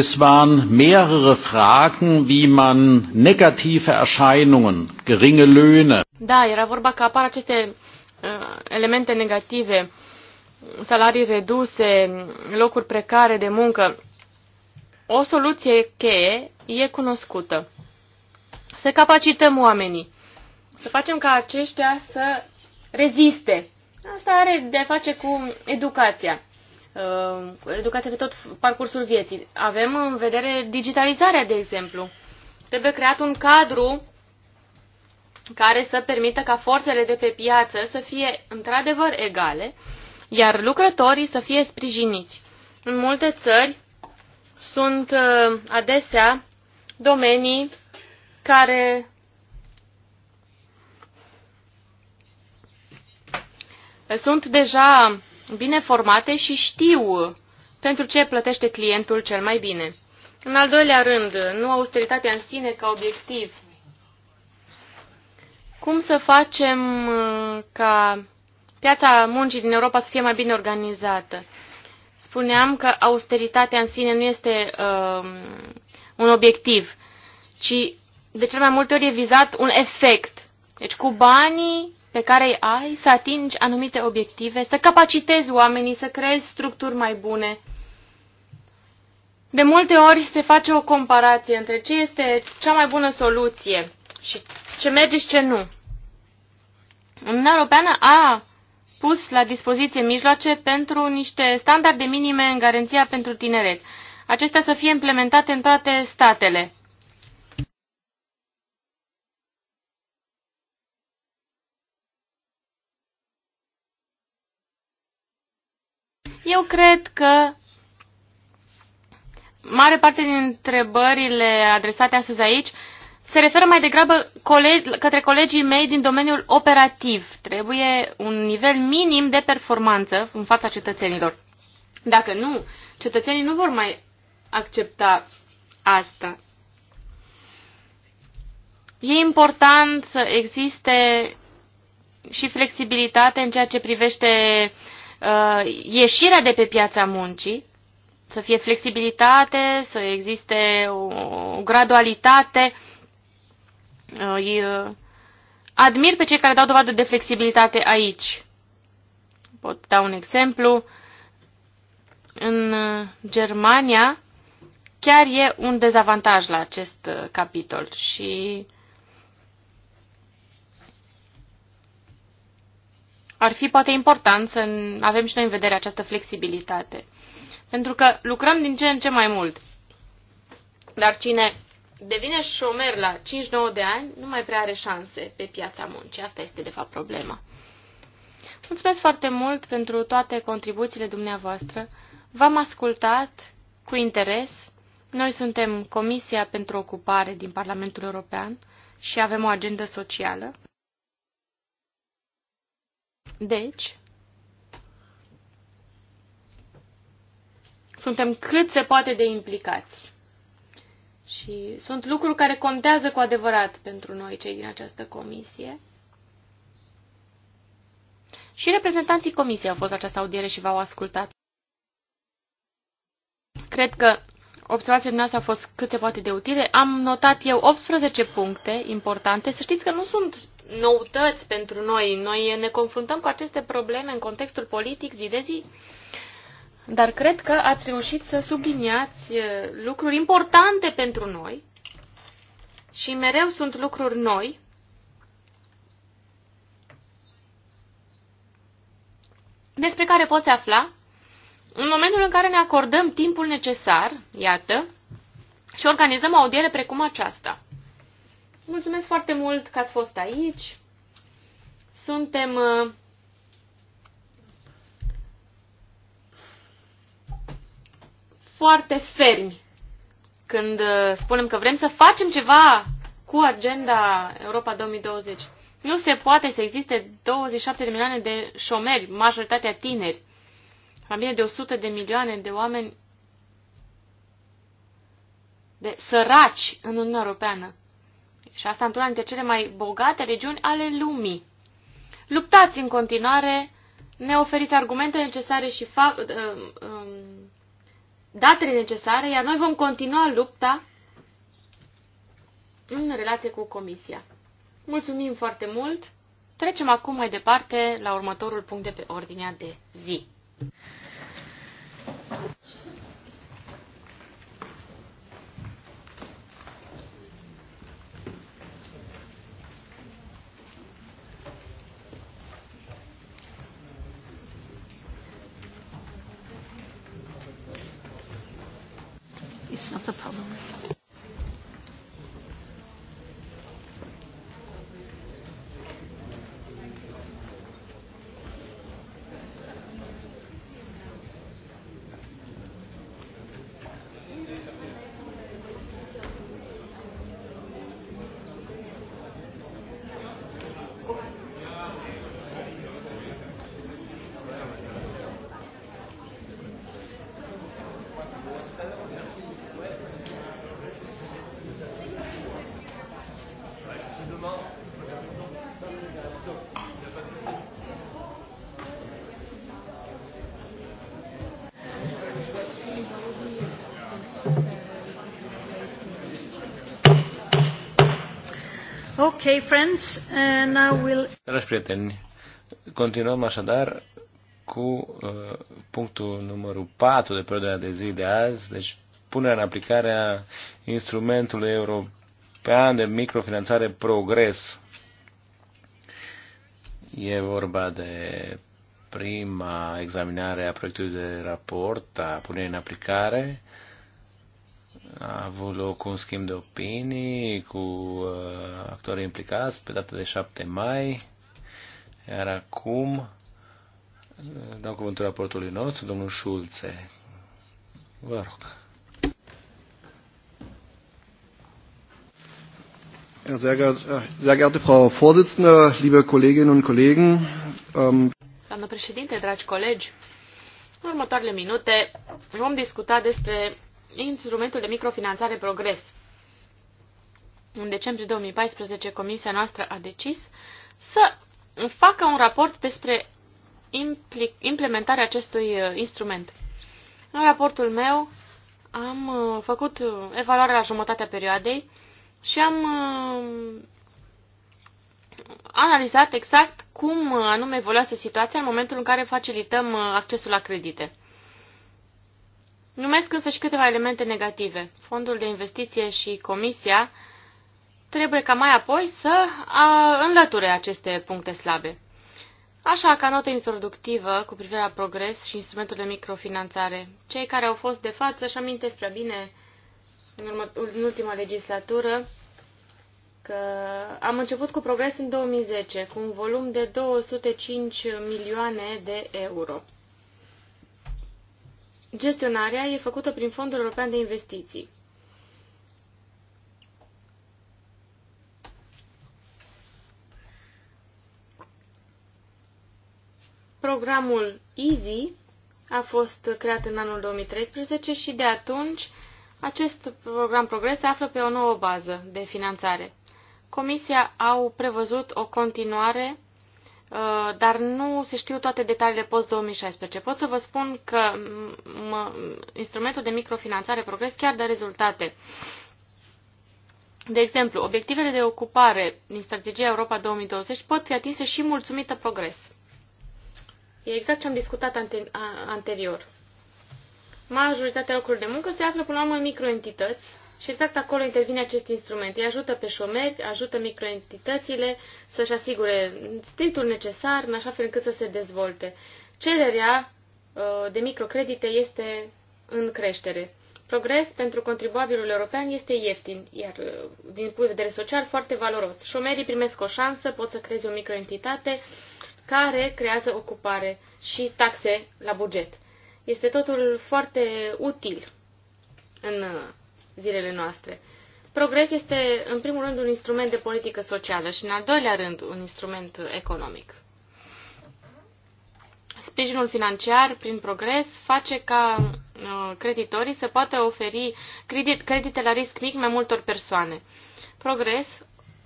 Es waren mehrere Fragen, wie man negative Erscheinungen, geringe Löhne. Da, era vorba că apar aceste uh, elemente negative, salarii reduse, locuri precare de muncă. O soluție cheie e cunoscută. Să capacităm oamenii. Să facem ca aceștia să reziste. Asta are de a face cu educația. Uh, educație pe tot parcursul vieții. Avem în vedere digitalizarea, de exemplu. Trebuie creat un cadru care să permită ca forțele de pe piață să fie într-adevăr egale, iar lucrătorii să fie sprijiniți. În multe țări sunt uh, adesea domenii care sunt deja bine formate și știu pentru ce plătește clientul cel mai bine. În al doilea rând, nu austeritatea în sine ca obiectiv. Cum să facem uh, ca piața muncii din Europa să fie mai bine organizată? Spuneam că austeritatea în sine nu este uh, un obiectiv, ci de cel mai multe ori e vizat un efect. Deci cu banii pe care îi ai, să atingi anumite obiective, să capacitezi oamenii, să creezi structuri mai bune. De multe ori se face o comparație între ce este cea mai bună soluție și ce merge și ce nu. Uniunea Europeană a pus la dispoziție mijloace pentru niște standarde minime în garanția pentru tineret. Acestea să fie implementate în toate statele. Eu cred că mare parte din întrebările adresate astăzi aici se referă mai degrabă colegi, către colegii mei din domeniul operativ. Trebuie un nivel minim de performanță în fața cetățenilor. Dacă nu, cetățenii nu vor mai accepta asta. E important să existe și flexibilitate în ceea ce privește uh, Uh, ieșirea de pe piața muncii, să fie flexibilitate, să existe o gradualitate. Uh, admir pe cei care dau dovadă de flexibilitate aici. Pot da un exemplu. În uh, Germania chiar e un dezavantaj la acest capitol și uh, ar fi poate important să avem și noi în vedere această flexibilitate. Pentru că lucrăm din ce în ce mai mult. Dar cine devine șomer la 5-9 de ani, nu mai prea are șanse pe piața muncii. Asta este, de fapt, problema. Mulțumesc foarte mult pentru toate contribuțiile dumneavoastră. V-am ascultat cu interes. Noi suntem Comisia pentru Ocupare din Parlamentul European și avem o agendă socială. Deci, suntem cât se poate de implicați. Și sunt lucruri care contează cu adevărat pentru noi, cei din această comisie. Și reprezentanții comisiei au fost la această audiere și v-au ascultat. Cred că observațiile noastre au fost cât se poate de utile. Am notat eu 18 puncte importante. Să știți că nu sunt noutăți pentru noi. Noi ne confruntăm cu aceste probleme în contextul politic zi de zi. Dar cred că ați reușit să subliniați eh, lucruri importante pentru noi și mereu sunt lucruri noi. despre care poți afla în momentul în care ne acordăm timpul necesar, iată, și organizăm audiere precum aceasta. Mulțumesc foarte mult că ați fost aici. Suntem uh, foarte fermi când uh, spunem că vrem să facem ceva cu agenda Europa 2020. Nu se poate să existe 27 de milioane de șomeri, majoritatea tineri, mai bine de 100 de milioane de oameni de săraci în Uniunea Europeană și asta într-una dintre cele mai bogate regiuni ale lumii. Luptați în continuare, ne oferiți argumente necesare și fa- uh, um, datele necesare, iar noi vom continua lupta în relație cu Comisia. Mulțumim foarte mult! Trecem acum mai departe la următorul punct de pe ordinea de zi. of the Okay, friends, and uh, now we'll... Dragi prieteni, continuăm așadar cu uh, punctul numărul 4 de pe de zi de azi, deci punerea în aplicare a instrumentului european de microfinanțare progres. E vorba de prima examinare a proiectului de raport, a punerii în aplicare, uh, a avut loc un schimb de opinii cu uh, actorii implicați pe data de 7 mai, iar acum uh, dau cuvântul raportului nostru, domnul Șulțe. Vă rog. Sehr geehrte, äh, sehr geehrte Frau Vorsitzende, liebe Kolleginnen und Kollegen. Ähm Doamnă președinte, dragi colegi, în următoarele minute vom discuta despre instrumentul de microfinanțare progres. În decembrie 2014, comisia noastră a decis să facă un raport despre implementarea acestui uh, instrument. În raportul meu am uh, făcut uh, evaluarea la jumătatea perioadei și am analizat exact cum anume evoluează situația în momentul în care facilităm accesul la credite. Numesc însă și câteva elemente negative. Fondul de investiție și comisia trebuie ca mai apoi să înlăture aceste puncte slabe. Așa, ca notă introductivă cu privire la progres și instrumentul de microfinanțare, cei care au fost de față își amintesc prea bine în, urmă, în ultima legislatură că am început cu progres în 2010 cu un volum de 205 milioane de euro gestionarea e făcută prin Fondul European de Investiții. Programul EASY a fost creat în anul 2013 și de atunci acest program Progres se află pe o nouă bază de finanțare. Comisia au prevăzut o continuare Uh, dar nu se știu toate detaliile post-2016. Pot să vă spun că instrumentul de microfinanțare progres chiar dă rezultate. De exemplu, obiectivele de ocupare din strategia Europa 2020 pot fi atinse și mulțumită progres. E exact ce am discutat ante anterior. Majoritatea locurilor de muncă se află până la urmă în microentități și exact acolo intervine acest instrument. Îi ajută pe șomeri, ajută microentitățile să-și asigure stintul necesar, în așa fel încât să se dezvolte. Cererea uh, de microcredite este în creștere. Progres pentru contribuabilul european este ieftin, iar uh, din punct de vedere social foarte valoros. Șomerii primesc o șansă, pot să creeze o microentitate care creează ocupare și taxe la buget. Este totul foarte util în uh, zilele noastre. Progres este, în primul rând, un instrument de politică socială și, în al doilea rând, un instrument economic. Sprijinul financiar prin progres face ca uh, creditorii să poată oferi credit, credite la risc mic mai multor persoane. Progres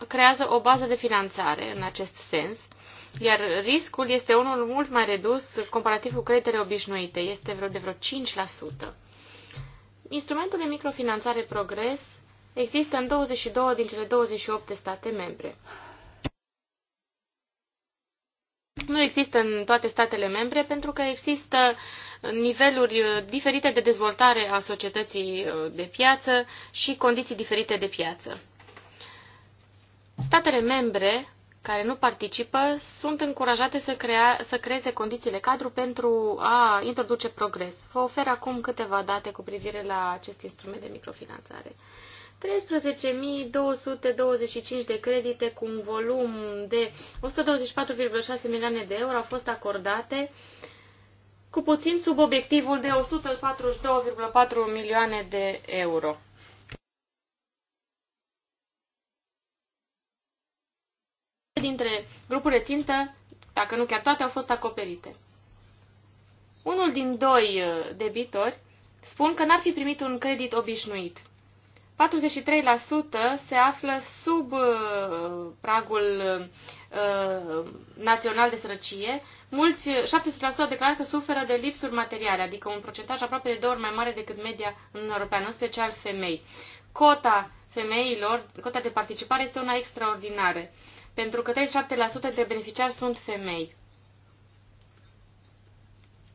creează o bază de finanțare în acest sens, iar riscul este unul mult mai redus comparativ cu creditele obișnuite, este vreo de vreo 5%. Instrumentul de microfinanțare progres există în 22 din cele 28 de state membre. Nu există în toate statele membre pentru că există niveluri diferite de dezvoltare a societății uh, de piață și condiții diferite de piață. Statele membre care nu participă sunt încurajate să, crea, să creeze condițiile cadru pentru a introduce progres. Vă ofer acum câteva date cu privire la acest instrument de microfinanțare. 13.225 de credite cu un volum de 124,6 milioane de euro au fost acordate, cu puțin sub obiectivul de 142,4 milioane de euro. dintre grupurile țintă, dacă nu chiar toate, au fost acoperite. Unul din doi uh, debitori spun că n-ar fi primit un credit obișnuit. 43% se află sub uh, pragul uh, național de sărăcie. Mulți, 70% declară că suferă de lipsuri materiale, adică un procentaj aproape de două ori mai mare decât media în Europeană, în special femei. Cota femeilor, cota de participare este una extraordinară pentru că 37% de beneficiari sunt femei.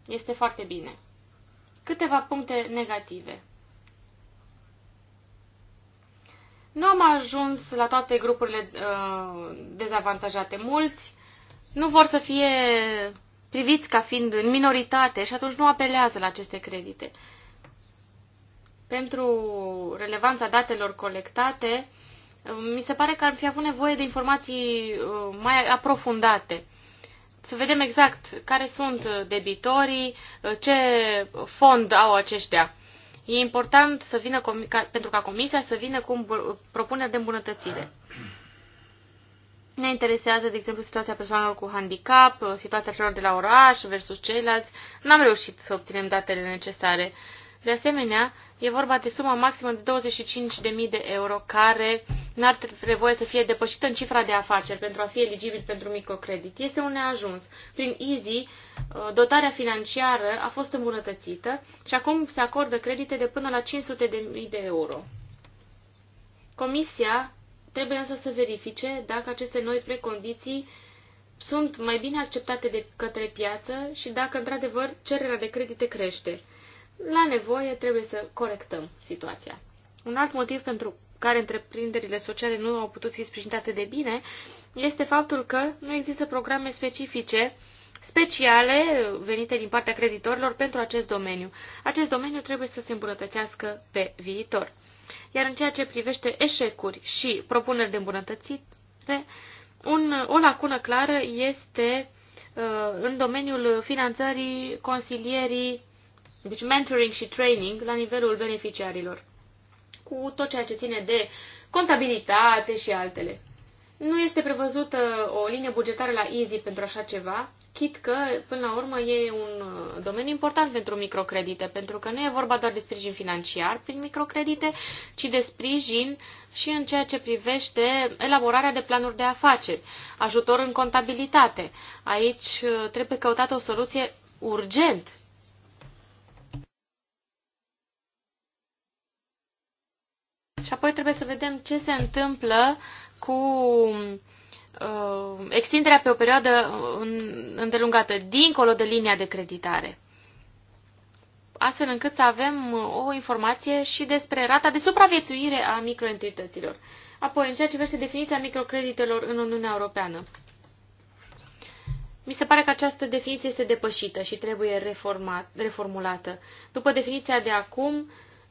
Este foarte bine. Câteva puncte negative. Nu am ajuns la toate grupurile uh, dezavantajate. Mulți nu vor să fie priviți ca fiind în minoritate și atunci nu apelează la aceste credite. Pentru relevanța datelor colectate, uh, mi se pare că ar fi avut nevoie de informații uh, mai aprofundate. Să vedem exact care sunt debitorii, uh, ce fond au aceștia. E important să vină, pentru ca comisia să vină cu propuneri de îmbunătățire. Ne interesează, de exemplu, situația persoanelor cu handicap, uh, situația celor de la oraș versus ceilalți. N-am reușit să obținem datele necesare. De asemenea, E vorba de suma maximă de 25.000 de euro care n-ar trebui să fie depășită în cifra de afaceri pentru a fi eligibil pentru microcredit. Este un neajuns. Prin EASY, uh, dotarea financiară a fost îmbunătățită și acum se acordă credite de până la 500.000 de euro. Comisia trebuie însă să verifice dacă aceste noi precondiții sunt mai bine acceptate de către piață și dacă, într-adevăr, cererea de credite crește la nevoie trebuie să corectăm situația. Un alt motiv pentru care întreprinderile sociale nu au putut fi sprijinite atât de bine este faptul că nu există programe specifice speciale venite din partea creditorilor pentru acest domeniu. Acest domeniu trebuie să se îmbunătățească pe viitor. Iar în ceea ce privește eșecuri și propuneri de îmbunătățire, un, o lacună clară este uh, în domeniul finanțării consilierii deci mentoring și training la nivelul beneficiarilor, cu tot ceea ce ține de contabilitate și altele. Nu este prevăzută o linie bugetară la EASY pentru așa ceva, chit că, până la urmă, e un uh, domeniu important pentru microcredite, pentru că nu e vorba doar de sprijin financiar prin microcredite, ci de sprijin și în ceea ce privește elaborarea de planuri de afaceri, ajutor în contabilitate. Aici uh, trebuie căutată o soluție urgent Și apoi trebuie să vedem ce se întâmplă cu uh, extinderea pe o perioadă uh, îndelungată, dincolo de linia de creditare. Astfel încât să avem uh, o informație și despre rata de supraviețuire a microentităților. Apoi, în ceea ce privește definiția microcreditelor în Uniunea Europeană. Mi se pare că această definiție este depășită și trebuie reformat, reformulată. După definiția de acum,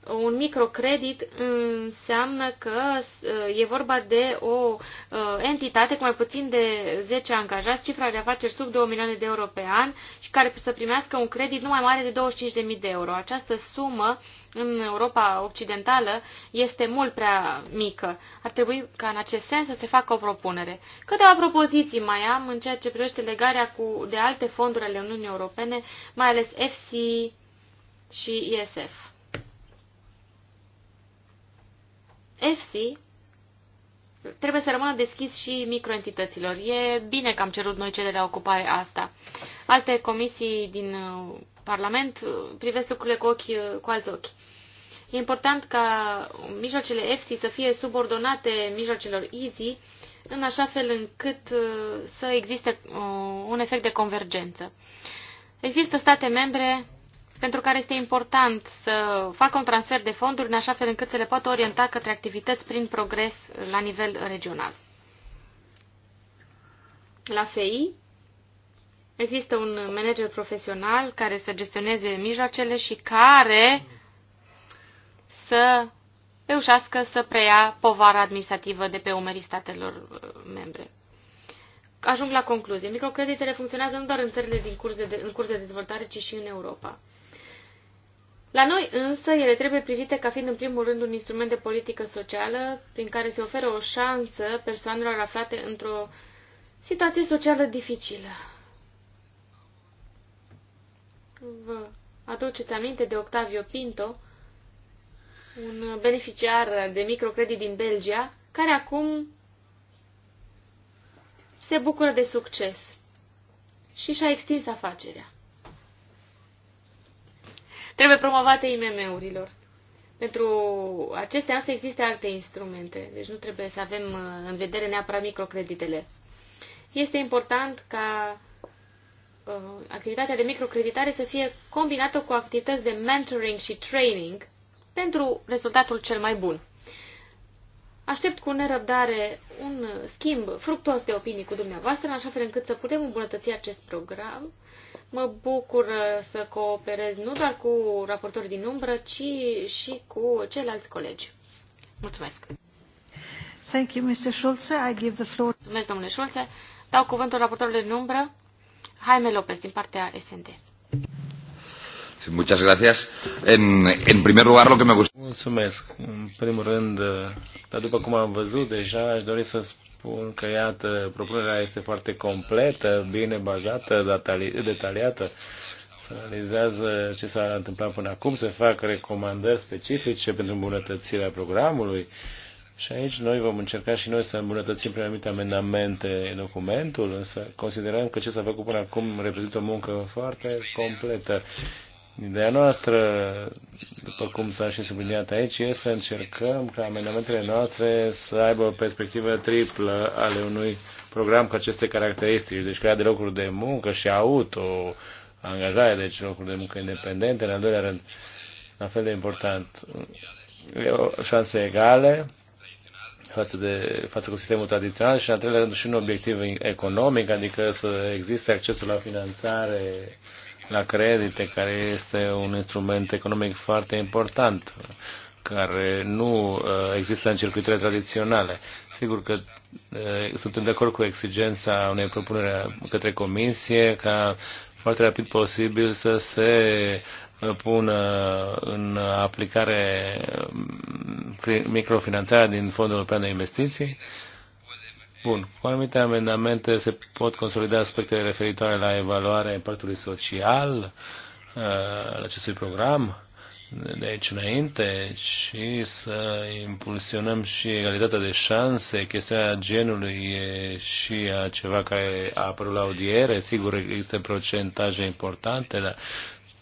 un microcredit înseamnă că uh, e vorba de o uh, entitate cu mai puțin de 10 angajați, cifra de afaceri sub 2 milioane de euro pe an și care să primească un credit nu mai mare de 25.000 de euro. Această sumă în Europa Occidentală este mult prea mică. Ar trebui ca în acest sens să se facă o propunere. Câteva propoziții mai am în ceea ce privește legarea cu, de alte fonduri ale Uniunii Europene, mai ales FC și ESF. FC trebuie să rămână deschis și microentităților. E bine că am cerut noi cele la ocupare asta. Alte comisii din uh, Parlament uh, privesc lucrurile cu, ochi, uh, cu alți ochi. E important ca mijloacele EFSI să fie subordonate mijloacelor EASY în așa fel încât să existe un efect de convergență. Există state membre pentru care este important să facă un transfer de fonduri în așa fel încât să le poată orienta către activități prin progres la nivel regional. La FEI există un manager profesional care să gestioneze mijloacele și care să reușească să preia povara administrativă de pe umerii statelor uh, membre. Ajung la concluzie. Microcreditele funcționează nu doar în țările din curs de, în curs de dezvoltare, ci și în Europa. La noi însă ele trebuie privite ca fiind în primul rând un instrument de politică socială prin care se oferă o șansă persoanelor aflate într-o situație socială dificilă. Vă aduceți aminte de Octavio Pinto, un beneficiar de microcredit din Belgia, care acum se bucură de succes și și-a extins afacerea. Trebuie promovate IMM-urilor. Pentru acestea însă există alte instrumente, deci nu trebuie să avem uh, în vedere neapărat microcreditele. Este important ca uh, activitatea de microcreditare să fie combinată cu activități de mentoring și training pentru rezultatul cel mai bun. Aștept cu nerăbdare un schimb fructuos de opinii cu dumneavoastră, în așa fel încât să putem îmbunătăți acest program Mă bucur uh, să cooperez nu doar cu raportorii din umbră, ci și cu ceilalți colegi. Mulțumesc! Thank you, Mr. Schulze. I give the floor. Mulțumesc, domnule Schulze. Dau cuvântul raportorului din umbră, Jaime Lopez, din partea SND. Muchas gracias. En, en primer lugar, lo que me gusta... Mulțumesc. În primul rând, uh, dar după cum am văzut deja, aș dori să spun că, iată, propunerea este foarte completă, bine bazată, detaliată. Se analizează ce s-a întâmplat până acum, se fac recomandări specifice pentru îmbunătățirea programului. Și aici noi vom încerca și noi să îmbunătățim prin anumite amendamente în documentul, însă considerăm că ce s-a făcut până acum reprezintă o muncă foarte completă Ideea noastră, după cum s-a și subliniat aici, este să încercăm ca amendamentele noastre să aibă o perspectivă triplă ale unui program cu aceste caracteristici, deci crea de locuri de muncă și auto, angajare, deci locuri de muncă independente, în al doilea rând, la fel de important, o șanse egale față, de, față cu sistemul tradițional și, în al treilea rând, și un obiectiv economic, adică să existe accesul la finanțare la credite, care este un instrument economic foarte important, care nu uh, există în circuitele tradiționale. Sigur că uh, suntem de acord cu exigența unei propuneri către comisie ca foarte rapid posibil să se uh, pună în aplicare um, microfinanțarea din Fondul European de Investiții Bun. Cu anumite amendamente se pot consolida aspectele referitoare la evaluarea impactului social uh, al acestui program de aici înainte și să impulsionăm și egalitatea de șanse, chestiunea genului e și a ceva care a apărut la audiere, sigur există procentaje importante, dar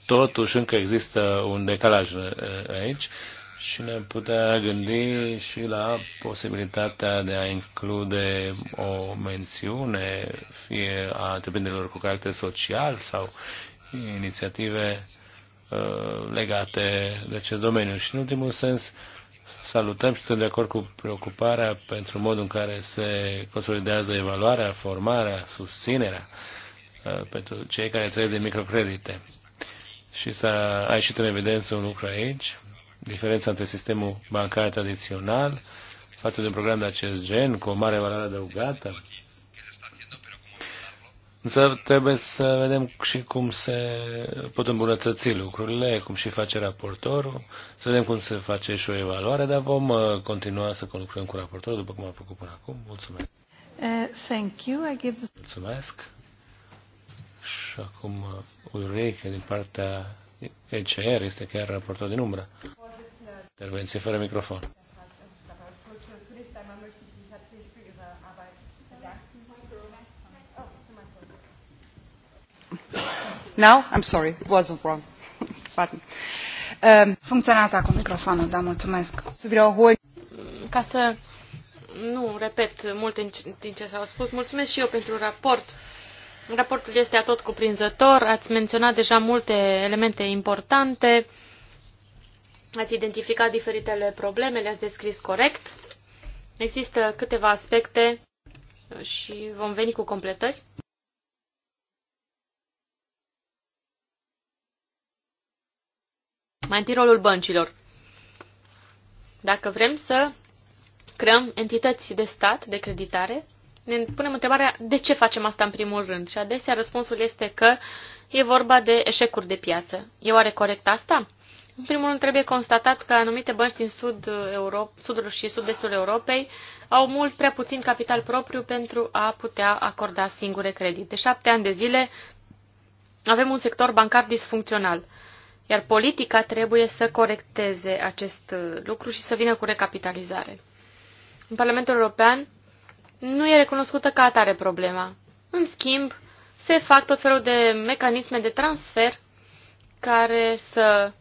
totuși încă există un decalaj uh, aici și ne putea gândi și la posibilitatea de a include o mențiune, fie a întreprinderilor cu caracter social sau inițiative uh, legate de acest domeniu. Și în ultimul sens, salutăm și suntem de acord cu preocuparea pentru modul în care se consolidează evaluarea, formarea, susținerea uh, pentru cei care trăiesc de microcredite. Și s-a ieșit în evidență un lucru aici, diferența între sistemul bancar tradițional față de un program de acest gen, cu o mare valoare adăugată. Însă trebuie să vedem și cum se pot îmbunătăți lucrurile, cum și face raportorul, să vedem cum se face și o evaluare, dar vom uh, continua să conlucrăm cu raportorul după cum am făcut până acum. Mulțumesc! Uh, thank you. I give... Mulțumesc! Și acum uh, Ulrike din partea ECR este chiar raportor din umbră. Intervenție fără microfon. Now? I'm sorry, it wasn't wrong. Pardon. Um, Funcționează acum microfonul, da, mulțumesc. Ca să nu repet multe din ce s-au spus, mulțumesc și eu pentru raport. Raportul este atot cuprinzător, ați menționat deja multe elemente importante ați identificat diferitele probleme, le-ați descris corect. Există câteva aspecte și vom veni cu completări. Mai întâi rolul băncilor. Dacă vrem să creăm entități de stat, de creditare, ne punem întrebarea de ce facem asta în primul rând. Și adesea răspunsul este că e vorba de eșecuri de piață. E oare corect asta? În primul rând, trebuie constatat că anumite bănci din sud Europa, sudul și sud-estul Europei au mult prea puțin capital propriu pentru a putea acorda singure credite. De șapte ani de zile avem un sector bancar disfuncțional, iar politica trebuie să corecteze acest lucru și să vină cu recapitalizare. În Parlamentul European nu e recunoscută ca atare problema. În schimb, se fac tot felul de mecanisme de transfer care să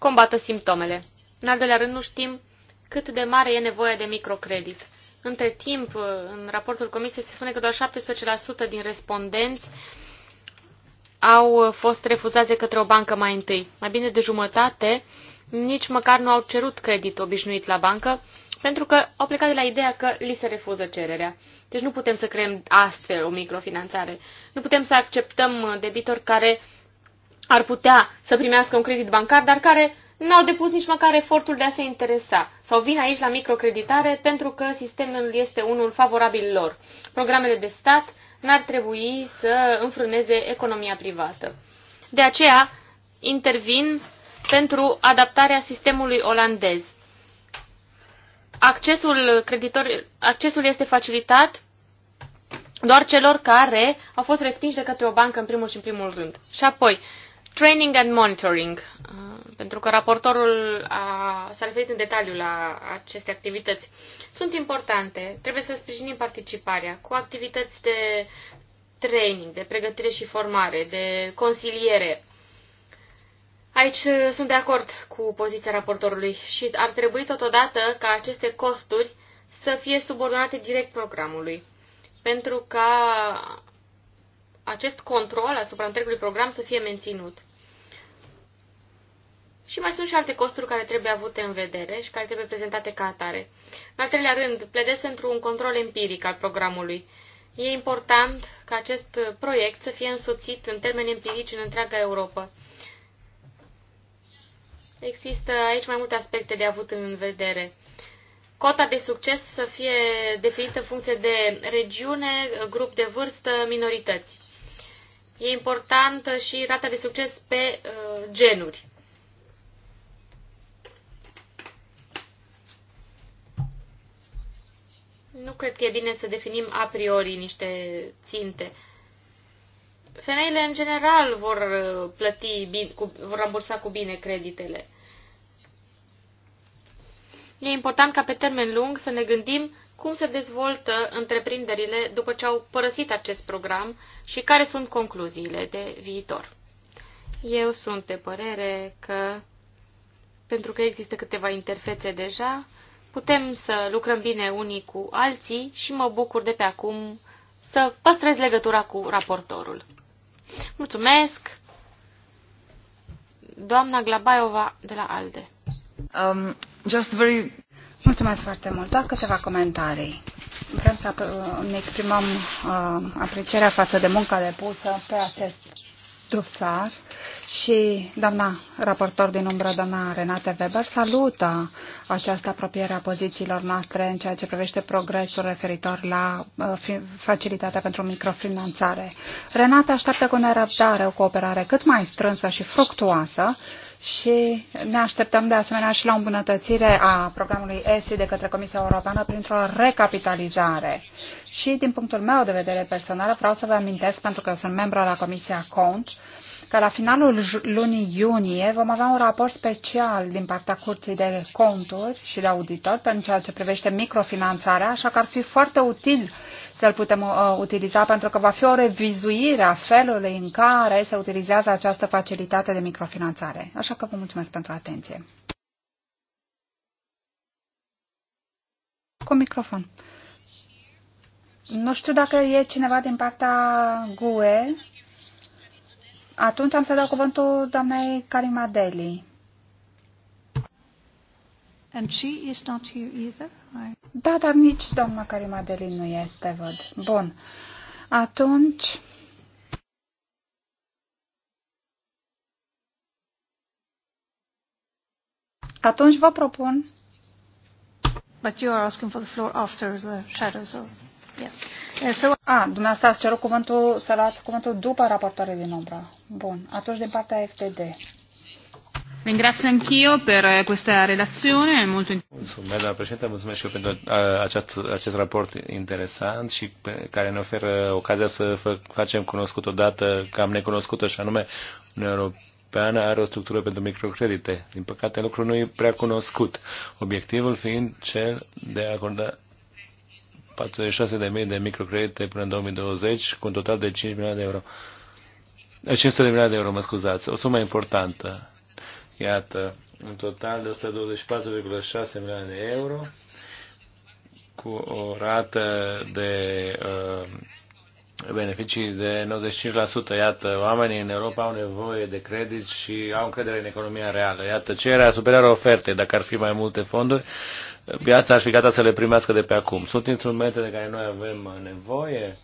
combată simptomele. În al doilea rând, nu știm cât de mare e nevoia de microcredit. Între timp, în raportul comisiei se spune că doar 17% din respondenți au fost refuzați de către o bancă mai întâi. Mai bine de jumătate nici măcar nu au cerut credit obișnuit la bancă, pentru că au plecat de la ideea că li se refuză cererea. Deci nu putem să creăm astfel o microfinanțare. Nu putem să acceptăm debitori care ar putea să primească un credit bancar, dar care n-au depus nici măcar efortul de a se interesa sau vin aici la microcreditare pentru că sistemul este unul favorabil lor. Programele de stat n-ar trebui să înfrâneze economia privată. De aceea intervin pentru adaptarea sistemului olandez. Accesul, creditor, accesul este facilitat doar celor care au fost respinși de către o bancă în primul și în primul rând. Și apoi, Training and monitoring, uh, pentru că raportorul a, s-a referit în detaliu la aceste activități, sunt importante. Trebuie să sprijinim participarea cu activități de training, de pregătire și formare, de consiliere. Aici uh, sunt de acord cu poziția raportorului și ar trebui totodată ca aceste costuri să fie subordonate direct programului, pentru ca acest control asupra întregului program să fie menținut. Și mai sunt și alte costuri care trebuie avute în vedere și care trebuie prezentate ca atare. În al treilea rând, pledez pentru un control empiric al programului. E important ca acest proiect să fie însoțit în termeni empirici în întreaga Europa. Există aici mai multe aspecte de avut în vedere. Cota de succes să fie definită în funcție de regiune, grup de vârstă, minorități. E importantă și rata de succes pe uh, genuri. Nu cred că e bine să definim a priori niște ținte. Femeile, în general, vor uh, plăti, bine, cu, vor rambursa cu bine creditele. E important ca pe termen lung să ne gândim cum se dezvoltă întreprinderile după ce au părăsit acest program și care sunt concluziile de viitor. Eu sunt de părere că, pentru că există câteva interfețe deja, putem să lucrăm bine unii cu alții și mă bucur de pe acum să păstrez legătura cu raportorul. Mulțumesc! Doamna Glabaiova de la ALDE. Um, just very... Mulțumesc foarte mult. Doar câteva comentarii. Vrem să ne exprimăm uh, aprecierea față de munca depusă pe acest dosar și doamna raportor din umbră, doamna Renate Weber, salută această apropiere a pozițiilor noastre în ceea ce privește progresul referitor la uh, facilitatea pentru microfinanțare. Renate așteaptă cu nerăbdare o cooperare cât mai strânsă și fructuoasă și ne așteptăm de asemenea și la o îmbunătățire a programului ESI de către Comisia Europeană printr-o recapitalizare și din punctul meu de vedere personal vreau să vă amintesc, pentru că eu sunt membru la Comisia Cont, că la finalul lunii iunie vom avea un raport special din partea Curții de Conturi și de Auditori pentru ceea ce privește microfinanțarea, așa că ar fi foarte util să-l putem uh, utiliza pentru că va fi o revizuire a felului în care se utilizează această facilitate de microfinanțare. Așa că vă mulțumesc pentru atenție. Cu microfon. Nu știu dacă e cineva din partea GUE. Atunci am să dau cuvântul doamnei Karima Deli. And she is not here either. I... Da, dar nici doamna Karima Deli nu este, văd. Bun. Atunci... Atunci vă propun... But you are asking for the floor after the shadows, or... Yes. Yes. Eh, a, dumneavoastră ați cerut cuvântul, să luați cuvântul după raportoare din umbră. Bun. Atunci din partea FTD. Ringrazio anch'io per eh, questa relazione, è molto Mulțumesc, doamna președinte, mulțumesc și eu pentru acest, acest raport interesant și pe, care ne oferă ocazia să fă, facem cunoscut dată cam necunoscută și anume pe Europeană are o structură pentru microcredite. Din păcate, lucrul nu e prea cunoscut, obiectivul fiind cel de a acorda 46.000 de microcredite până în 2020, cu un total de 5 milioane de euro. 500 eh, de milioane de euro, mă scuzați, o sumă importantă. Iată, un total de 124,6 milioane de euro, cu o rată de uh, beneficii de 95%. Iată, oamenii în Europa au nevoie de credit și au încredere în economia reală. Iată, cererea superioară oferte. Dacă ar fi mai multe fonduri, piața ar fi gata să le primească de pe acum. Sunt instrumente de care noi avem nevoie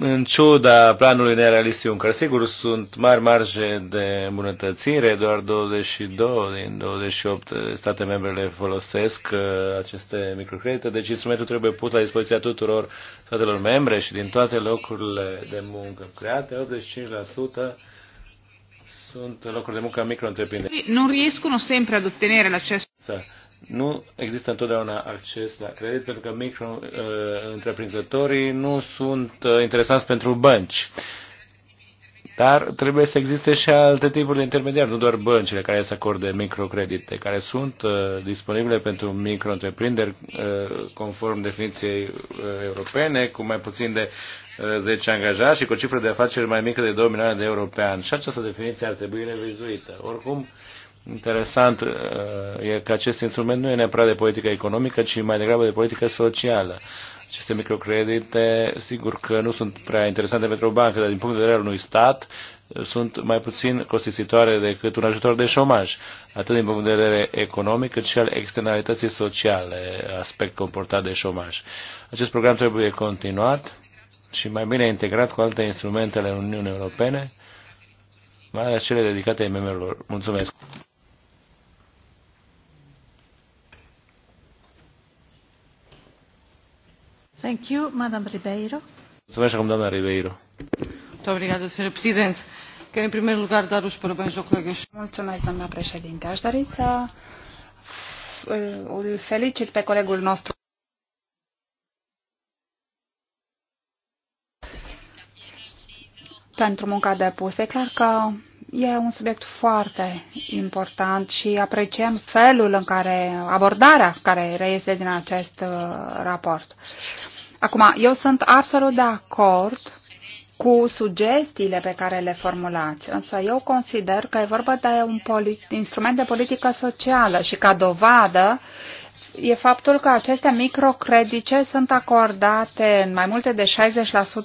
în ciuda planului nerealist Juncker, sigur sunt mari marge de îmbunătățire, doar 22 din 28 state membre le folosesc uh, aceste microcredite, deci instrumentul trebuie pus la dispoziția tuturor statelor membre și din toate locurile de muncă create, 85% sunt locuri de muncă micro -întreprinderi. Nu riescono sempre ad ottenere l'accesso nu există întotdeauna acces la credit pentru că micro-întreprinzătorii uh, nu sunt uh, interesanți pentru bănci. Dar trebuie să existe și alte tipuri de intermediari, nu doar băncile care să acorde microcredite, care sunt uh, disponibile pentru micro-întreprinderi uh, conform definiției uh, europene, cu mai puțin de uh, 10 angajați și cu o cifră de afaceri mai mică de 2 milioane de euro pe an. Și această definiție ar trebui revizuită. Oricum, uh, Interesant uh, e că acest instrument nu e neapărat de politică economică, ci mai degrabă de politică socială. Aceste microcredite, sigur că nu sunt prea interesante pentru o bancă, dar din punct de vedere al unui stat, uh, sunt mai puțin costisitoare decât un ajutor de șomaj, atât din punct de vedere economic, cât și al externalității sociale, aspect comportat de șomaj. Acest program trebuie continuat și mai bine integrat cu alte instrumente ale Uniunii Europene, mai ales cele dedicate MMR-urilor. Mulțumesc! Thank you, Madam Ribeiro. Mulțumesc doamna Ribeiro. Obrigada, senhor presidente. Quero, em primeiro lugar, dar os parabéns ao colega. Mulțumesc, doamna președinte. Aș dori să îl felicit pe colegul nostru. pentru munca depusă. E clar că E un subiect foarte important și apreciem felul în care, abordarea care reiese din acest uh, raport. Acum, eu sunt absolut de acord cu sugestiile pe care le formulați, însă eu consider că e vorba de un instrument de politică socială și ca dovadă e faptul că aceste microcredice sunt acordate în mai multe de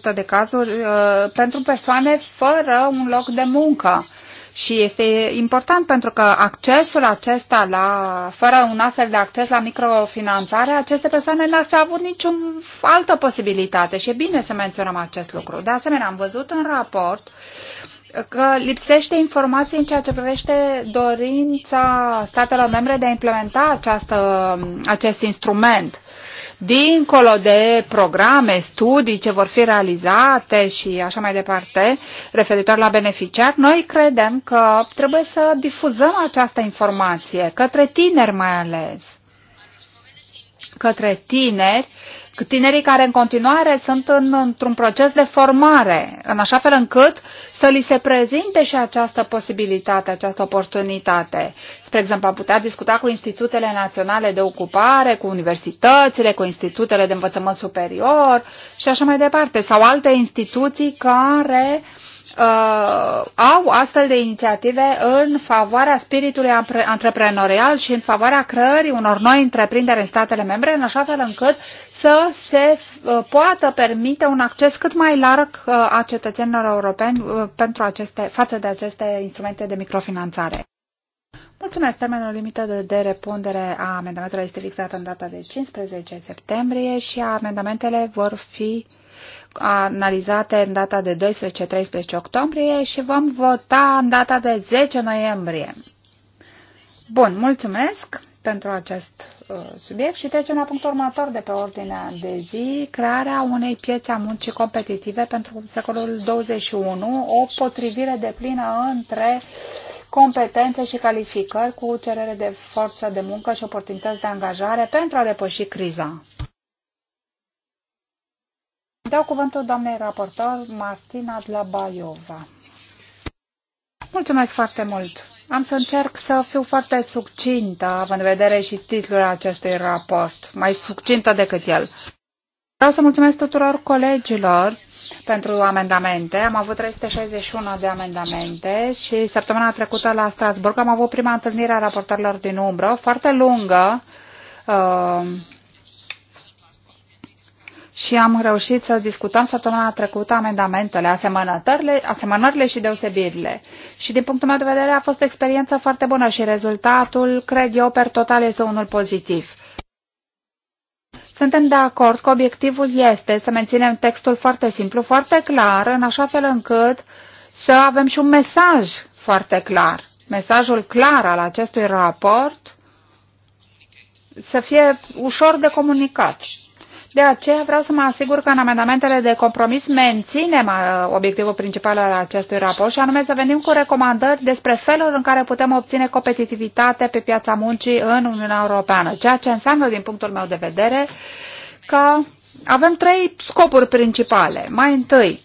60% de cazuri uh, pentru persoane fără un loc de muncă. Și este important pentru că accesul acesta la, fără un astfel de acces la microfinanțare, aceste persoane n-ar fi avut nicio altă posibilitate și e bine să menționăm acest lucru. De asemenea, am văzut în raport că lipsește informație în ceea ce privește dorința statelor membre de a implementa această, acest instrument. Dincolo de programe, studii ce vor fi realizate și așa mai departe, referitor la beneficiar, noi credem că trebuie să difuzăm această informație către tineri mai ales către tineri tinerii care în continuare sunt în, într-un proces de formare, în așa fel încât să li se prezinte și această posibilitate, această oportunitate. Spre exemplu, am putea discuta cu institutele naționale de ocupare, cu universitățile, cu institutele de învățământ superior și așa mai departe, sau alte instituții care uh, au astfel de inițiative în favoarea spiritului antreprenorial și în favoarea creării unor noi întreprinderi în statele membre, în așa fel încât să se uh, poată permite un acces cât mai larg uh, a cetățenilor europeni uh, pentru aceste, față de aceste instrumente de microfinanțare. Mulțumesc. Termenul limită de, de repondere a amendamentului este fixat în data de 15 septembrie și amendamentele vor fi analizate în data de 12-13 octombrie și vom vota în data de 10 noiembrie. Bun, mulțumesc pentru acest uh, subiect și trecem la punctul următor de pe ordinea de zi, crearea unei piețe a muncii competitive pentru secolul 21, o potrivire de plină între competențe și calificări cu cerere de forță de muncă și oportunități de angajare pentru a depăși criza. Dau cuvântul doamnei raportor Martina Dlabaiova. Mulțumesc foarte mult. Am să încerc să fiu foarte succintă, având în vedere și titlul acestui raport, mai succintă decât el. Vreau să mulțumesc tuturor colegilor pentru amendamente. Am avut 361 de amendamente și săptămâna trecută la Strasburg am avut prima întâlnire a raportorilor din umbră, foarte lungă, uh, și am reușit să discutăm săptămâna trecută amendamentele, asemănările, asemănările și deosebirile. Și din punctul meu de vedere a fost o experiență foarte bună și rezultatul, cred eu, per total este unul pozitiv. Suntem de acord că obiectivul este să menținem textul foarte simplu, foarte clar, în așa fel încât să avem și un mesaj foarte clar. Mesajul clar al acestui raport să fie ușor de comunicat. De aceea vreau să mă asigur că în amendamentele de compromis menținem uh, obiectivul principal al acestui raport și anume să venim cu recomandări despre felul în care putem obține competitivitate pe piața muncii în Uniunea Europeană, ceea ce înseamnă, din punctul meu de vedere, că avem trei scopuri principale. Mai întâi,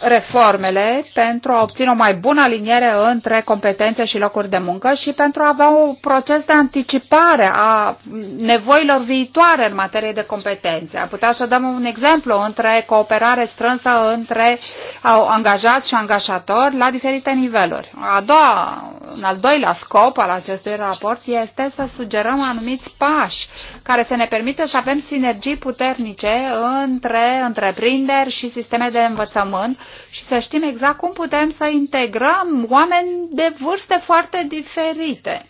reformele pentru a obține o mai bună aliniere între competențe și locuri de muncă și pentru a avea un proces de anticipare a nevoilor viitoare în materie de competențe. Am putea să dăm un exemplu între cooperare strânsă între angajați și angajatori la diferite niveluri. A doua, un al doilea scop al acestui raport este să sugerăm anumiți pași care să ne permită să avem sinergii puternice între întreprinderi și sisteme de învățământ și să știm exact cum putem să integrăm oameni de vârste foarte diferite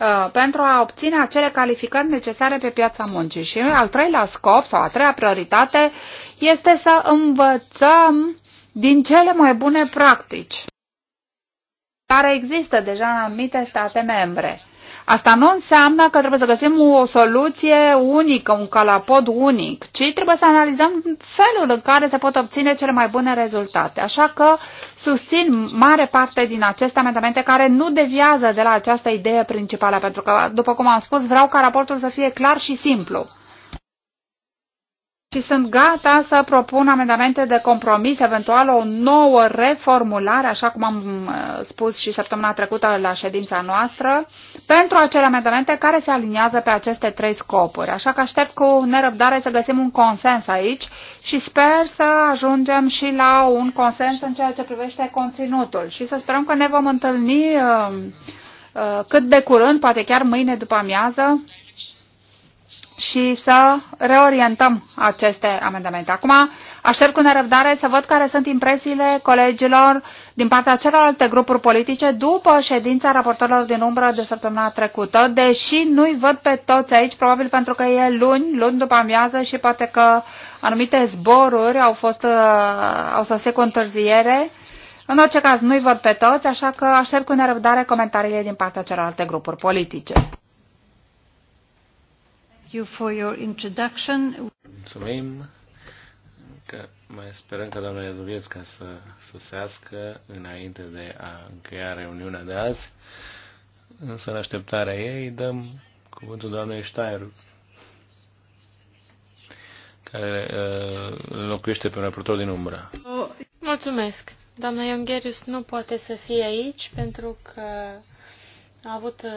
uh, pentru a obține acele calificări necesare pe piața muncii. Și al treilea scop sau a treia prioritate este să învățăm din cele mai bune practici care există deja în anumite state membre. Asta nu înseamnă că trebuie să găsim o soluție unică, un calapod unic, ci trebuie să analizăm felul în care se pot obține cele mai bune rezultate. Așa că susțin mare parte din aceste amendamente care nu deviază de la această idee principală, pentru că, după cum am spus, vreau ca raportul să fie clar și simplu și sunt gata să propun amendamente de compromis, eventual o nouă reformulare, așa cum am uh, spus și săptămâna trecută la ședința noastră, pentru acele amendamente care se aliniază pe aceste trei scopuri. Așa că aștept cu nerăbdare să găsim un consens aici și sper să ajungem și la un consens în ceea ce privește conținutul și să sperăm că ne vom întâlni uh, uh, cât de curând, poate chiar mâine după amiază, și să reorientăm aceste amendamente. Acum aștept cu nerăbdare să văd care sunt impresiile colegilor din partea celorlalte grupuri politice după ședința raportorilor din umbră de săptămâna trecută, deși nu-i văd pe toți aici, probabil pentru că e luni, luni după amiază și poate că anumite zboruri au, fost, uh, au să cu întârziere. În orice caz, nu-i văd pe toți, așa că aștept cu nerăbdare comentariile din partea celorlalte grupuri politice you for your introduction. Mulțumim că mai sperăm că doamna Iazovietska să susească înainte de a încheia reuniunea de azi. Însă în așteptarea ei dăm cuvântul doamnei Steinrup care uh, locuiește pe un raportor din umbră. Mulțumesc. Doamna Iongherius nu poate să fie aici pentru că a avut uh,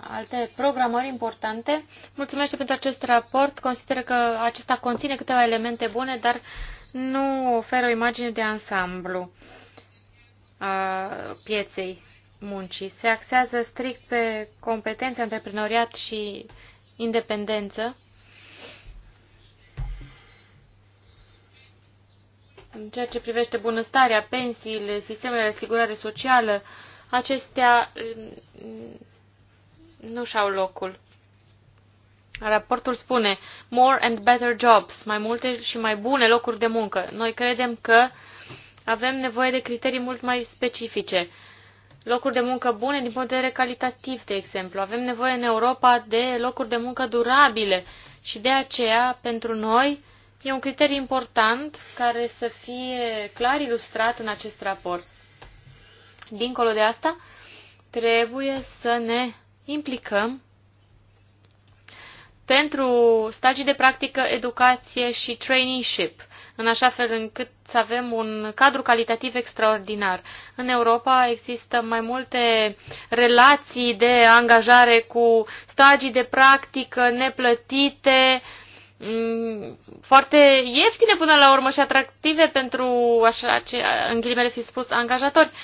alte programări importante. Mulțumesc pentru acest raport. Consider că acesta conține câteva elemente bune, dar nu oferă o imagine de ansamblu a pieței muncii. Se axează strict pe competențe, antreprenoriat și independență. În ceea ce privește bunăstarea, pensiile, sistemele de asigurare socială, uh, acestea mm, mm, nu și-au locul. Raportul spune more and better jobs, mai multe și mai bune locuri de muncă. Noi credem că avem nevoie de criterii mult mai specifice. Locuri de muncă bune din punct de vedere calitativ, de exemplu. Avem nevoie în Europa de locuri de muncă durabile și de aceea, pentru noi, e un criteriu important care să fie clar ilustrat în acest raport. Dincolo de asta, trebuie să ne implicăm pentru stagii de practică, educație și traineeship, în așa fel încât să avem un cadru calitativ extraordinar. În Europa există mai multe relații de angajare cu stagii de practică neplătite, mm, foarte ieftine până la urmă și atractive pentru, așa, ce, în ghilimele fi spus, angajatori. Uh,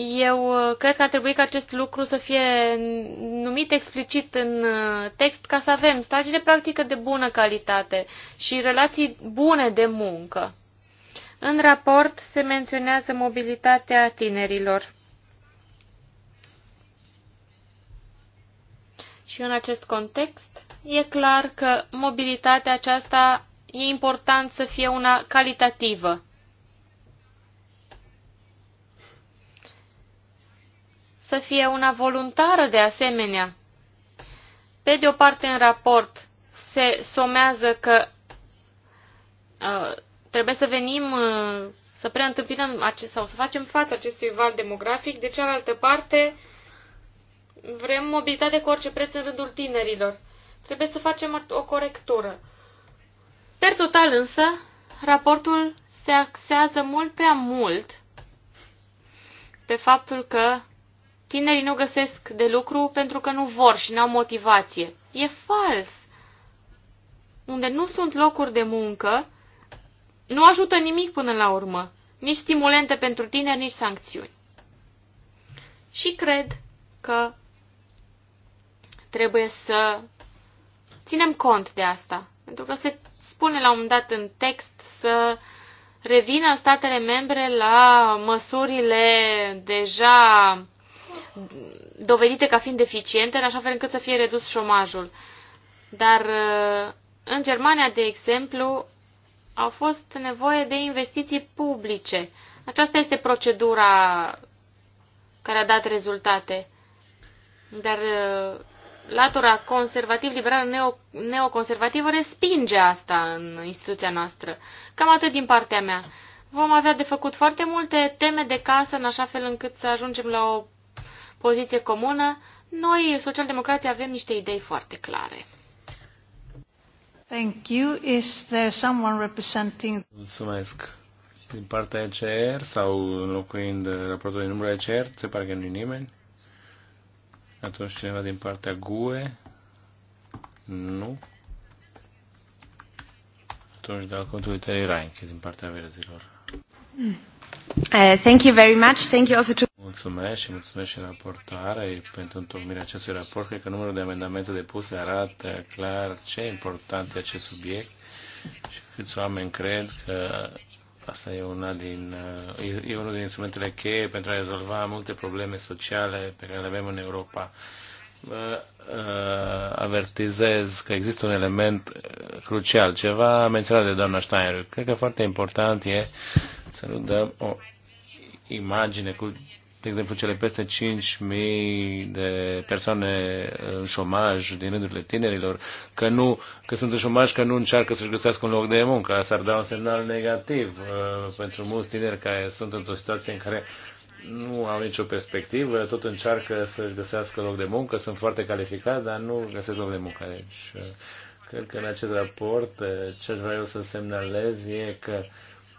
eu uh, cred că ar trebui ca acest lucru să fie numit explicit în uh, text ca să avem stagii de practică de bună calitate și relații bune de muncă. În raport se menționează mobilitatea tinerilor. Și în acest context e clar că mobilitatea aceasta e important să fie una calitativă. să fie una voluntară de asemenea. Pe de o parte, în raport se somează că uh, trebuie să venim, uh, să preîntâmpinăm acest, sau să facem față acestui val demografic, de cealaltă parte vrem mobilitate cu orice preț în rândul tinerilor. Trebuie să facem o corectură. Per total însă, raportul se axează mult prea mult pe faptul că Tinerii nu găsesc de lucru pentru că nu vor și n-au motivație. E fals! Unde nu sunt locuri de muncă, nu ajută nimic până la urmă, nici stimulente pentru tineri, nici sancțiuni. Și cred că trebuie să ținem cont de asta, pentru că se spune la un moment dat în text să revină statele membre la măsurile deja dovedite ca fiind eficiente, în așa fel încât să fie redus șomajul. Dar uh, în Germania, de exemplu, au fost nevoie de investiții publice. Aceasta este procedura care a dat rezultate. Dar uh, latura conservativ-liberală neo, neoconservativă respinge asta în instituția noastră. Cam atât din partea mea. Vom avea de făcut foarte multe teme de casă în așa fel încât să ajungem la o poziție comună, noi, socialdemocrații, avem niște idei foarte clare. Thank you. Is there someone representing... Mulțumesc. Din partea ECR sau înlocuind raportul din numărul ECR, se pare că nu nimeni. Atunci cineva din partea GUE? Nu. Atunci dau contul lui Terry Reinke din partea verzilor. Mm. Uh, thank you very much. Thank you also to Mulțumesc și mulțumesc și raportare pentru întocmirea acestui raport. Cred că numărul de amendamente depuse arată clar ce important e acest subiect și câți oameni cred că asta e, una din, e unul din instrumentele cheie pentru a rezolva multe probleme sociale pe care le avem în Europa. Uh, avertizez că există un element crucial, ceva menționat de doamna Steiner. Cred că foarte important e să nu dăm o imagine cu de exemplu, cele peste 5.000 de persoane în șomaj din rândurile tinerilor, că, nu, că sunt în șomaj, că nu încearcă să-și găsească un loc de muncă. Asta ar da un semnal negativ uh, pentru mulți tineri care sunt într-o situație în care nu au nicio perspectivă, tot încearcă să-și găsească loc de muncă, sunt foarte calificați, dar nu găsesc loc de muncă. Deci, uh, cred că în acest raport uh, ce vreau să semnalez e că uh,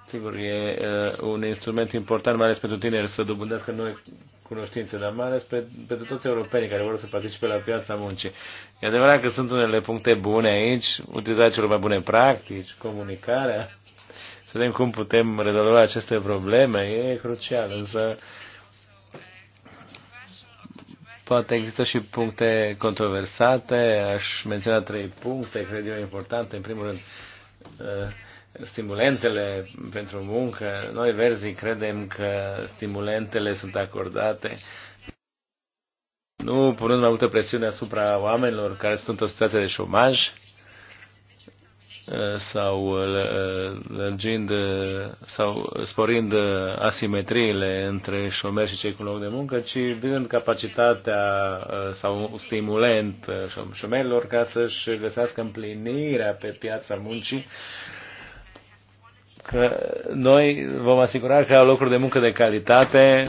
Sigur, e uh, un instrument important, mai ales pentru tineri, să dobândească noi cunoștințe, dar mai ales pe, pentru toți europenii care vor să participe la piața muncii. E adevărat că sunt unele puncte bune aici, utilizarea celor mai bune practici, comunicarea, să vedem cum putem rezolva aceste probleme, e crucial, însă poate există și puncte controversate, aș menționa trei puncte, cred eu, importante. În primul rând, uh, stimulentele pentru muncă. Noi, verzii, credem că stimulentele sunt acordate nu punând mai multă presiune asupra oamenilor care sunt în situație de șomaj eh, sau eh, lărgind eh, sau sporind asimetriile între șomeri și cei cu loc de muncă, ci dând capacitatea sau stimulent șomerilor ca să-și găsească împlinirea pe piața muncii că noi vom asigura că au locuri de muncă de calitate,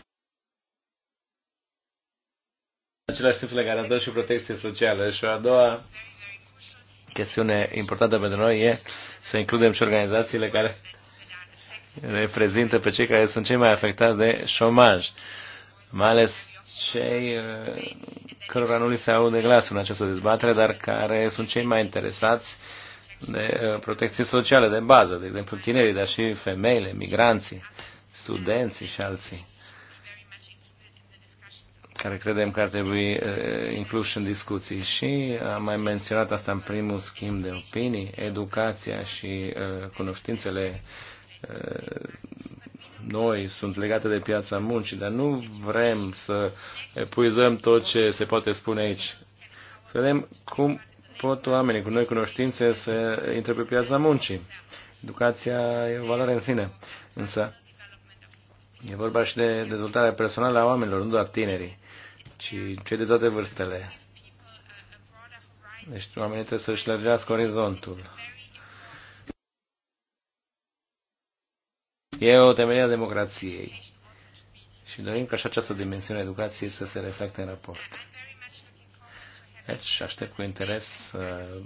în același timp le garantăm și protecție socială. Și o a doua chestiune importantă pentru noi e să includem și organizațiile care reprezintă pe cei care sunt cei mai afectați de șomaj, mai ales cei uh, cărora nu li se aude glasul în această dezbatere, dar care sunt cei mai interesați de uh, protecție socială de bază, de exemplu tinerii, dar și femeile, migranții, studenții și alții care credem că ar trebui uh, inclus în discuții. Și am mai menționat asta în primul schimb de opinii, educația și uh, cunoștințele uh, noi sunt legate de piața muncii, dar nu vrem să epuizăm tot ce se poate spune aici. Să vedem cum pot oamenii cu noi cunoștințe să intre pe piața muncii. Educația e o valoare în sine, însă e vorba și de dezvoltarea personală a oamenilor, nu doar tinerii, ci cei de toate vârstele. Deci oamenii trebuie să-și lărgească orizontul. E o temelie a democrației și dorim ca și această dimensiune a educației să se reflecte în raport. Deci aștept cu interes uh,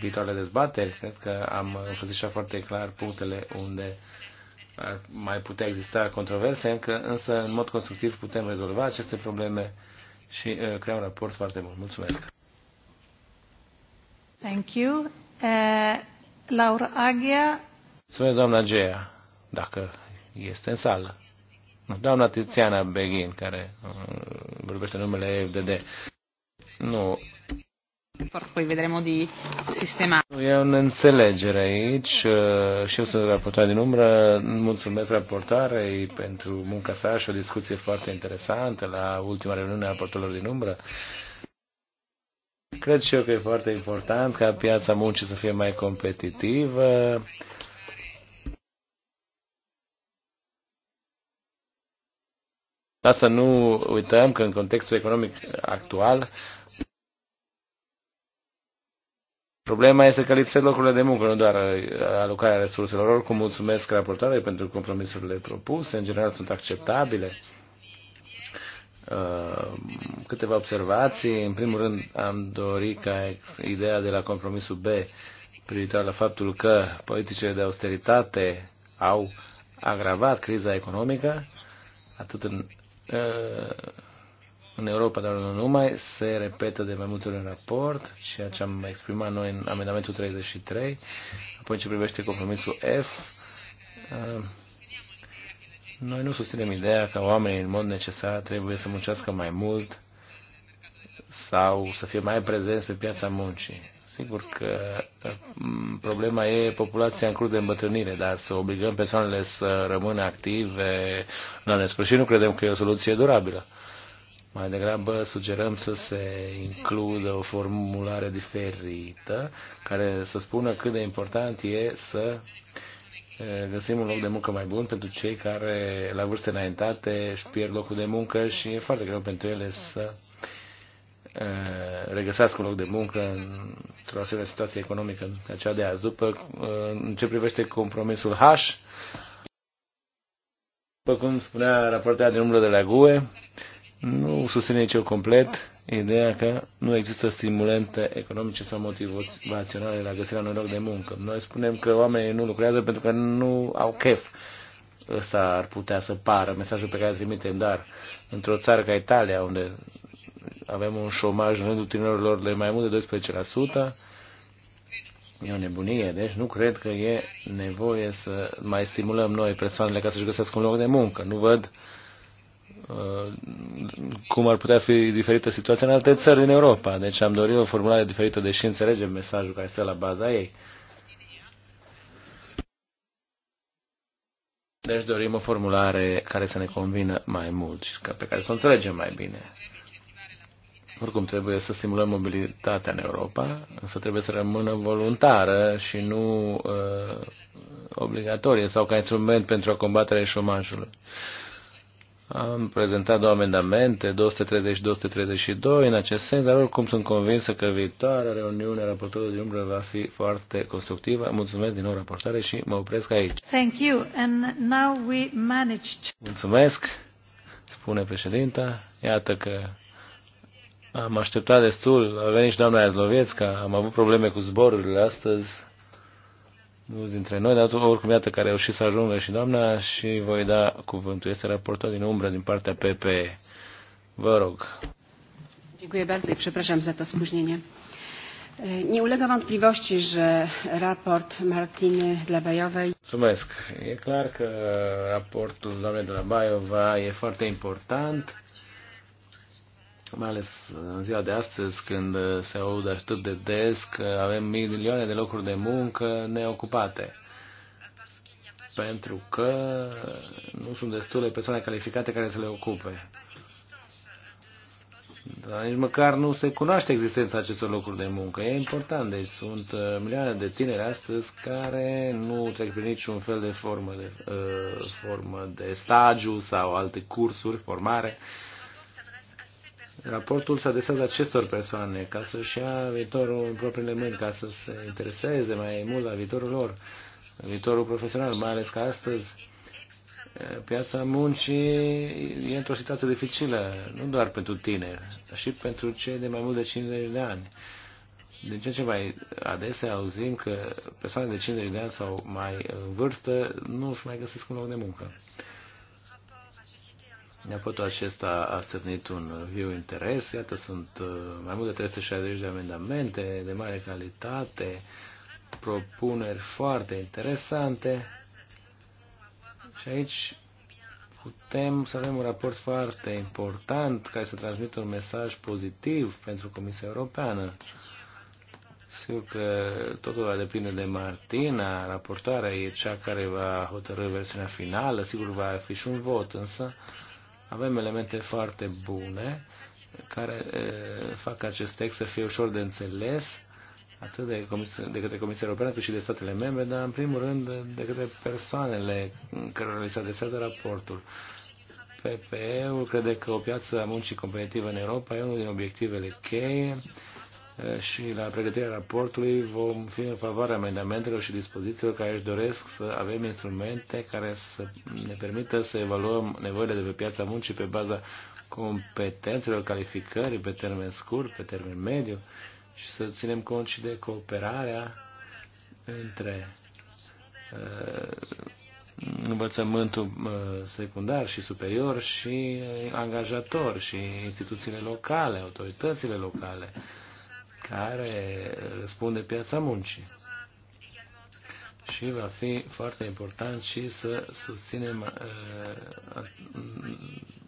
viitoarele dezbateri. Cred că am înfățișat foarte clar punctele unde ar uh, mai putea exista controverse, încă, însă în mod constructiv putem rezolva aceste probleme și uh, crea un raport foarte bun. Mulțumesc! Thank you. Uh, Laura Aghia. Mulțumesc, doamna Gea, dacă este în sală. Doamna Tiziana Beghin, care uh, vorbește numele FDD. Nu. Poi vedremo di sistemare. E un înțelegere. aici uh, și eu sunt raportat din umbră. Mulțumesc raportare pentru munca sa și o discuție foarte interesantă la ultima reuniune a raportorilor din umbră. Cred și eu că e foarte important ca piața muncii să fie mai competitivă. Dar să nu uităm că în contextul economic actual Problema este că lipsesc locurile de muncă, nu doar alocarea resurselor. Oricum, mulțumesc raportoare pentru compromisurile propuse. În general, sunt acceptabile. Uh, câteva observații. În primul rând, am dorit ca ideea de la compromisul B privitor la faptul că politicile de austeritate au agravat criza economică, atât în uh, în Europa, dar nu numai, se repetă de mai multe ori în raport, ceea ce am exprimat noi în amendamentul 33, apoi ce privește compromisul F, uh, noi nu susținem ideea că oamenii în mod necesar trebuie să muncească mai mult sau să fie mai prezenți pe piața muncii. Sigur că uh, problema e populația în curs de îmbătrânire, dar să obligăm persoanele să rămână active la nesfârșit nu credem că e o soluție durabilă. Mai degrabă sugerăm să se includă o formulare diferită care să spună cât de important e să găsim un loc de muncă mai bun pentru cei care la vârste înaintate își pierd locul de muncă și e foarte greu pentru ele să regăsească un loc de muncă într-o asemenea situație economică ca cea de azi. După, în ce privește compromisul H, după cum spunea raportarea din umbră de la GUE, nu susține nici eu complet ideea că nu există stimulente economice sau motivaționale la găsirea unui loc de muncă. Noi spunem că oamenii nu lucrează pentru că nu au chef. Ăsta ar putea să pară mesajul pe care îl trimitem, dar într-o țară ca Italia, unde avem un șomaj în rândul tinerilor de mai mult de 12%, E o nebunie, deci nu cred că e nevoie să mai stimulăm noi persoanele ca să-și găsească un loc de muncă. Nu văd uh, Uh, cum ar putea fi diferită situația în alte țări din Europa. Deci am dorit o formulare diferită, deși înțelegem mesajul care stă la baza ei. Deci dorim o formulare care să ne convină mai mult și pe care să o înțelegem mai bine. Oricum, trebuie să stimulăm mobilitatea în Europa, însă trebuie să rămână voluntară și nu uh, obligatorie sau ca instrument pentru combaterea șomajului. Am prezentat două amendamente, 230 și 232, în acest sens, dar oricum sunt convinsă că viitoarea reuniune a raportorului de umbră va fi foarte constructivă. Mulțumesc din nou raportare și mă opresc aici. Thank you. And now we managed. Mulțumesc, spune președinta. Iată că am așteptat destul. A venit și doamna Iazlovietska. Am avut probleme cu zborurile astăzi mulți dintre noi, dar oricum iată care au reușit să ajungă și doamna și voi da cuvântul. Este raportat din umbră din partea PP. Vă rog. Dziękuję bardzo i przepraszam za to spóźnienie. Nie ulega wątpliwości, że raport Martiny Dlabajowej... Mulțumesc. E clar că raportul doamnei Dlabajowa e foarte important mai ales în ziua de astăzi, când uh, se aud atât de des că avem milioane de locuri de muncă neocupate. Pentru că nu sunt destule persoane calificate care să le ocupe. Dar nici măcar nu se cunoaște existența acestor locuri de muncă. E important, deci sunt uh, milioane de tineri astăzi care nu trec prin niciun fel de formă de, uh, formă de stagiu sau alte cursuri, formare. Uh, Raportul s-a adresează acestor persoane ca să-și ia viitorul în propriile mâini, ca să se intereseze mai mult la viitorul lor, viitorul profesional, mai ales că astăzi piața muncii e într-o situație dificilă, nu doar pentru tineri, dar și pentru cei de mai mult de 50 de ani. De ce ce mai adesea auzim că persoane de 50 de ani sau mai în vârstă nu își mai găsesc un loc de muncă. Neapotul acesta a stârnit un viu interes. Iată, sunt uh, mai mult de 360 de amendamente de mare calitate, propuneri foarte interesante. Și aici putem să avem un raport foarte important care să transmită un mesaj pozitiv pentru Comisia Europeană. Sigur că totul va depinde de Martina, raportarea e cea care va hotărâ versiunea finală, sigur va fi și un vot, însă avem elemente foarte bune care fac acest text să fie ușor de înțeles, atât de, de către Comisia Europeană cât și de statele membre, dar în primul rând de către persoanele cărora li se adresează raportul. PPE-ul crede că o piață a muncii competitivă în Europa e unul din obiectivele cheie Eh, și la pregătirea raportului vom fi în favoarea amendamentelor și dispozițiilor care își doresc să avem instrumente care să ne permită să evaluăm nevoile de pe piața muncii pe baza competențelor, calificării pe termen scurt, pe termen mediu și să ținem cont și de cooperarea între eh, învățământul eh, secundar și superior și angajator și instituțiile locale, autoritățile locale care răspunde piața muncii. Și va fi foarte important și să susținem uh,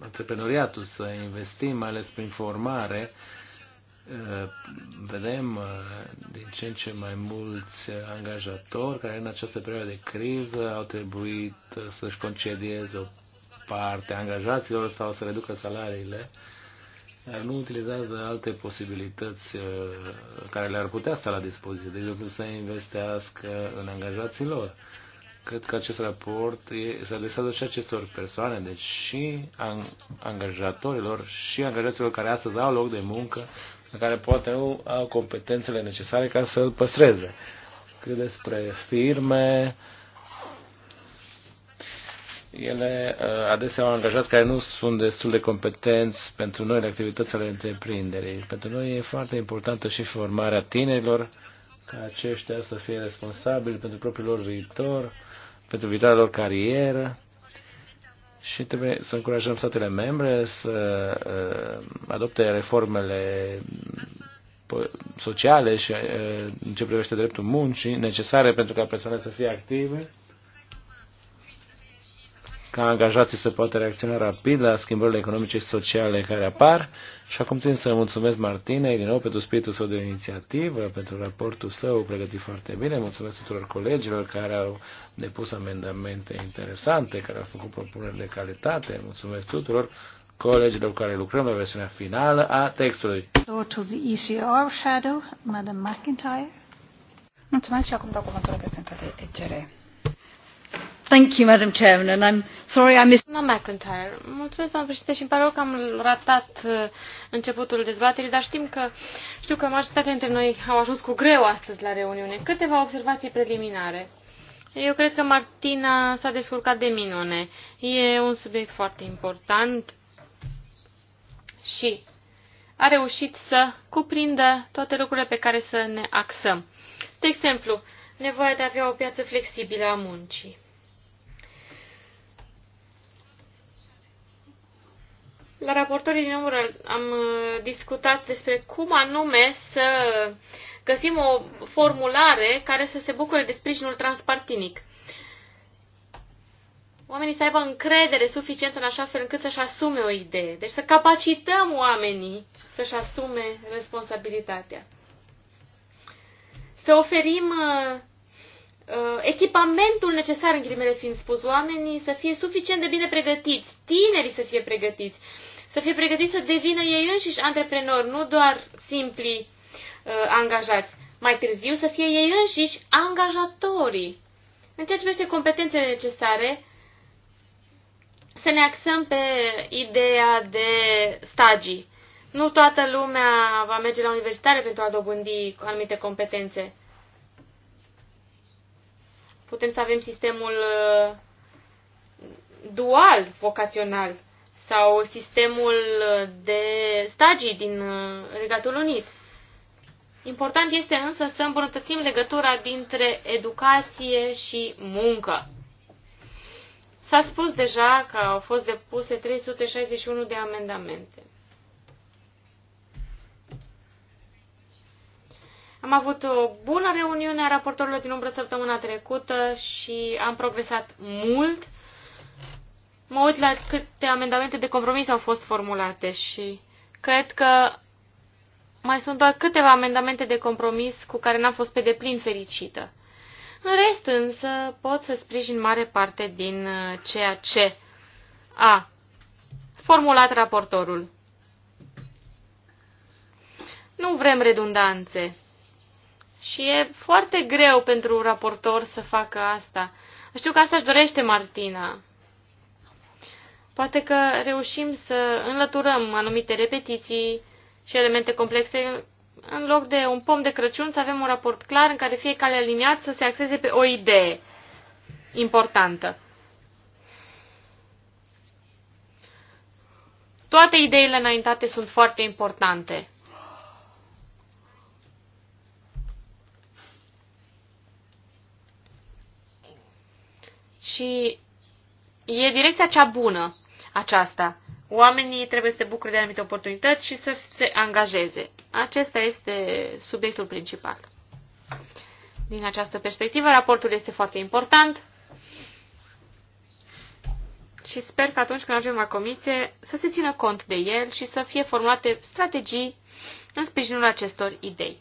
antreprenoriatul, să investim, mai ales prin formare, uh, vedem uh, din ce în ce mai mulți angajatori care în această perioadă de criză au trebuit să-și concedieze o parte a angajaților sau să reducă salariile dar nu utilizează alte posibilități uh, care le-ar putea sta la dispoziție, de exemplu să investească în angajații lor. Cred că acest raport se adresează și acestor persoane, deci și angajatorilor și angajaților care astăzi au loc de muncă, care poate nu au competențele necesare ca să îl păstreze. Cât despre firme, uh, ele uh, adesea au angajați care nu sunt destul de competenți pentru noi activități ale întreprinderii. Pentru noi e foarte importantă și formarea tinerilor, ca aceștia să fie responsabili pentru propriul lor viitor, pentru viitoarea lor carieră și trebuie să încurajăm statele membre să uh, adopte reformele sociale și uh, în ce privește dreptul muncii necesare pentru ca persoanele să fie active ca angajații să poată reacționa rapid la schimbările economice și sociale care apar. Și acum țin să mulțumesc Martinei din nou pentru spiritul său de inițiativă, pentru raportul său pregătit foarte bine. Mulțumesc tuturor colegilor care au depus amendamente interesante, care au făcut propuneri de calitate. Mulțumesc tuturor colegilor cu care lucrăm la versiunea finală a textului. To the ECR shadow, McIntyre. Mulțumesc și acum dau cuvântul de ECR doamnă McIntyre, mulțumesc, doamnă președinte, și îmi pare rău că am ratat uh, începutul dezbaterii, dar știm că, știu că majoritatea dintre noi au ajuns cu greu astăzi la reuniune. Câteva observații preliminare. Eu cred că Martina s-a descurcat de minune. E un subiect foarte important și a reușit să cuprindă toate lucrurile pe care să ne axăm. De exemplu, nevoia de a avea o piață flexibilă a muncii. La raportorii din umbră am uh, discutat despre cum anume să găsim o formulare care să se bucure de sprijinul transpartinic. Oamenii să aibă încredere suficientă în așa fel încât să-și asume o idee. Deci să capacităm oamenii să-și asume responsabilitatea. Să oferim uh, uh, echipamentul necesar, în ghilimele fiind spus, oamenii să fie suficient de bine pregătiți, tinerii să fie pregătiți. Uh, să fie pregătiți să devină ei înșiși antreprenori, nu doar simpli uh, angajați. Mai târziu să fie ei înșiși angajatorii. În ceea ce privește competențele necesare, să ne axăm pe ideea de stagii. Nu toată lumea va merge la universitate pentru a dobândi anumite competențe. Putem să avem sistemul uh, dual vocațional, sau sistemul de stagii din uh, Regatul Unit. Important este însă să îmbunătățim legătura dintre educație și muncă. S-a spus deja că au fost depuse 361 de amendamente. Am avut o bună reuniune a raportorilor din umbră săptămâna trecută și am progresat mult mă uit la câte amendamente de compromis au fost formulate și cred că mai sunt doar câteva amendamente de compromis cu care n-am fost pe deplin fericită. În rest însă pot să sprijin mare parte din uh, ceea ce a formulat raportorul. Nu vrem redundanțe. Și e foarte greu pentru raportor să facă asta. Știu că asta își dorește Martina, Poate că reușim să înlăturăm anumite repetiții și elemente complexe. În loc de un pom de Crăciun, să avem un raport clar în care fiecare aliniat să se axeze pe o idee importantă. Toate ideile înaintate sunt foarte importante. Și e direcția cea bună aceasta. Oamenii trebuie să se bucure de anumite oportunități și să se angajeze. Acesta este subiectul principal. Din această perspectivă, raportul este foarte important și sper că atunci când ajungem la comisie să se țină cont de el și să fie formulate strategii în sprijinul acestor idei.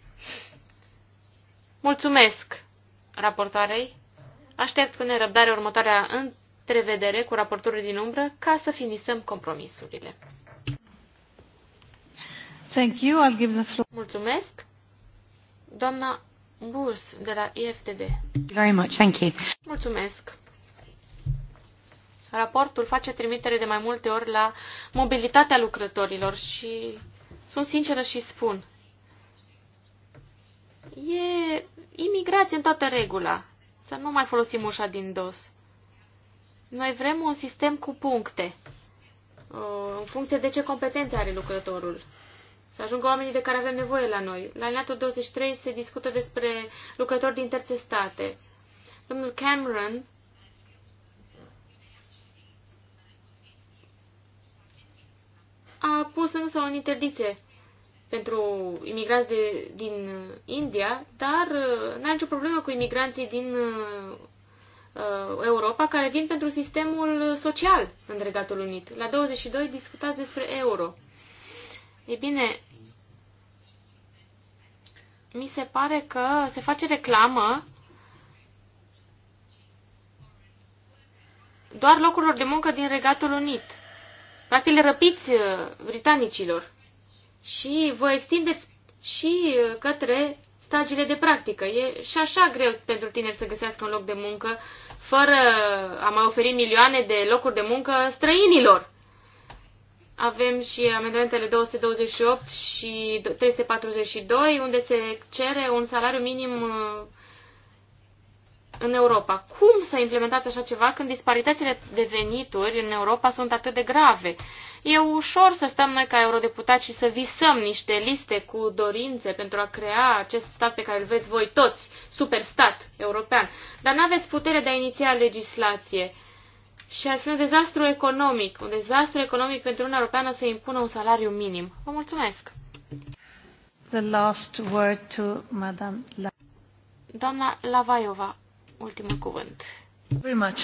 Mulțumesc raportoarei. Aștept cu nerăbdare următoarea revedere cu raportorul din umbră ca să finisăm compromisurile. Thank you. I'll give the floor. Mulțumesc. Doamna Burs de la EFTD. Very much. Thank you. Mulțumesc. Raportul face trimitere de mai multe ori la mobilitatea lucrătorilor și sunt sinceră și spun. E imigrație în toată regula. Să nu mai folosim ușa din dos. Noi vrem un sistem cu puncte, uh, în funcție de ce competențe are lucrătorul. Să ajungă oamenii de care avem nevoie la noi. La liniatul 23 se discută despre lucrători din terțe state. Domnul Cameron a pus însă o interdicție pentru imigranți de, din India, dar uh, n-a nicio problemă cu imigranții din uh, Uh, Europa care vin pentru sistemul social în Regatul Unit. La 22 discutați despre euro. Ei bine, mi se pare că se face reclamă doar locurilor de muncă din Regatul Unit. Practic le răpiți uh, britanicilor și vă extindeți și uh, către stagiile de practică. E și așa greu pentru tineri să găsească un loc de muncă fără a mai oferi milioane de locuri de muncă străinilor. Avem și amendamentele 228 și 342, unde se cere un salariu minim în Europa. Cum să implementați așa ceva când disparitățile de venituri în Europa sunt atât de grave? E ușor să stăm noi ca eurodeputați și să visăm niște liste cu dorințe pentru a crea acest stat pe care îl veți voi toți, superstat european, dar nu aveți putere de a iniția legislație. Și ar fi un dezastru economic, un dezastru economic pentru Uniunea Europeană să impună un salariu minim. Vă mulțumesc! The last word to Madame La Doamna Lavaiova, ultimul cuvânt. Very much.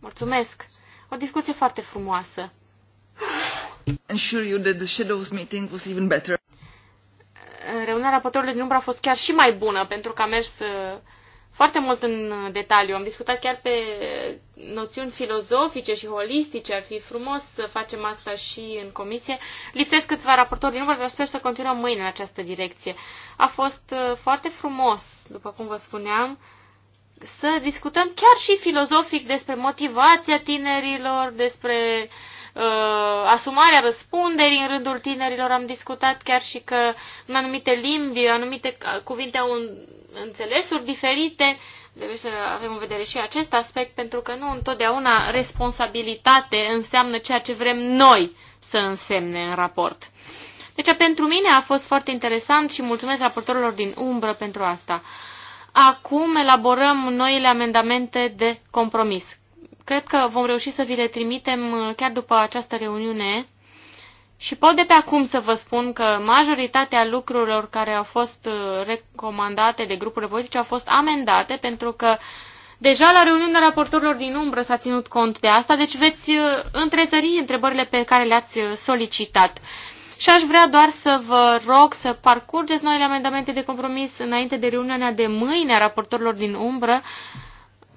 Mulțumesc. O discuție foarte frumoasă. Ensure you that the shadows meeting was even better. Reunirea raportorului din umbră a fost chiar și mai bună pentru că a mers uh, foarte mult în detaliu. Am discutat chiar pe noțiuni filozofice și holistice. Ar fi frumos să facem asta și în comisie. Lipsesc câțiva raportori din număr dar sper să continuăm mâine în această direcție. A fost uh, foarte frumos, după cum vă spuneam să discutăm chiar și filozofic despre motivația tinerilor, despre uh, asumarea răspunderii în rândul tinerilor. Am discutat chiar și că în anumite limbi, anumite cuvinte au înțelesuri diferite. Trebuie să avem în vedere și acest aspect, pentru că nu întotdeauna responsabilitate înseamnă ceea ce vrem noi să însemne în raport. Deci pentru mine a fost foarte interesant și mulțumesc raportorilor din umbră pentru asta. Uh, Acum elaborăm noile amendamente de compromis. Cred că vom reuși să vi le trimitem uh, chiar după această reuniune și pot de pe acum să vă spun că majoritatea lucrurilor care au fost uh, recomandate de grupurile politice au fost amendate pentru că Deja la reuniunea raportorilor din umbră s-a ținut cont de asta, deci veți uh, întrezări întrebările pe care le-ați solicitat. Și aș vrea doar să vă rog să parcurgeți noile amendamente de compromis înainte de reuniunea de mâine a raportorilor din umbră.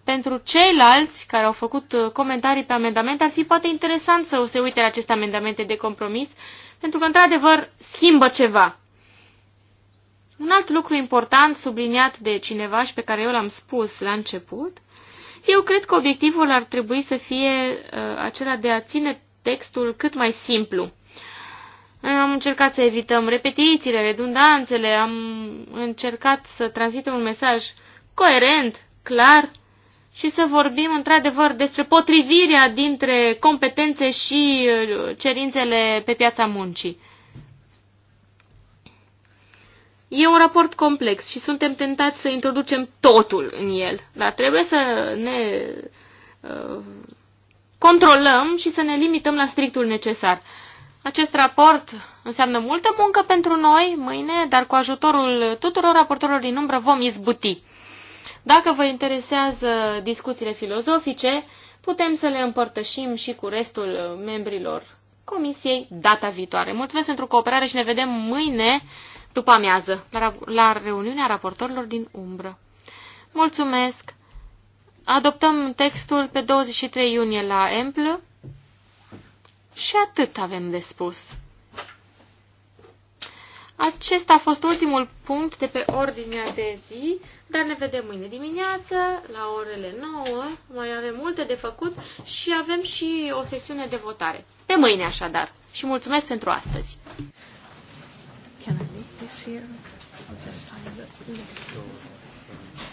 Pentru ceilalți care au făcut uh, comentarii pe amendamente, ar fi poate interesant să se uite la aceste amendamente de compromis, pentru că, într-adevăr, schimbă ceva. Un alt lucru important subliniat de cineva și pe care eu l-am spus la început, eu cred că obiectivul ar trebui să fie uh, acela de a ține textul cât mai simplu. Am încercat să evităm repetițiile, redundanțele, am încercat să transmitem un mesaj coerent, clar și să vorbim într-adevăr despre potrivirea dintre competențe și uh, cerințele pe piața muncii. E un raport complex și suntem tentați să introducem totul în el, dar trebuie să ne uh, controlăm și să ne limităm la strictul necesar. Acest raport înseamnă multă muncă pentru noi mâine, dar cu ajutorul tuturor raportorilor din umbră vom izbuti. Dacă vă interesează discuțiile filozofice, putem să le împărtășim și cu restul membrilor comisiei data viitoare. Mulțumesc pentru cooperare și ne vedem mâine după amiază la, la reuniunea raportorilor din umbră. Mulțumesc! Adoptăm textul pe 23 iunie la EMPL. Și atât avem de spus. Acesta a fost ultimul punct de pe ordinea de zi, dar ne vedem mâine dimineață la orele 9, mai avem multe de făcut și avem și o sesiune de votare. Pe mâine așadar. Și mulțumesc pentru astăzi. Can I leave this here? I'll just sign the list.